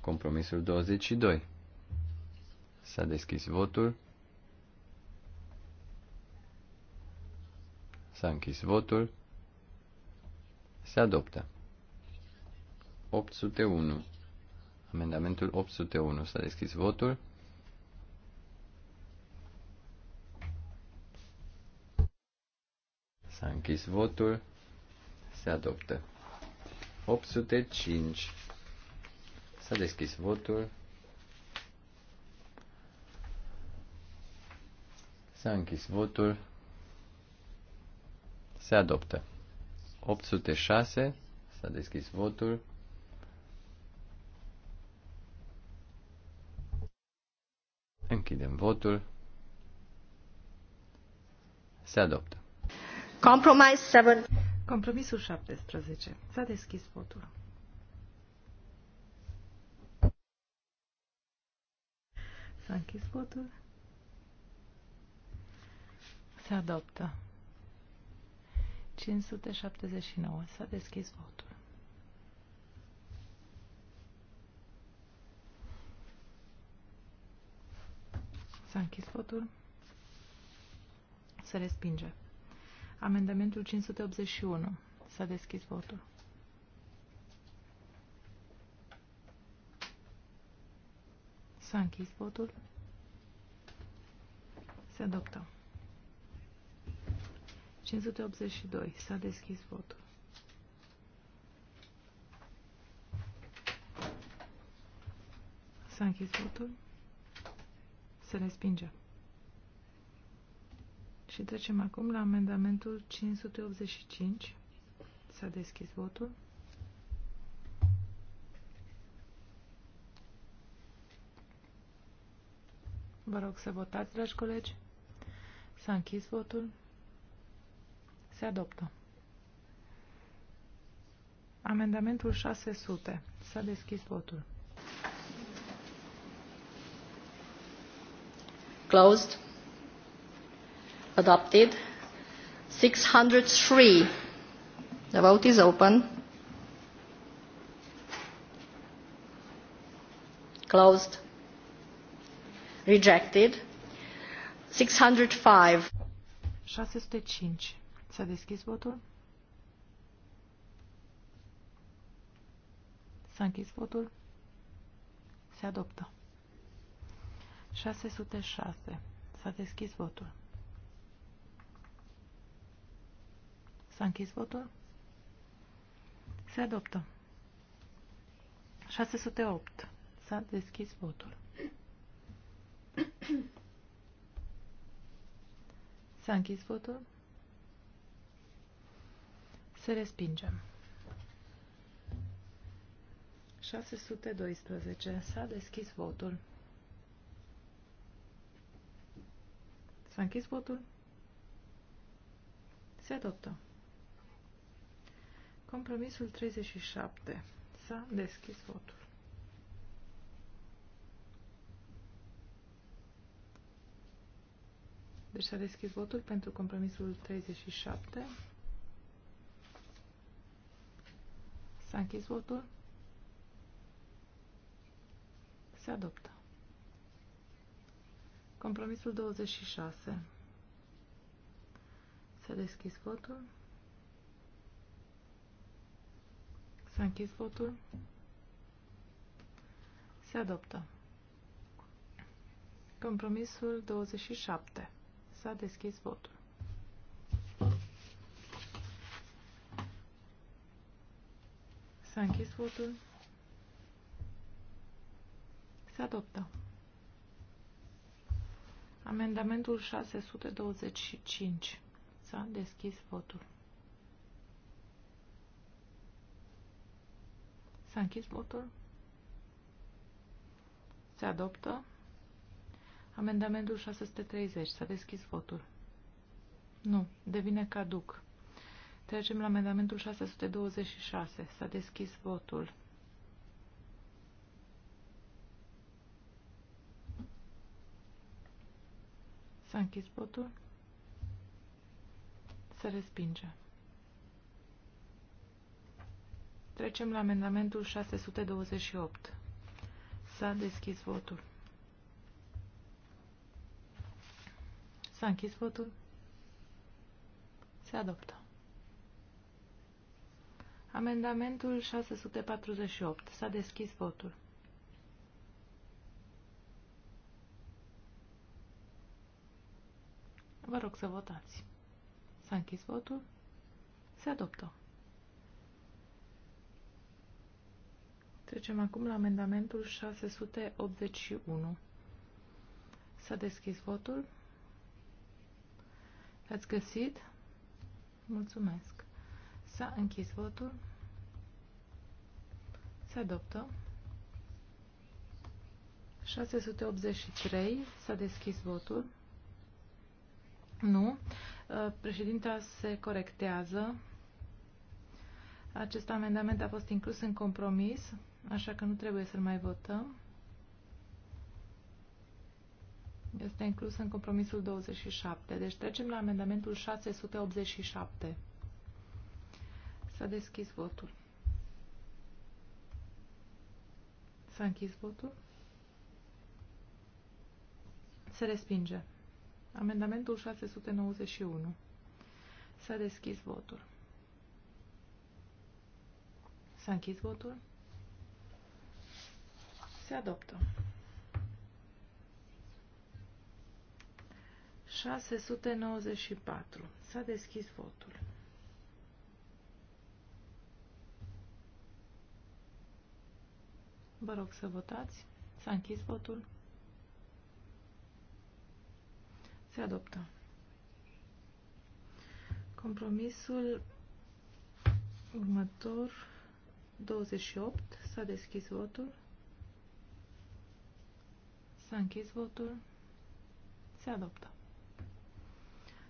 Compromisul 22. S-a deschis votul. S-a închis votul. Se adoptă. 801. Amendamentul 801. S-a deschis votul. S-a închis votul. Se adoptă. 805. S-a deschis votul. S-a închis votul. Se adoptă. 806. S-a deschis votul. Închidem votul. Se adoptă. Compromise 7. Compromisul 17. S-a deschis votul. S-a închis votul. Se adoptă. 579. S-a deschis votul. S-a închis votul. Se respinge. Amendamentul 581. S-a deschis votul. S-a închis votul. Se adoptă. 582. S-a deschis votul. S-a închis votul. Se respinge. Și trecem acum la amendamentul 585. S-a deschis votul. Vă rog să votați, dragi colegi. S-a închis votul. Se adoptă. Amendamentul 600. S-a deschis votul. Closed. Adopted. 603. The vote is open. Closed. Rejected. 605. 605. S-a deschis votul? S-a închis votul? Se adoptă. 606. S-a deschis votul. S-a închis votul? Se adoptă. 608. S-a deschis votul. S-a închis votul? Se respingem. 612. S-a deschis votul. S-a închis votul. Se adoptă. Compromisul 37. S-a deschis votul. Deci s-a deschis votul pentru compromisul 37. S-a închis votul. Se adoptă. Compromisul 26. S-a deschis votul. S-a închis votul. Se adoptă. Compromisul 27. S-a deschis votul. S-a închis votul. Se adoptă. Amendamentul 625. S-a deschis votul. S-a închis votul. Se adoptă. Amendamentul 630. S-a deschis votul. Nu. Devine caduc. Trecem la amendamentul 626. S-a deschis votul. S-a închis votul. Se respinge. Trecem la amendamentul 628. S-a deschis votul. S-a închis votul. Se adoptă. Amendamentul 648. S-a deschis votul. Vă rog să votați. S-a închis votul. Se adoptă. Trecem acum la amendamentul 681. S-a deschis votul. L-ați găsit? Mulțumesc. S-a închis votul. Se adoptă. 683. S-a deschis votul. Nu. Uh, președinta se corectează. Acest amendament a fost inclus în compromis, așa că nu trebuie să-l mai votăm. Este inclus în compromisul 27. Deci trecem la amendamentul 687. S-a deschis votul. S-a închis votul. Se respinge. Amendamentul 691. S-a deschis votul. S-a închis votul. Se adoptă. 694. S-a deschis votul. Vă rog să votați. S-a închis votul. Se adoptă. Compromisul următor, 28, s-a deschis votul. S-a închis votul. Se adoptă.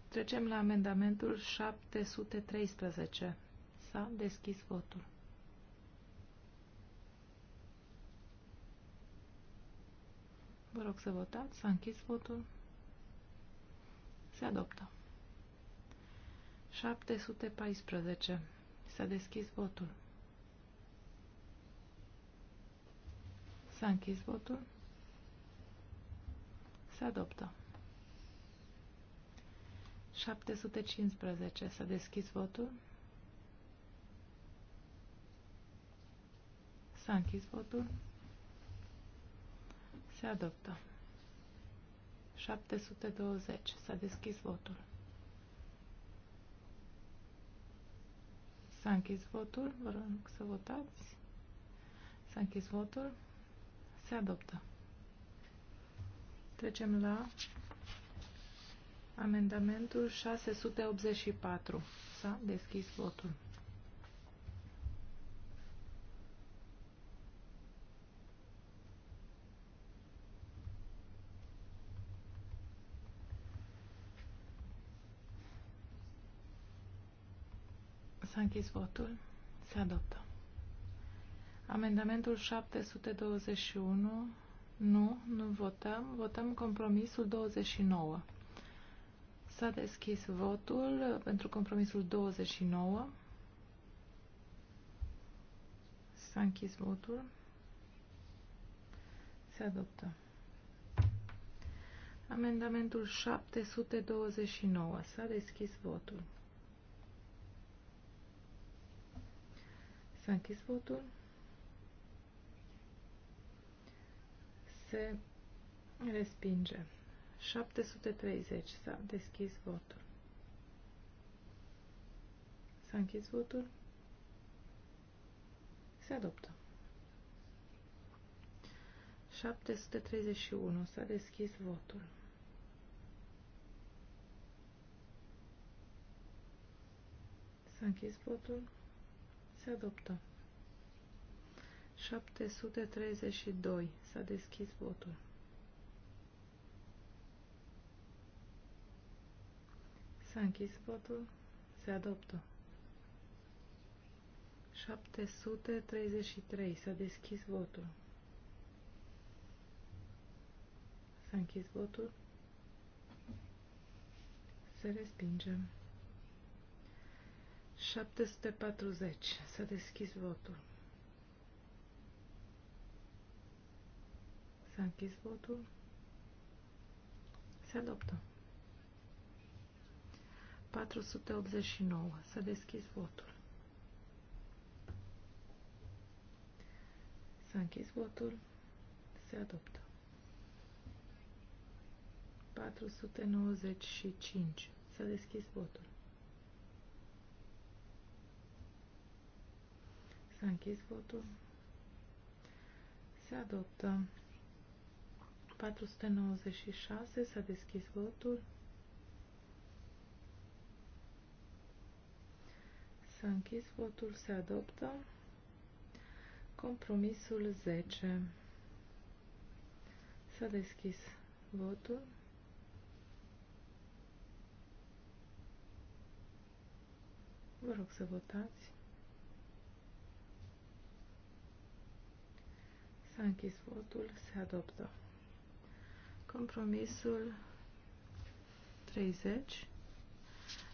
Trecem la amendamentul 713. S-a deschis votul. Vă rog să votați. S-a închis votul. Se adoptă. 714. S-a deschis votul. S-a închis votul. Se adoptă. 715. S-a deschis votul. S-a închis votul. Se adoptă. 720. S-a deschis votul. S-a închis votul. Vă rog să votați. S-a închis votul. Se adoptă. Trecem la amendamentul 684. S-a deschis votul. închis votul. Se adoptă. Amendamentul 721. Nu, nu votăm. Votăm compromisul 29. S-a deschis votul pentru compromisul 29. S-a închis votul. Se adoptă. Amendamentul 729. S-a deschis votul. S-a închis votul. Se respinge. 730. S-a deschis votul. S-a închis votul. Se adoptă. 731. S-a deschis votul. S-a închis votul. Se adoptă. 732. S-a deschis votul. S-a închis votul. Se adoptă. 733. S-a deschis votul. S-a închis votul. Se respinge. 740. Să deschis votul. S-a închis votul. Se adoptă. 489. S-a deschis votul. S-a închis votul. Se adoptă. 495. S-a deschis votul. S-a închis votul. Se adoptă. 496. S-a deschis votul. S-a închis votul. Se adoptă. Compromisul 10. S-a deschis votul. Vă rog să votați. S-a închis votul. Se adoptă. Compromisul 30.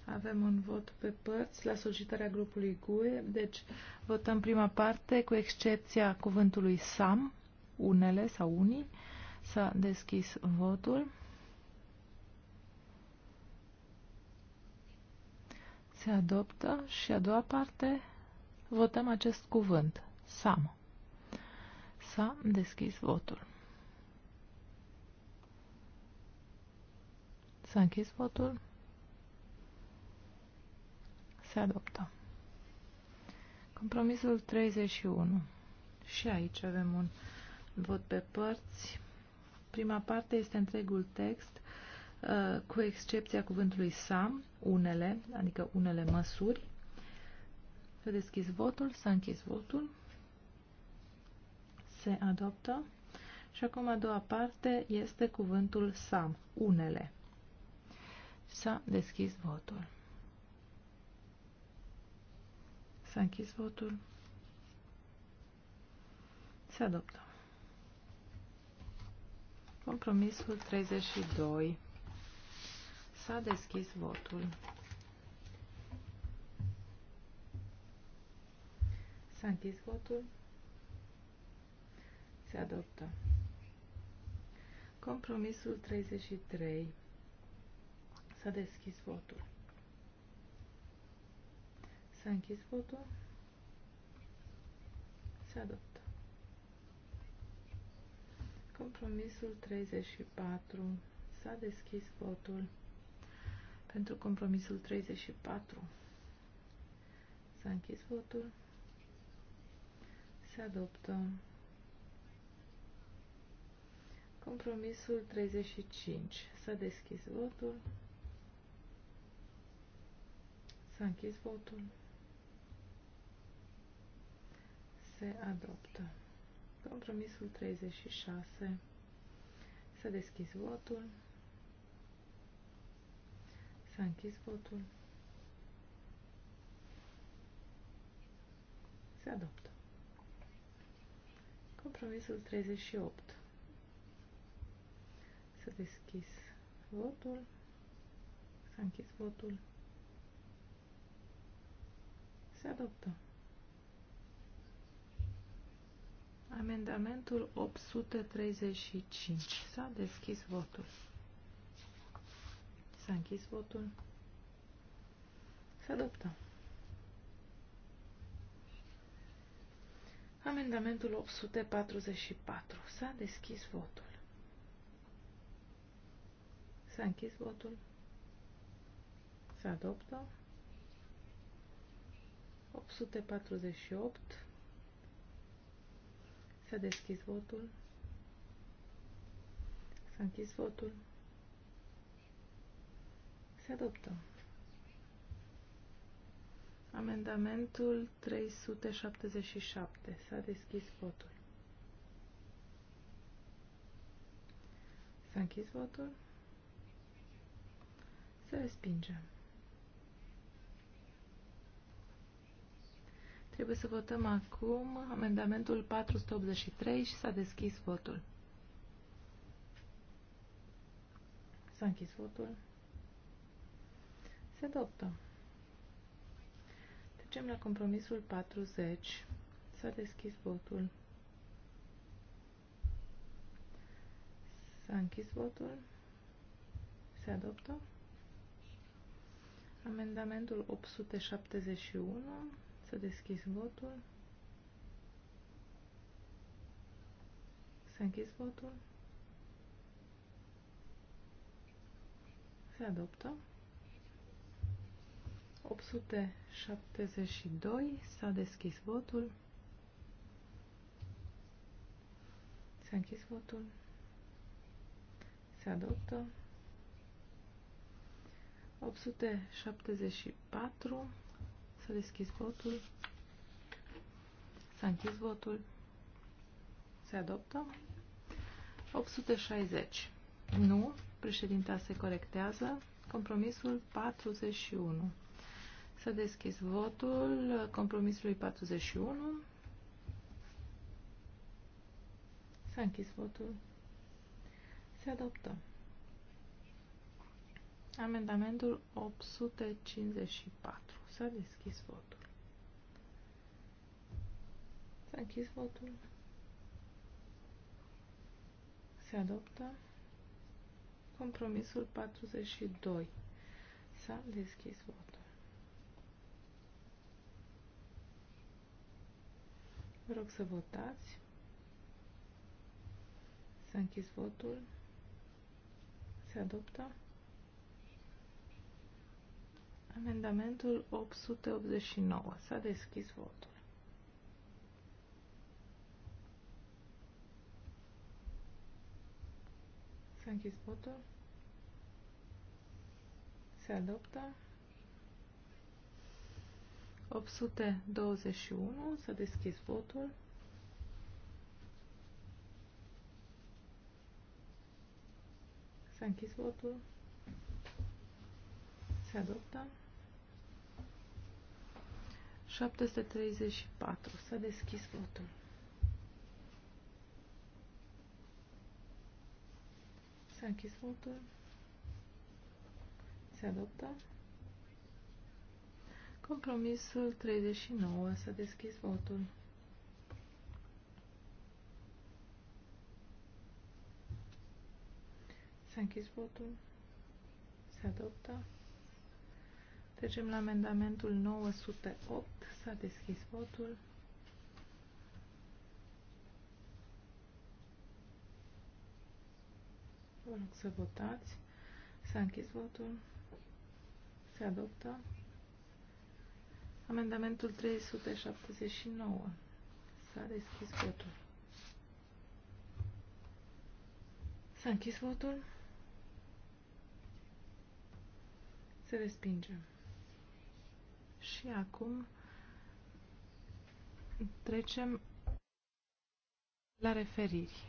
Avem un vot pe părți la solicitarea grupului GUE. Deci votăm prima parte cu excepția cuvântului SAM, unele sau unii. S-a deschis votul. Se adoptă și a doua parte votăm acest cuvânt, SAM. S-a deschis votul. S-a închis votul. Se adoptă. Compromisul 31. Și aici avem un vot pe părți. Prima parte este întregul text, uh, cu excepția cuvântului SAM, unele, adică unele măsuri. S-a deschis votul, s-a închis votul se adoptă. Și acum a doua parte este cuvântul SAM, unele. S-a deschis votul. S-a închis votul. Se adoptă. Compromisul 32. S-a deschis votul. S-a închis votul. Se adoptă. Compromisul 33. S-a deschis votul. S-a închis votul. Se adoptă. Compromisul 34. S-a deschis votul pentru compromisul 34. S-a închis votul. Se adoptă. Compromisul 35. S-a deschis votul. S-a închis votul. Se adoptă. Compromisul 36. S-a deschis votul. S-a închis votul. Se adoptă. Compromisul 38. S-a deschis votul. S-a închis votul. Se adoptă. Amendamentul 835. S-a deschis votul. S-a închis votul. Se adoptă. Amendamentul 844. S-a deschis votul. S-a închis votul. Se adoptă. 848. S-a deschis votul. S-a închis votul. Se adoptă. Amendamentul 377. S-a deschis votul. S-a închis votul. Se respingem. Trebuie să votăm acum amendamentul 483 și s-a deschis votul. S-a închis votul. Se adoptă. Trecem la compromisul 40. S-a deschis votul. S-a închis votul. Se adoptă. Amendamentul 871. Să deschis votul. Să închis votul. Se adoptă. 872. S-a deschis votul. S-a închis votul. Se adoptă. 874. Să deschis votul. S-a închis votul. Se adoptă. 860. Nu. Președinta se corectează. Compromisul 41. S-a deschis votul compromisului 41. S-a închis votul. Se adoptă. Amendamentul 854. S-a deschis votul. S-a închis votul. Se adoptă. Compromisul 42. S-a deschis votul. Vă rog să votați. S-a închis votul. Se adoptă. Amendamentul 889. S-a deschis votul. S-a închis votul. Se adoptă. 821. S-a deschis votul. S-a închis votul. Se adoptă. 734. S-a deschis votul. S-a închis votul. Se adoptă. Compromisul 39. S-a deschis votul. S-a închis votul. Se adoptă. Trecem la amendamentul 908. S-a deschis votul. Vă rog să votați. S-a închis votul. Se adoptă. Amendamentul 379. S-a deschis votul. S-a închis votul. Se respinge. Și acum trecem la referiri.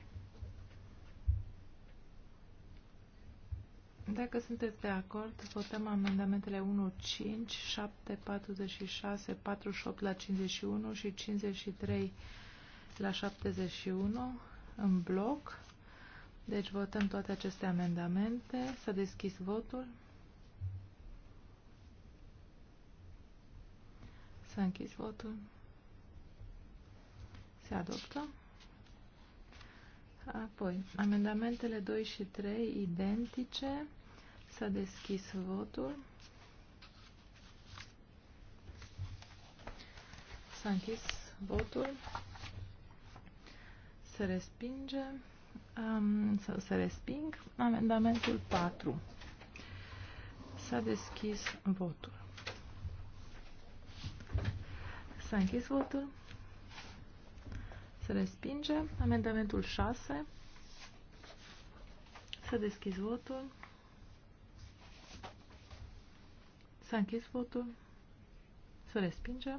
Dacă sunteți de acord, votăm amendamentele 1, 5, 7, 46, 48 la 51 și 53 la 71 în bloc. Deci votăm toate aceste amendamente. Să deschis votul. S-a închis votul. Se adoptă. Apoi, amendamentele 2 și 3 identice. S-a deschis votul. S-a închis votul. Se respinge. Um, sau se resping. Amendamentul 4. S-a deschis votul. S-a închis votul. Se respinge. Amendamentul 6. S-a deschis votul. S-a închis votul. Se respinge.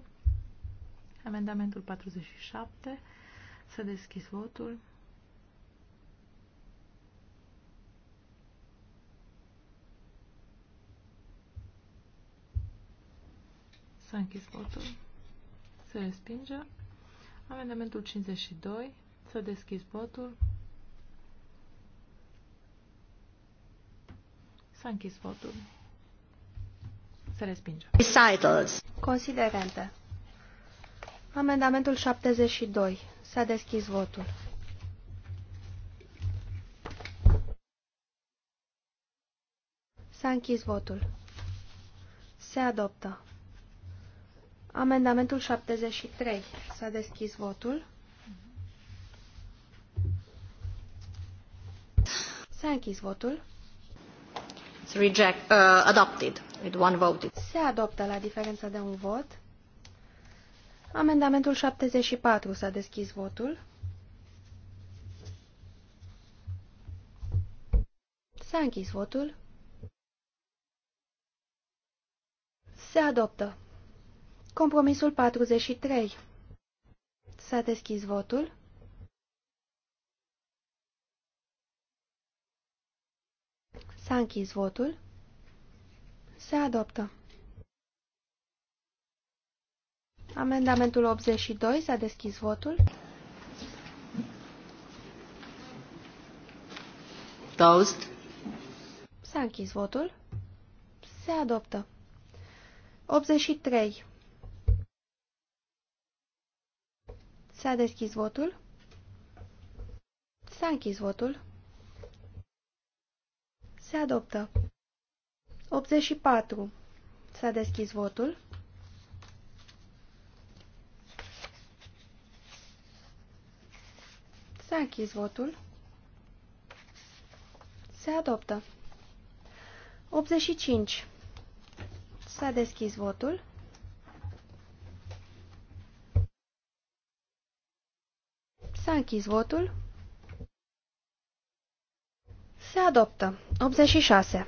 Amendamentul 47. S-a deschis votul. S-a închis votul. Se respinge. Amendamentul 52. Să deschizi votul. S-a închis votul. Se respinge. Recitals. Considerente. Amendamentul 72. S-a deschis votul. S-a închis votul. Se adoptă. Amendamentul 73. S-a deschis votul. S-a închis votul. It's reject, uh, adopted with one vote. Se adoptă la diferență de un vot. Amendamentul 74. S-a deschis votul. S-a închis votul. Se adoptă Compromisul 43. S-a deschis votul. S-a închis votul. Se adoptă. Amendamentul 82. S-a deschis votul. Toast. S-a închis votul. Se adoptă. 83. S-a deschis votul. S-a închis votul. Se adoptă. 84. S-a deschis votul. S-a închis votul. Se adoptă. 85. S-a deschis votul. S-a închis votul. Se adoptă. 86.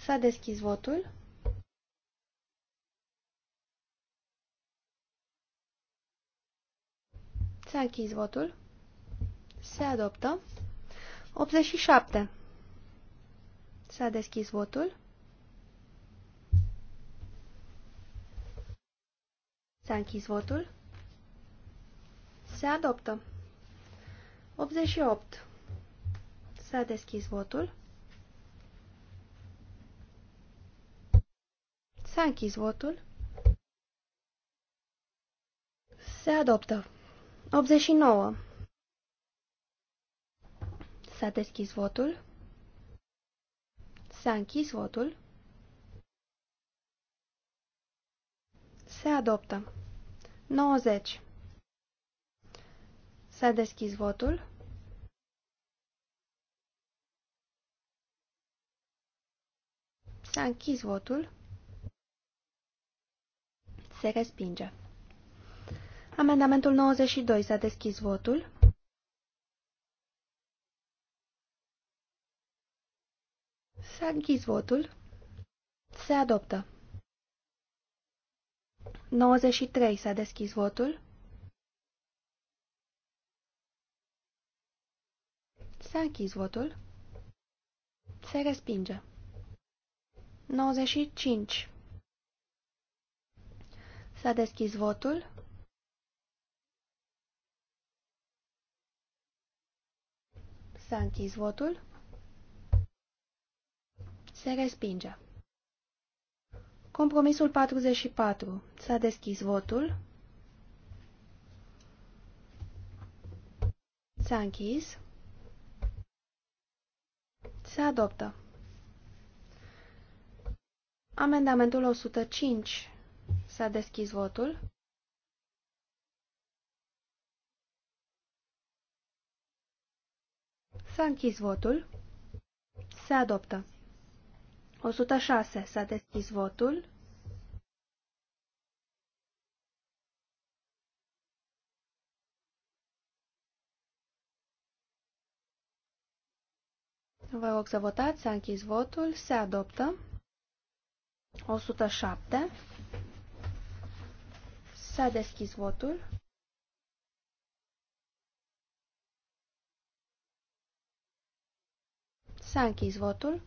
S-a deschis votul. S-a închis votul. Se adoptă. 87. S-a deschis votul. S-a închis votul. Se adoptă. 88. S-a deschis votul. S-a închis votul. Se adoptă. 89. S-a deschis votul. S-a închis votul. Se adoptă. 90. S-a deschis votul. S-a închis votul. Se respinge. Amendamentul 92. S-a deschis votul. S-a închis votul. Se adoptă. 93. S-a deschis votul. S-a închis votul. Se respinge. 95. S-a deschis votul. S-a închis votul. Se respinge. Compromisul 44. S-a deschis votul. S-a închis. Se adoptă. Amendamentul 105. S-a deschis votul. S-a închis votul. Se adoptă. 106. S-a deschis votul. Vă rog să votați, s-a închis votul, se adoptă. 107. S-a deschis votul. S-a închis votul.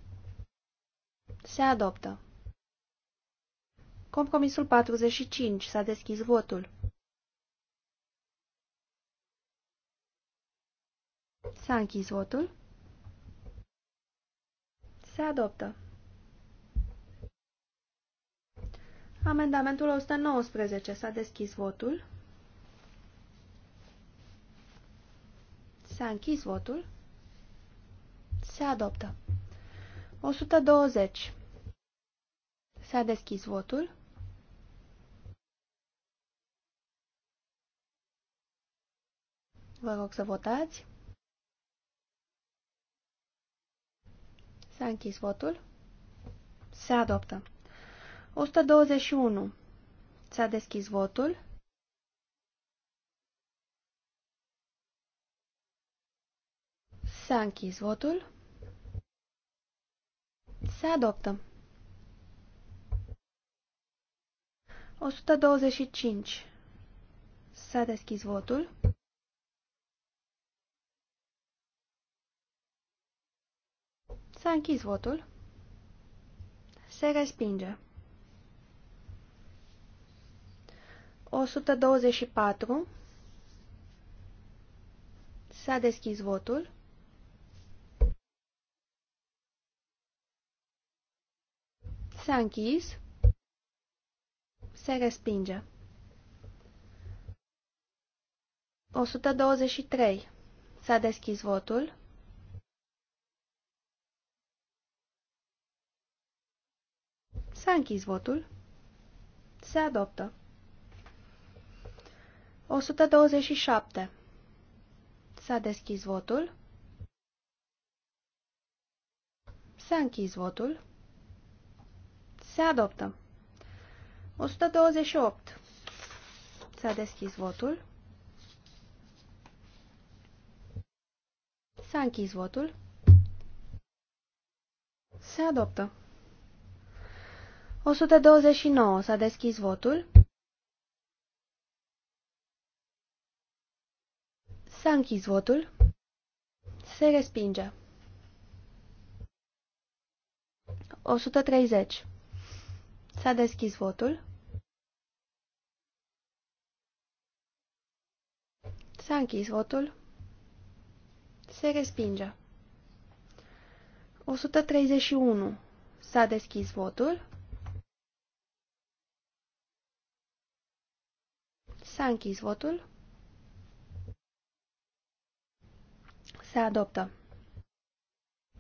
Se adoptă. Compromisul 45. S-a deschis votul. S-a închis votul. Se adoptă. Amendamentul 119. S-a deschis votul. S-a închis votul. Se adoptă. 120. S-a deschis votul. Vă rog să votați. S-a închis votul. Se adoptă. 121. S-a deschis votul. S-a închis votul. Se adoptă. 125. S-a deschis votul. S-a închis votul. Se respinge. 124. S-a deschis votul. S-a închis. Se respinge. 123. S-a deschis votul. S-a închis votul. Se adoptă. 127. S-a deschis votul. S-a închis votul. Se adoptă. 128. S-a deschis votul. S-a închis votul. Se adoptă. 129. S-a deschis votul. S-a închis votul. Se respinge. 130. S-a deschis votul. S-a închis votul. Se respinge. 131. S-a deschis votul. S-a închis votul. Se adoptă.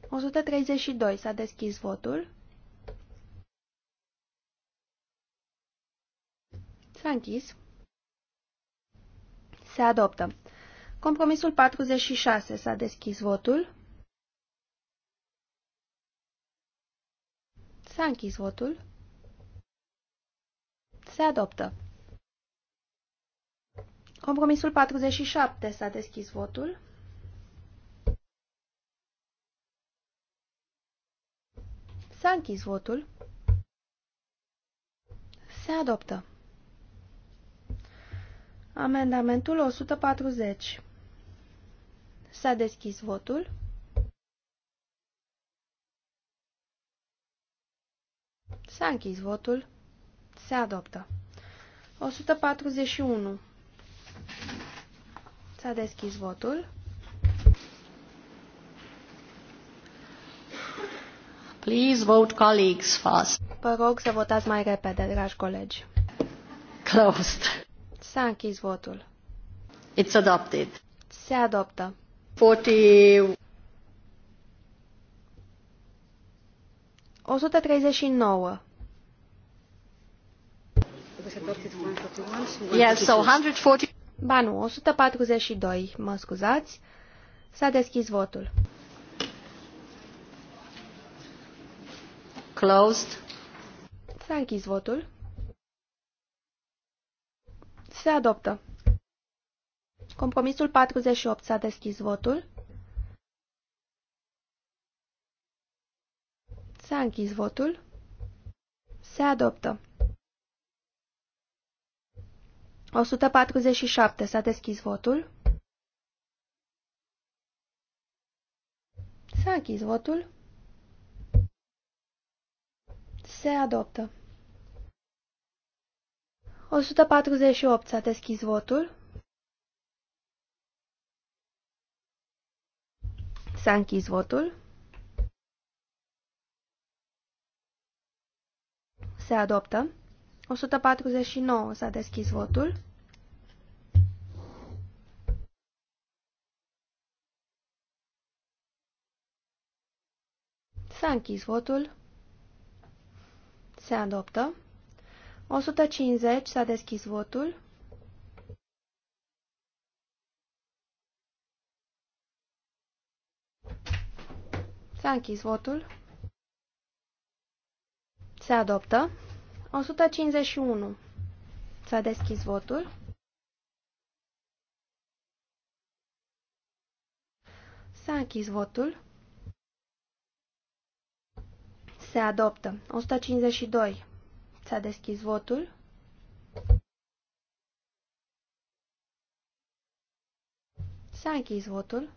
132. S-a deschis votul. S-a închis. Se adoptă. Compromisul 46. S-a deschis votul. S-a închis votul. Se adoptă. Compromisul 47 s-a deschis votul. S-a închis votul. Se adoptă. Amendamentul 140. S-a deschis votul. S-a închis votul. Se adoptă. 141. S-a deschis votul. Please vote colleagues fast. Vă rog să votați mai repede, dragi colegi. Closed. S-a închis votul. It's adopted. Se adoptă. 40... 139. Yes, so 140... Ba nu, 142, mă scuzați. S-a deschis votul. Closed. S-a închis votul. Se adoptă. Compromisul 48 s-a deschis votul. S-a închis votul. Se adoptă. 147. S-a deschis votul. S-a închis votul. Se adoptă. 148. S-a deschis votul. S-a închis votul. Se adoptă. 149 s-a deschis votul. S-a închis votul. Se adoptă. 150 s-a deschis votul. S-a închis votul. Se adoptă. 151. S-a deschis votul. S-a închis votul. Se adoptă. 152. S-a deschis votul. S-a închis votul.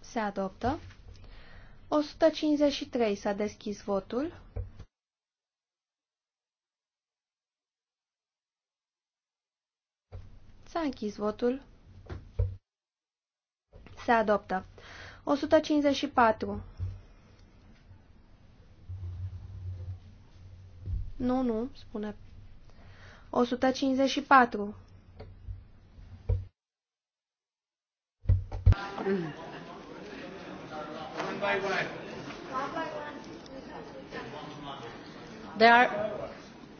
Se adoptă. 153. S-a deschis votul. S-a închis votul. Se adoptă. 154. Nu, nu, spune. 154. There are,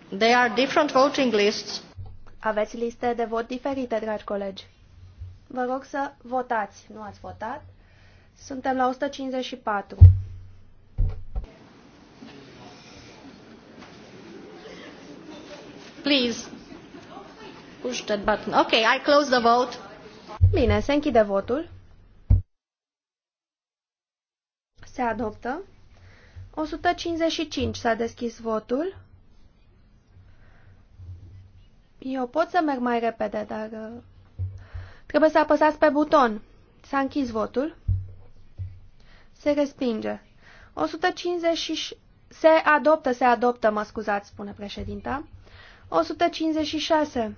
there are different voting lists aveți liste de vot diferite, dragi colegi. Vă rog să votați. Nu ați votat? Suntem la 154. Please. Push that button. Ok, I close the vote. Bine, se închide votul. Se adoptă. 155 s-a deschis votul. Eu pot să merg mai repede, dar uh, trebuie să apăsați pe buton. S-a închis votul. Se respinge. 150 și... Se adoptă, se adoptă, mă scuzați, spune președinta. 156.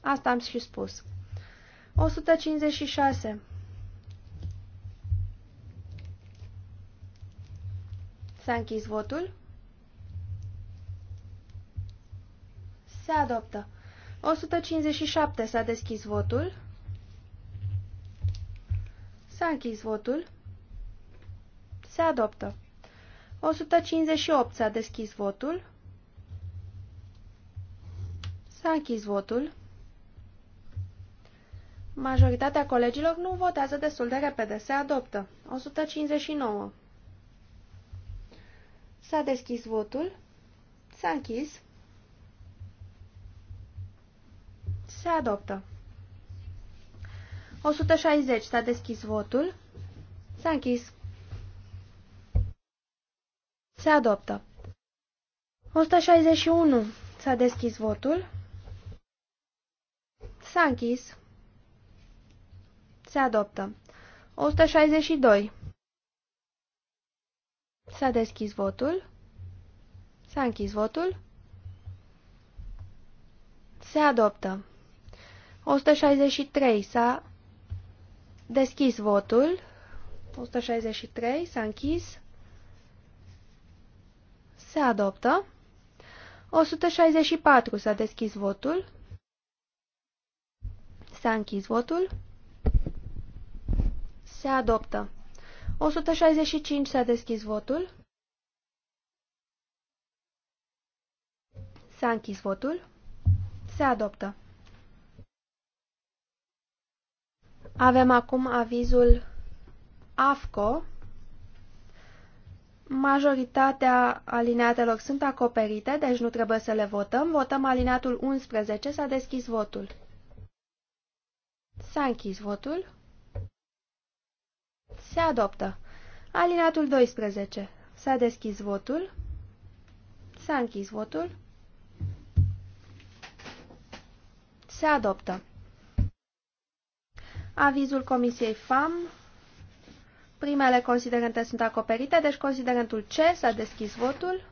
Asta am și spus. 156. S-a închis votul. Se adoptă. 157. S-a deschis votul. S-a închis votul. Se adoptă. 158. S-a deschis votul. S-a închis votul. Majoritatea colegilor nu votează destul de repede. Se adoptă. 159. S-a deschis votul. S-a închis. Se adoptă. 160. S-a deschis votul. S-a închis. Se adoptă. 161. S-a deschis votul. S-a închis. Se adoptă. 162. S-a deschis votul. S-a închis votul. Se adoptă. 163 s-a deschis votul. 163 s-a închis. Se adoptă. 164 s-a deschis votul. S-a închis votul. Se adoptă. 165 s-a deschis votul. S-a închis votul. Se adoptă. Avem acum avizul AFCO. Majoritatea alineatelor sunt acoperite, deci nu trebuie să le votăm. Votăm alineatul 11. S-a deschis votul. S-a închis votul. Se adoptă. Alineatul 12. S-a deschis votul. S-a închis votul. Se adoptă. Avizul Comisiei FAM. Primele considerente sunt acoperite, deci considerentul C s-a deschis votul.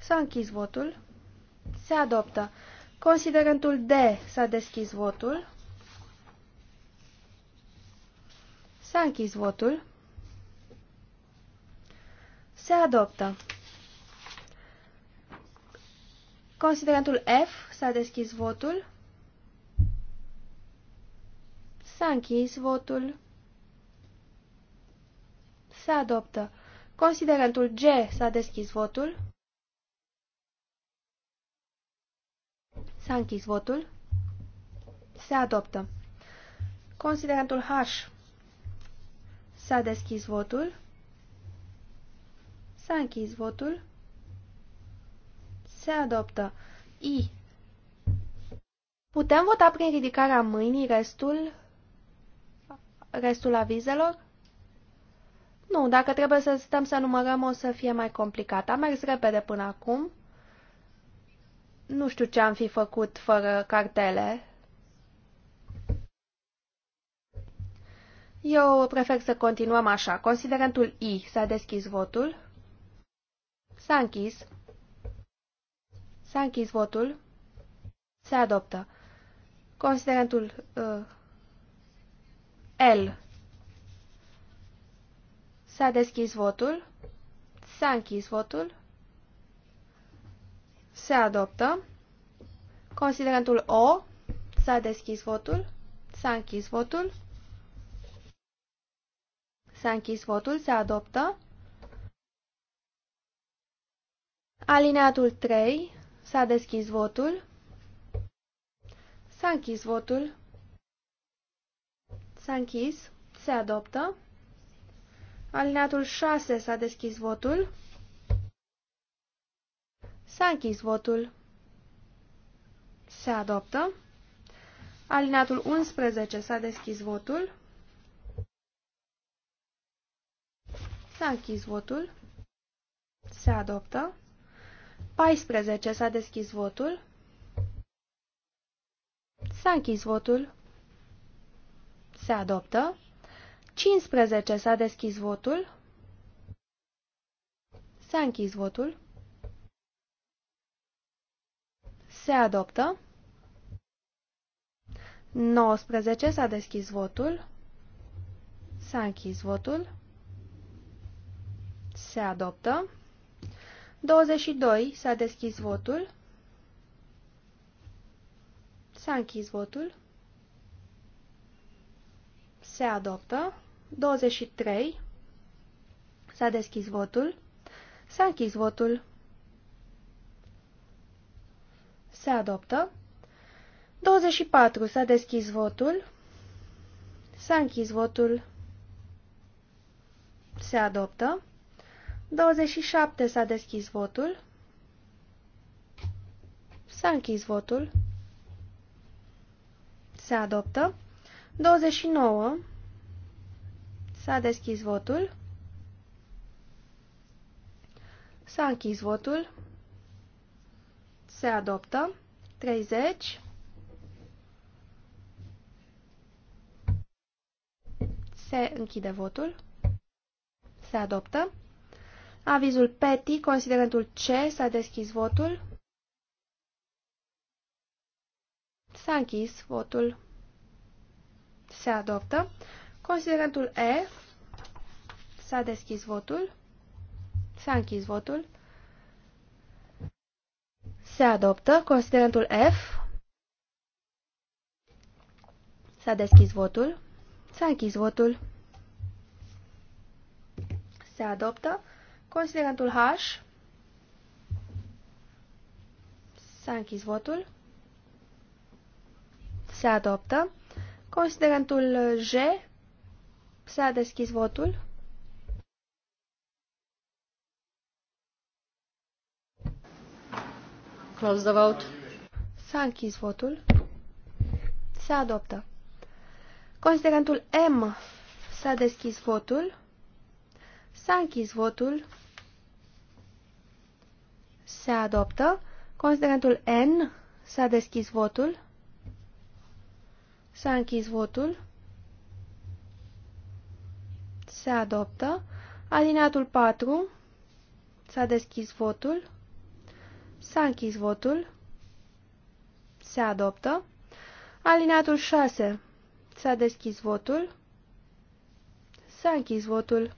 S-a închis votul. Se adoptă. Considerentul D s-a deschis votul. S-a închis votul. Se adoptă. Considerentul F s-a deschis votul. S-a închis votul. Se adoptă. Considerentul G s-a deschis votul. S-a închis votul. Se adoptă. Considerentul H s-a deschis votul. S-a închis votul. Se adoptă. I. Putem vota prin ridicarea mâinii restul restul avizelor? Nu, dacă trebuie să stăm să numărăm, o să fie mai complicat. Am mers repede până acum. Nu știu ce am fi făcut fără cartele. Eu prefer să continuăm așa. Considerentul I s-a deschis votul. S-a închis. S-a închis votul. Se adoptă. Considerentul uh, L. S-a deschis votul. S-a închis votul. Se adoptă. Considerentul O. S-a deschis votul. S-a închis votul. S-a închis votul. Se adoptă. Alineatul 3. S-a deschis votul. S-a închis votul. S-a închis. Se adoptă. Alineatul 6 s-a deschis votul. S-a închis votul. Se adoptă. Alineatul 11 s-a deschis votul. S-a închis votul. Se adoptă. 14 s-a deschis votul. S-a închis votul. Se adoptă. 15. S-a deschis votul. S-a închis votul. Se adoptă. 19. S-a deschis votul. S-a închis votul. Se adoptă. 22. S-a deschis votul. S-a închis votul. Se adoptă. 23. S-a deschis votul. S-a închis votul. Se adoptă. 24. S-a deschis votul. S-a închis votul. Se adoptă. 27. S-a deschis votul. S-a închis votul. Se adoptă. 29. S-a deschis votul. S-a închis votul. Se adoptă. 30. Se închide votul. Se adoptă. Avizul PETI, considerentul C, s-a deschis votul. S-a închis votul. Se adoptă. Considerentul E. S-a deschis votul. S-a închis votul. Se adoptă. Considerentul F. S-a deschis votul. S-a închis votul. Se adoptă. Considerentul H. S-a închis votul. Se adoptă. Considerentul J. S-a deschis votul. Close the vote. S-a închis votul. Se adoptă. Considerentul M. S-a deschis votul. S-a închis votul. Se adoptă. Considerentul N. S-a deschis votul. S-a închis votul. Se adoptă. Alineatul 4. S-a deschis votul. S-a închis votul. Se adoptă. Alineatul 6. S-a deschis votul. S-a închis votul.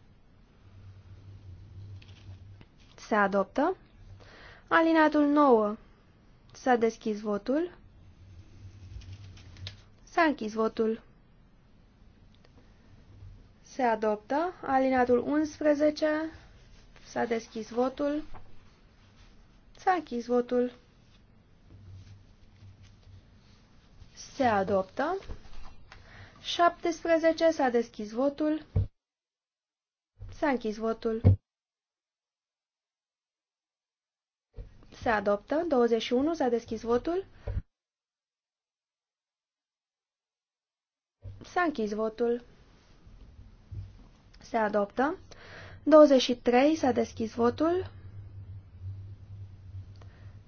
Se adoptă. Alineatul 9. S-a deschis votul. S-a închis votul. Se adoptă. Alinatul 11. S-a deschis votul. S-a închis votul. Se adoptă. 17. S-a deschis votul. S-a închis votul. Se adoptă. 21. S-a deschis votul. S-a închis votul. Se adoptă. 23. S-a deschis votul.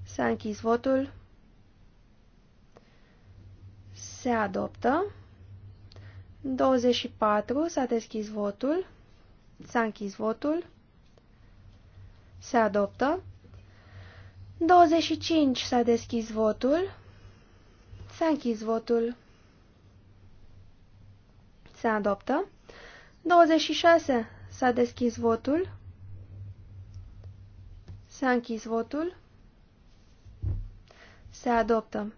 S-a închis votul. Se adoptă. 24. S-a deschis votul. S-a închis votul. Se adoptă. 25. S-a deschis votul. S-a închis votul. Se adoptă. 26. S-a deschis votul. S-a închis votul. Se adoptă.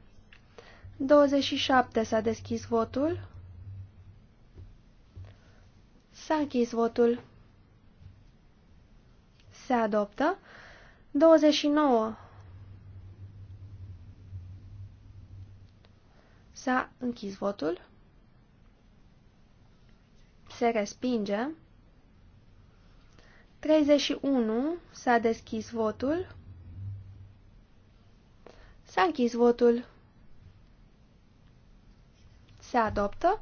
27. S-a deschis votul. S-a închis votul. Se adoptă. 29. S-a închis votul se respinge. 31 s-a deschis votul. S-a închis votul. Se adoptă.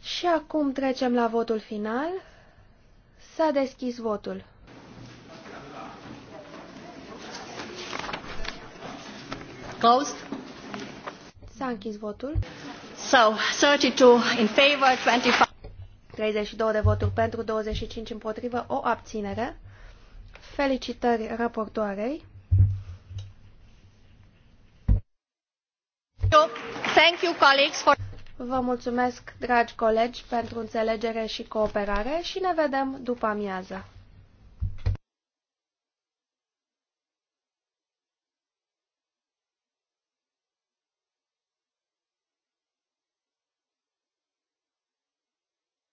Și acum trecem la votul final. S-a deschis votul. Closed. S-a închis votul. So, 32 in favor, 25 32 de voturi pentru, 25 împotrivă, o abținere. Felicitări raportoarei. Thank you, colleagues, for... Vă mulțumesc, dragi colegi, pentru înțelegere și cooperare și ne vedem după amiază.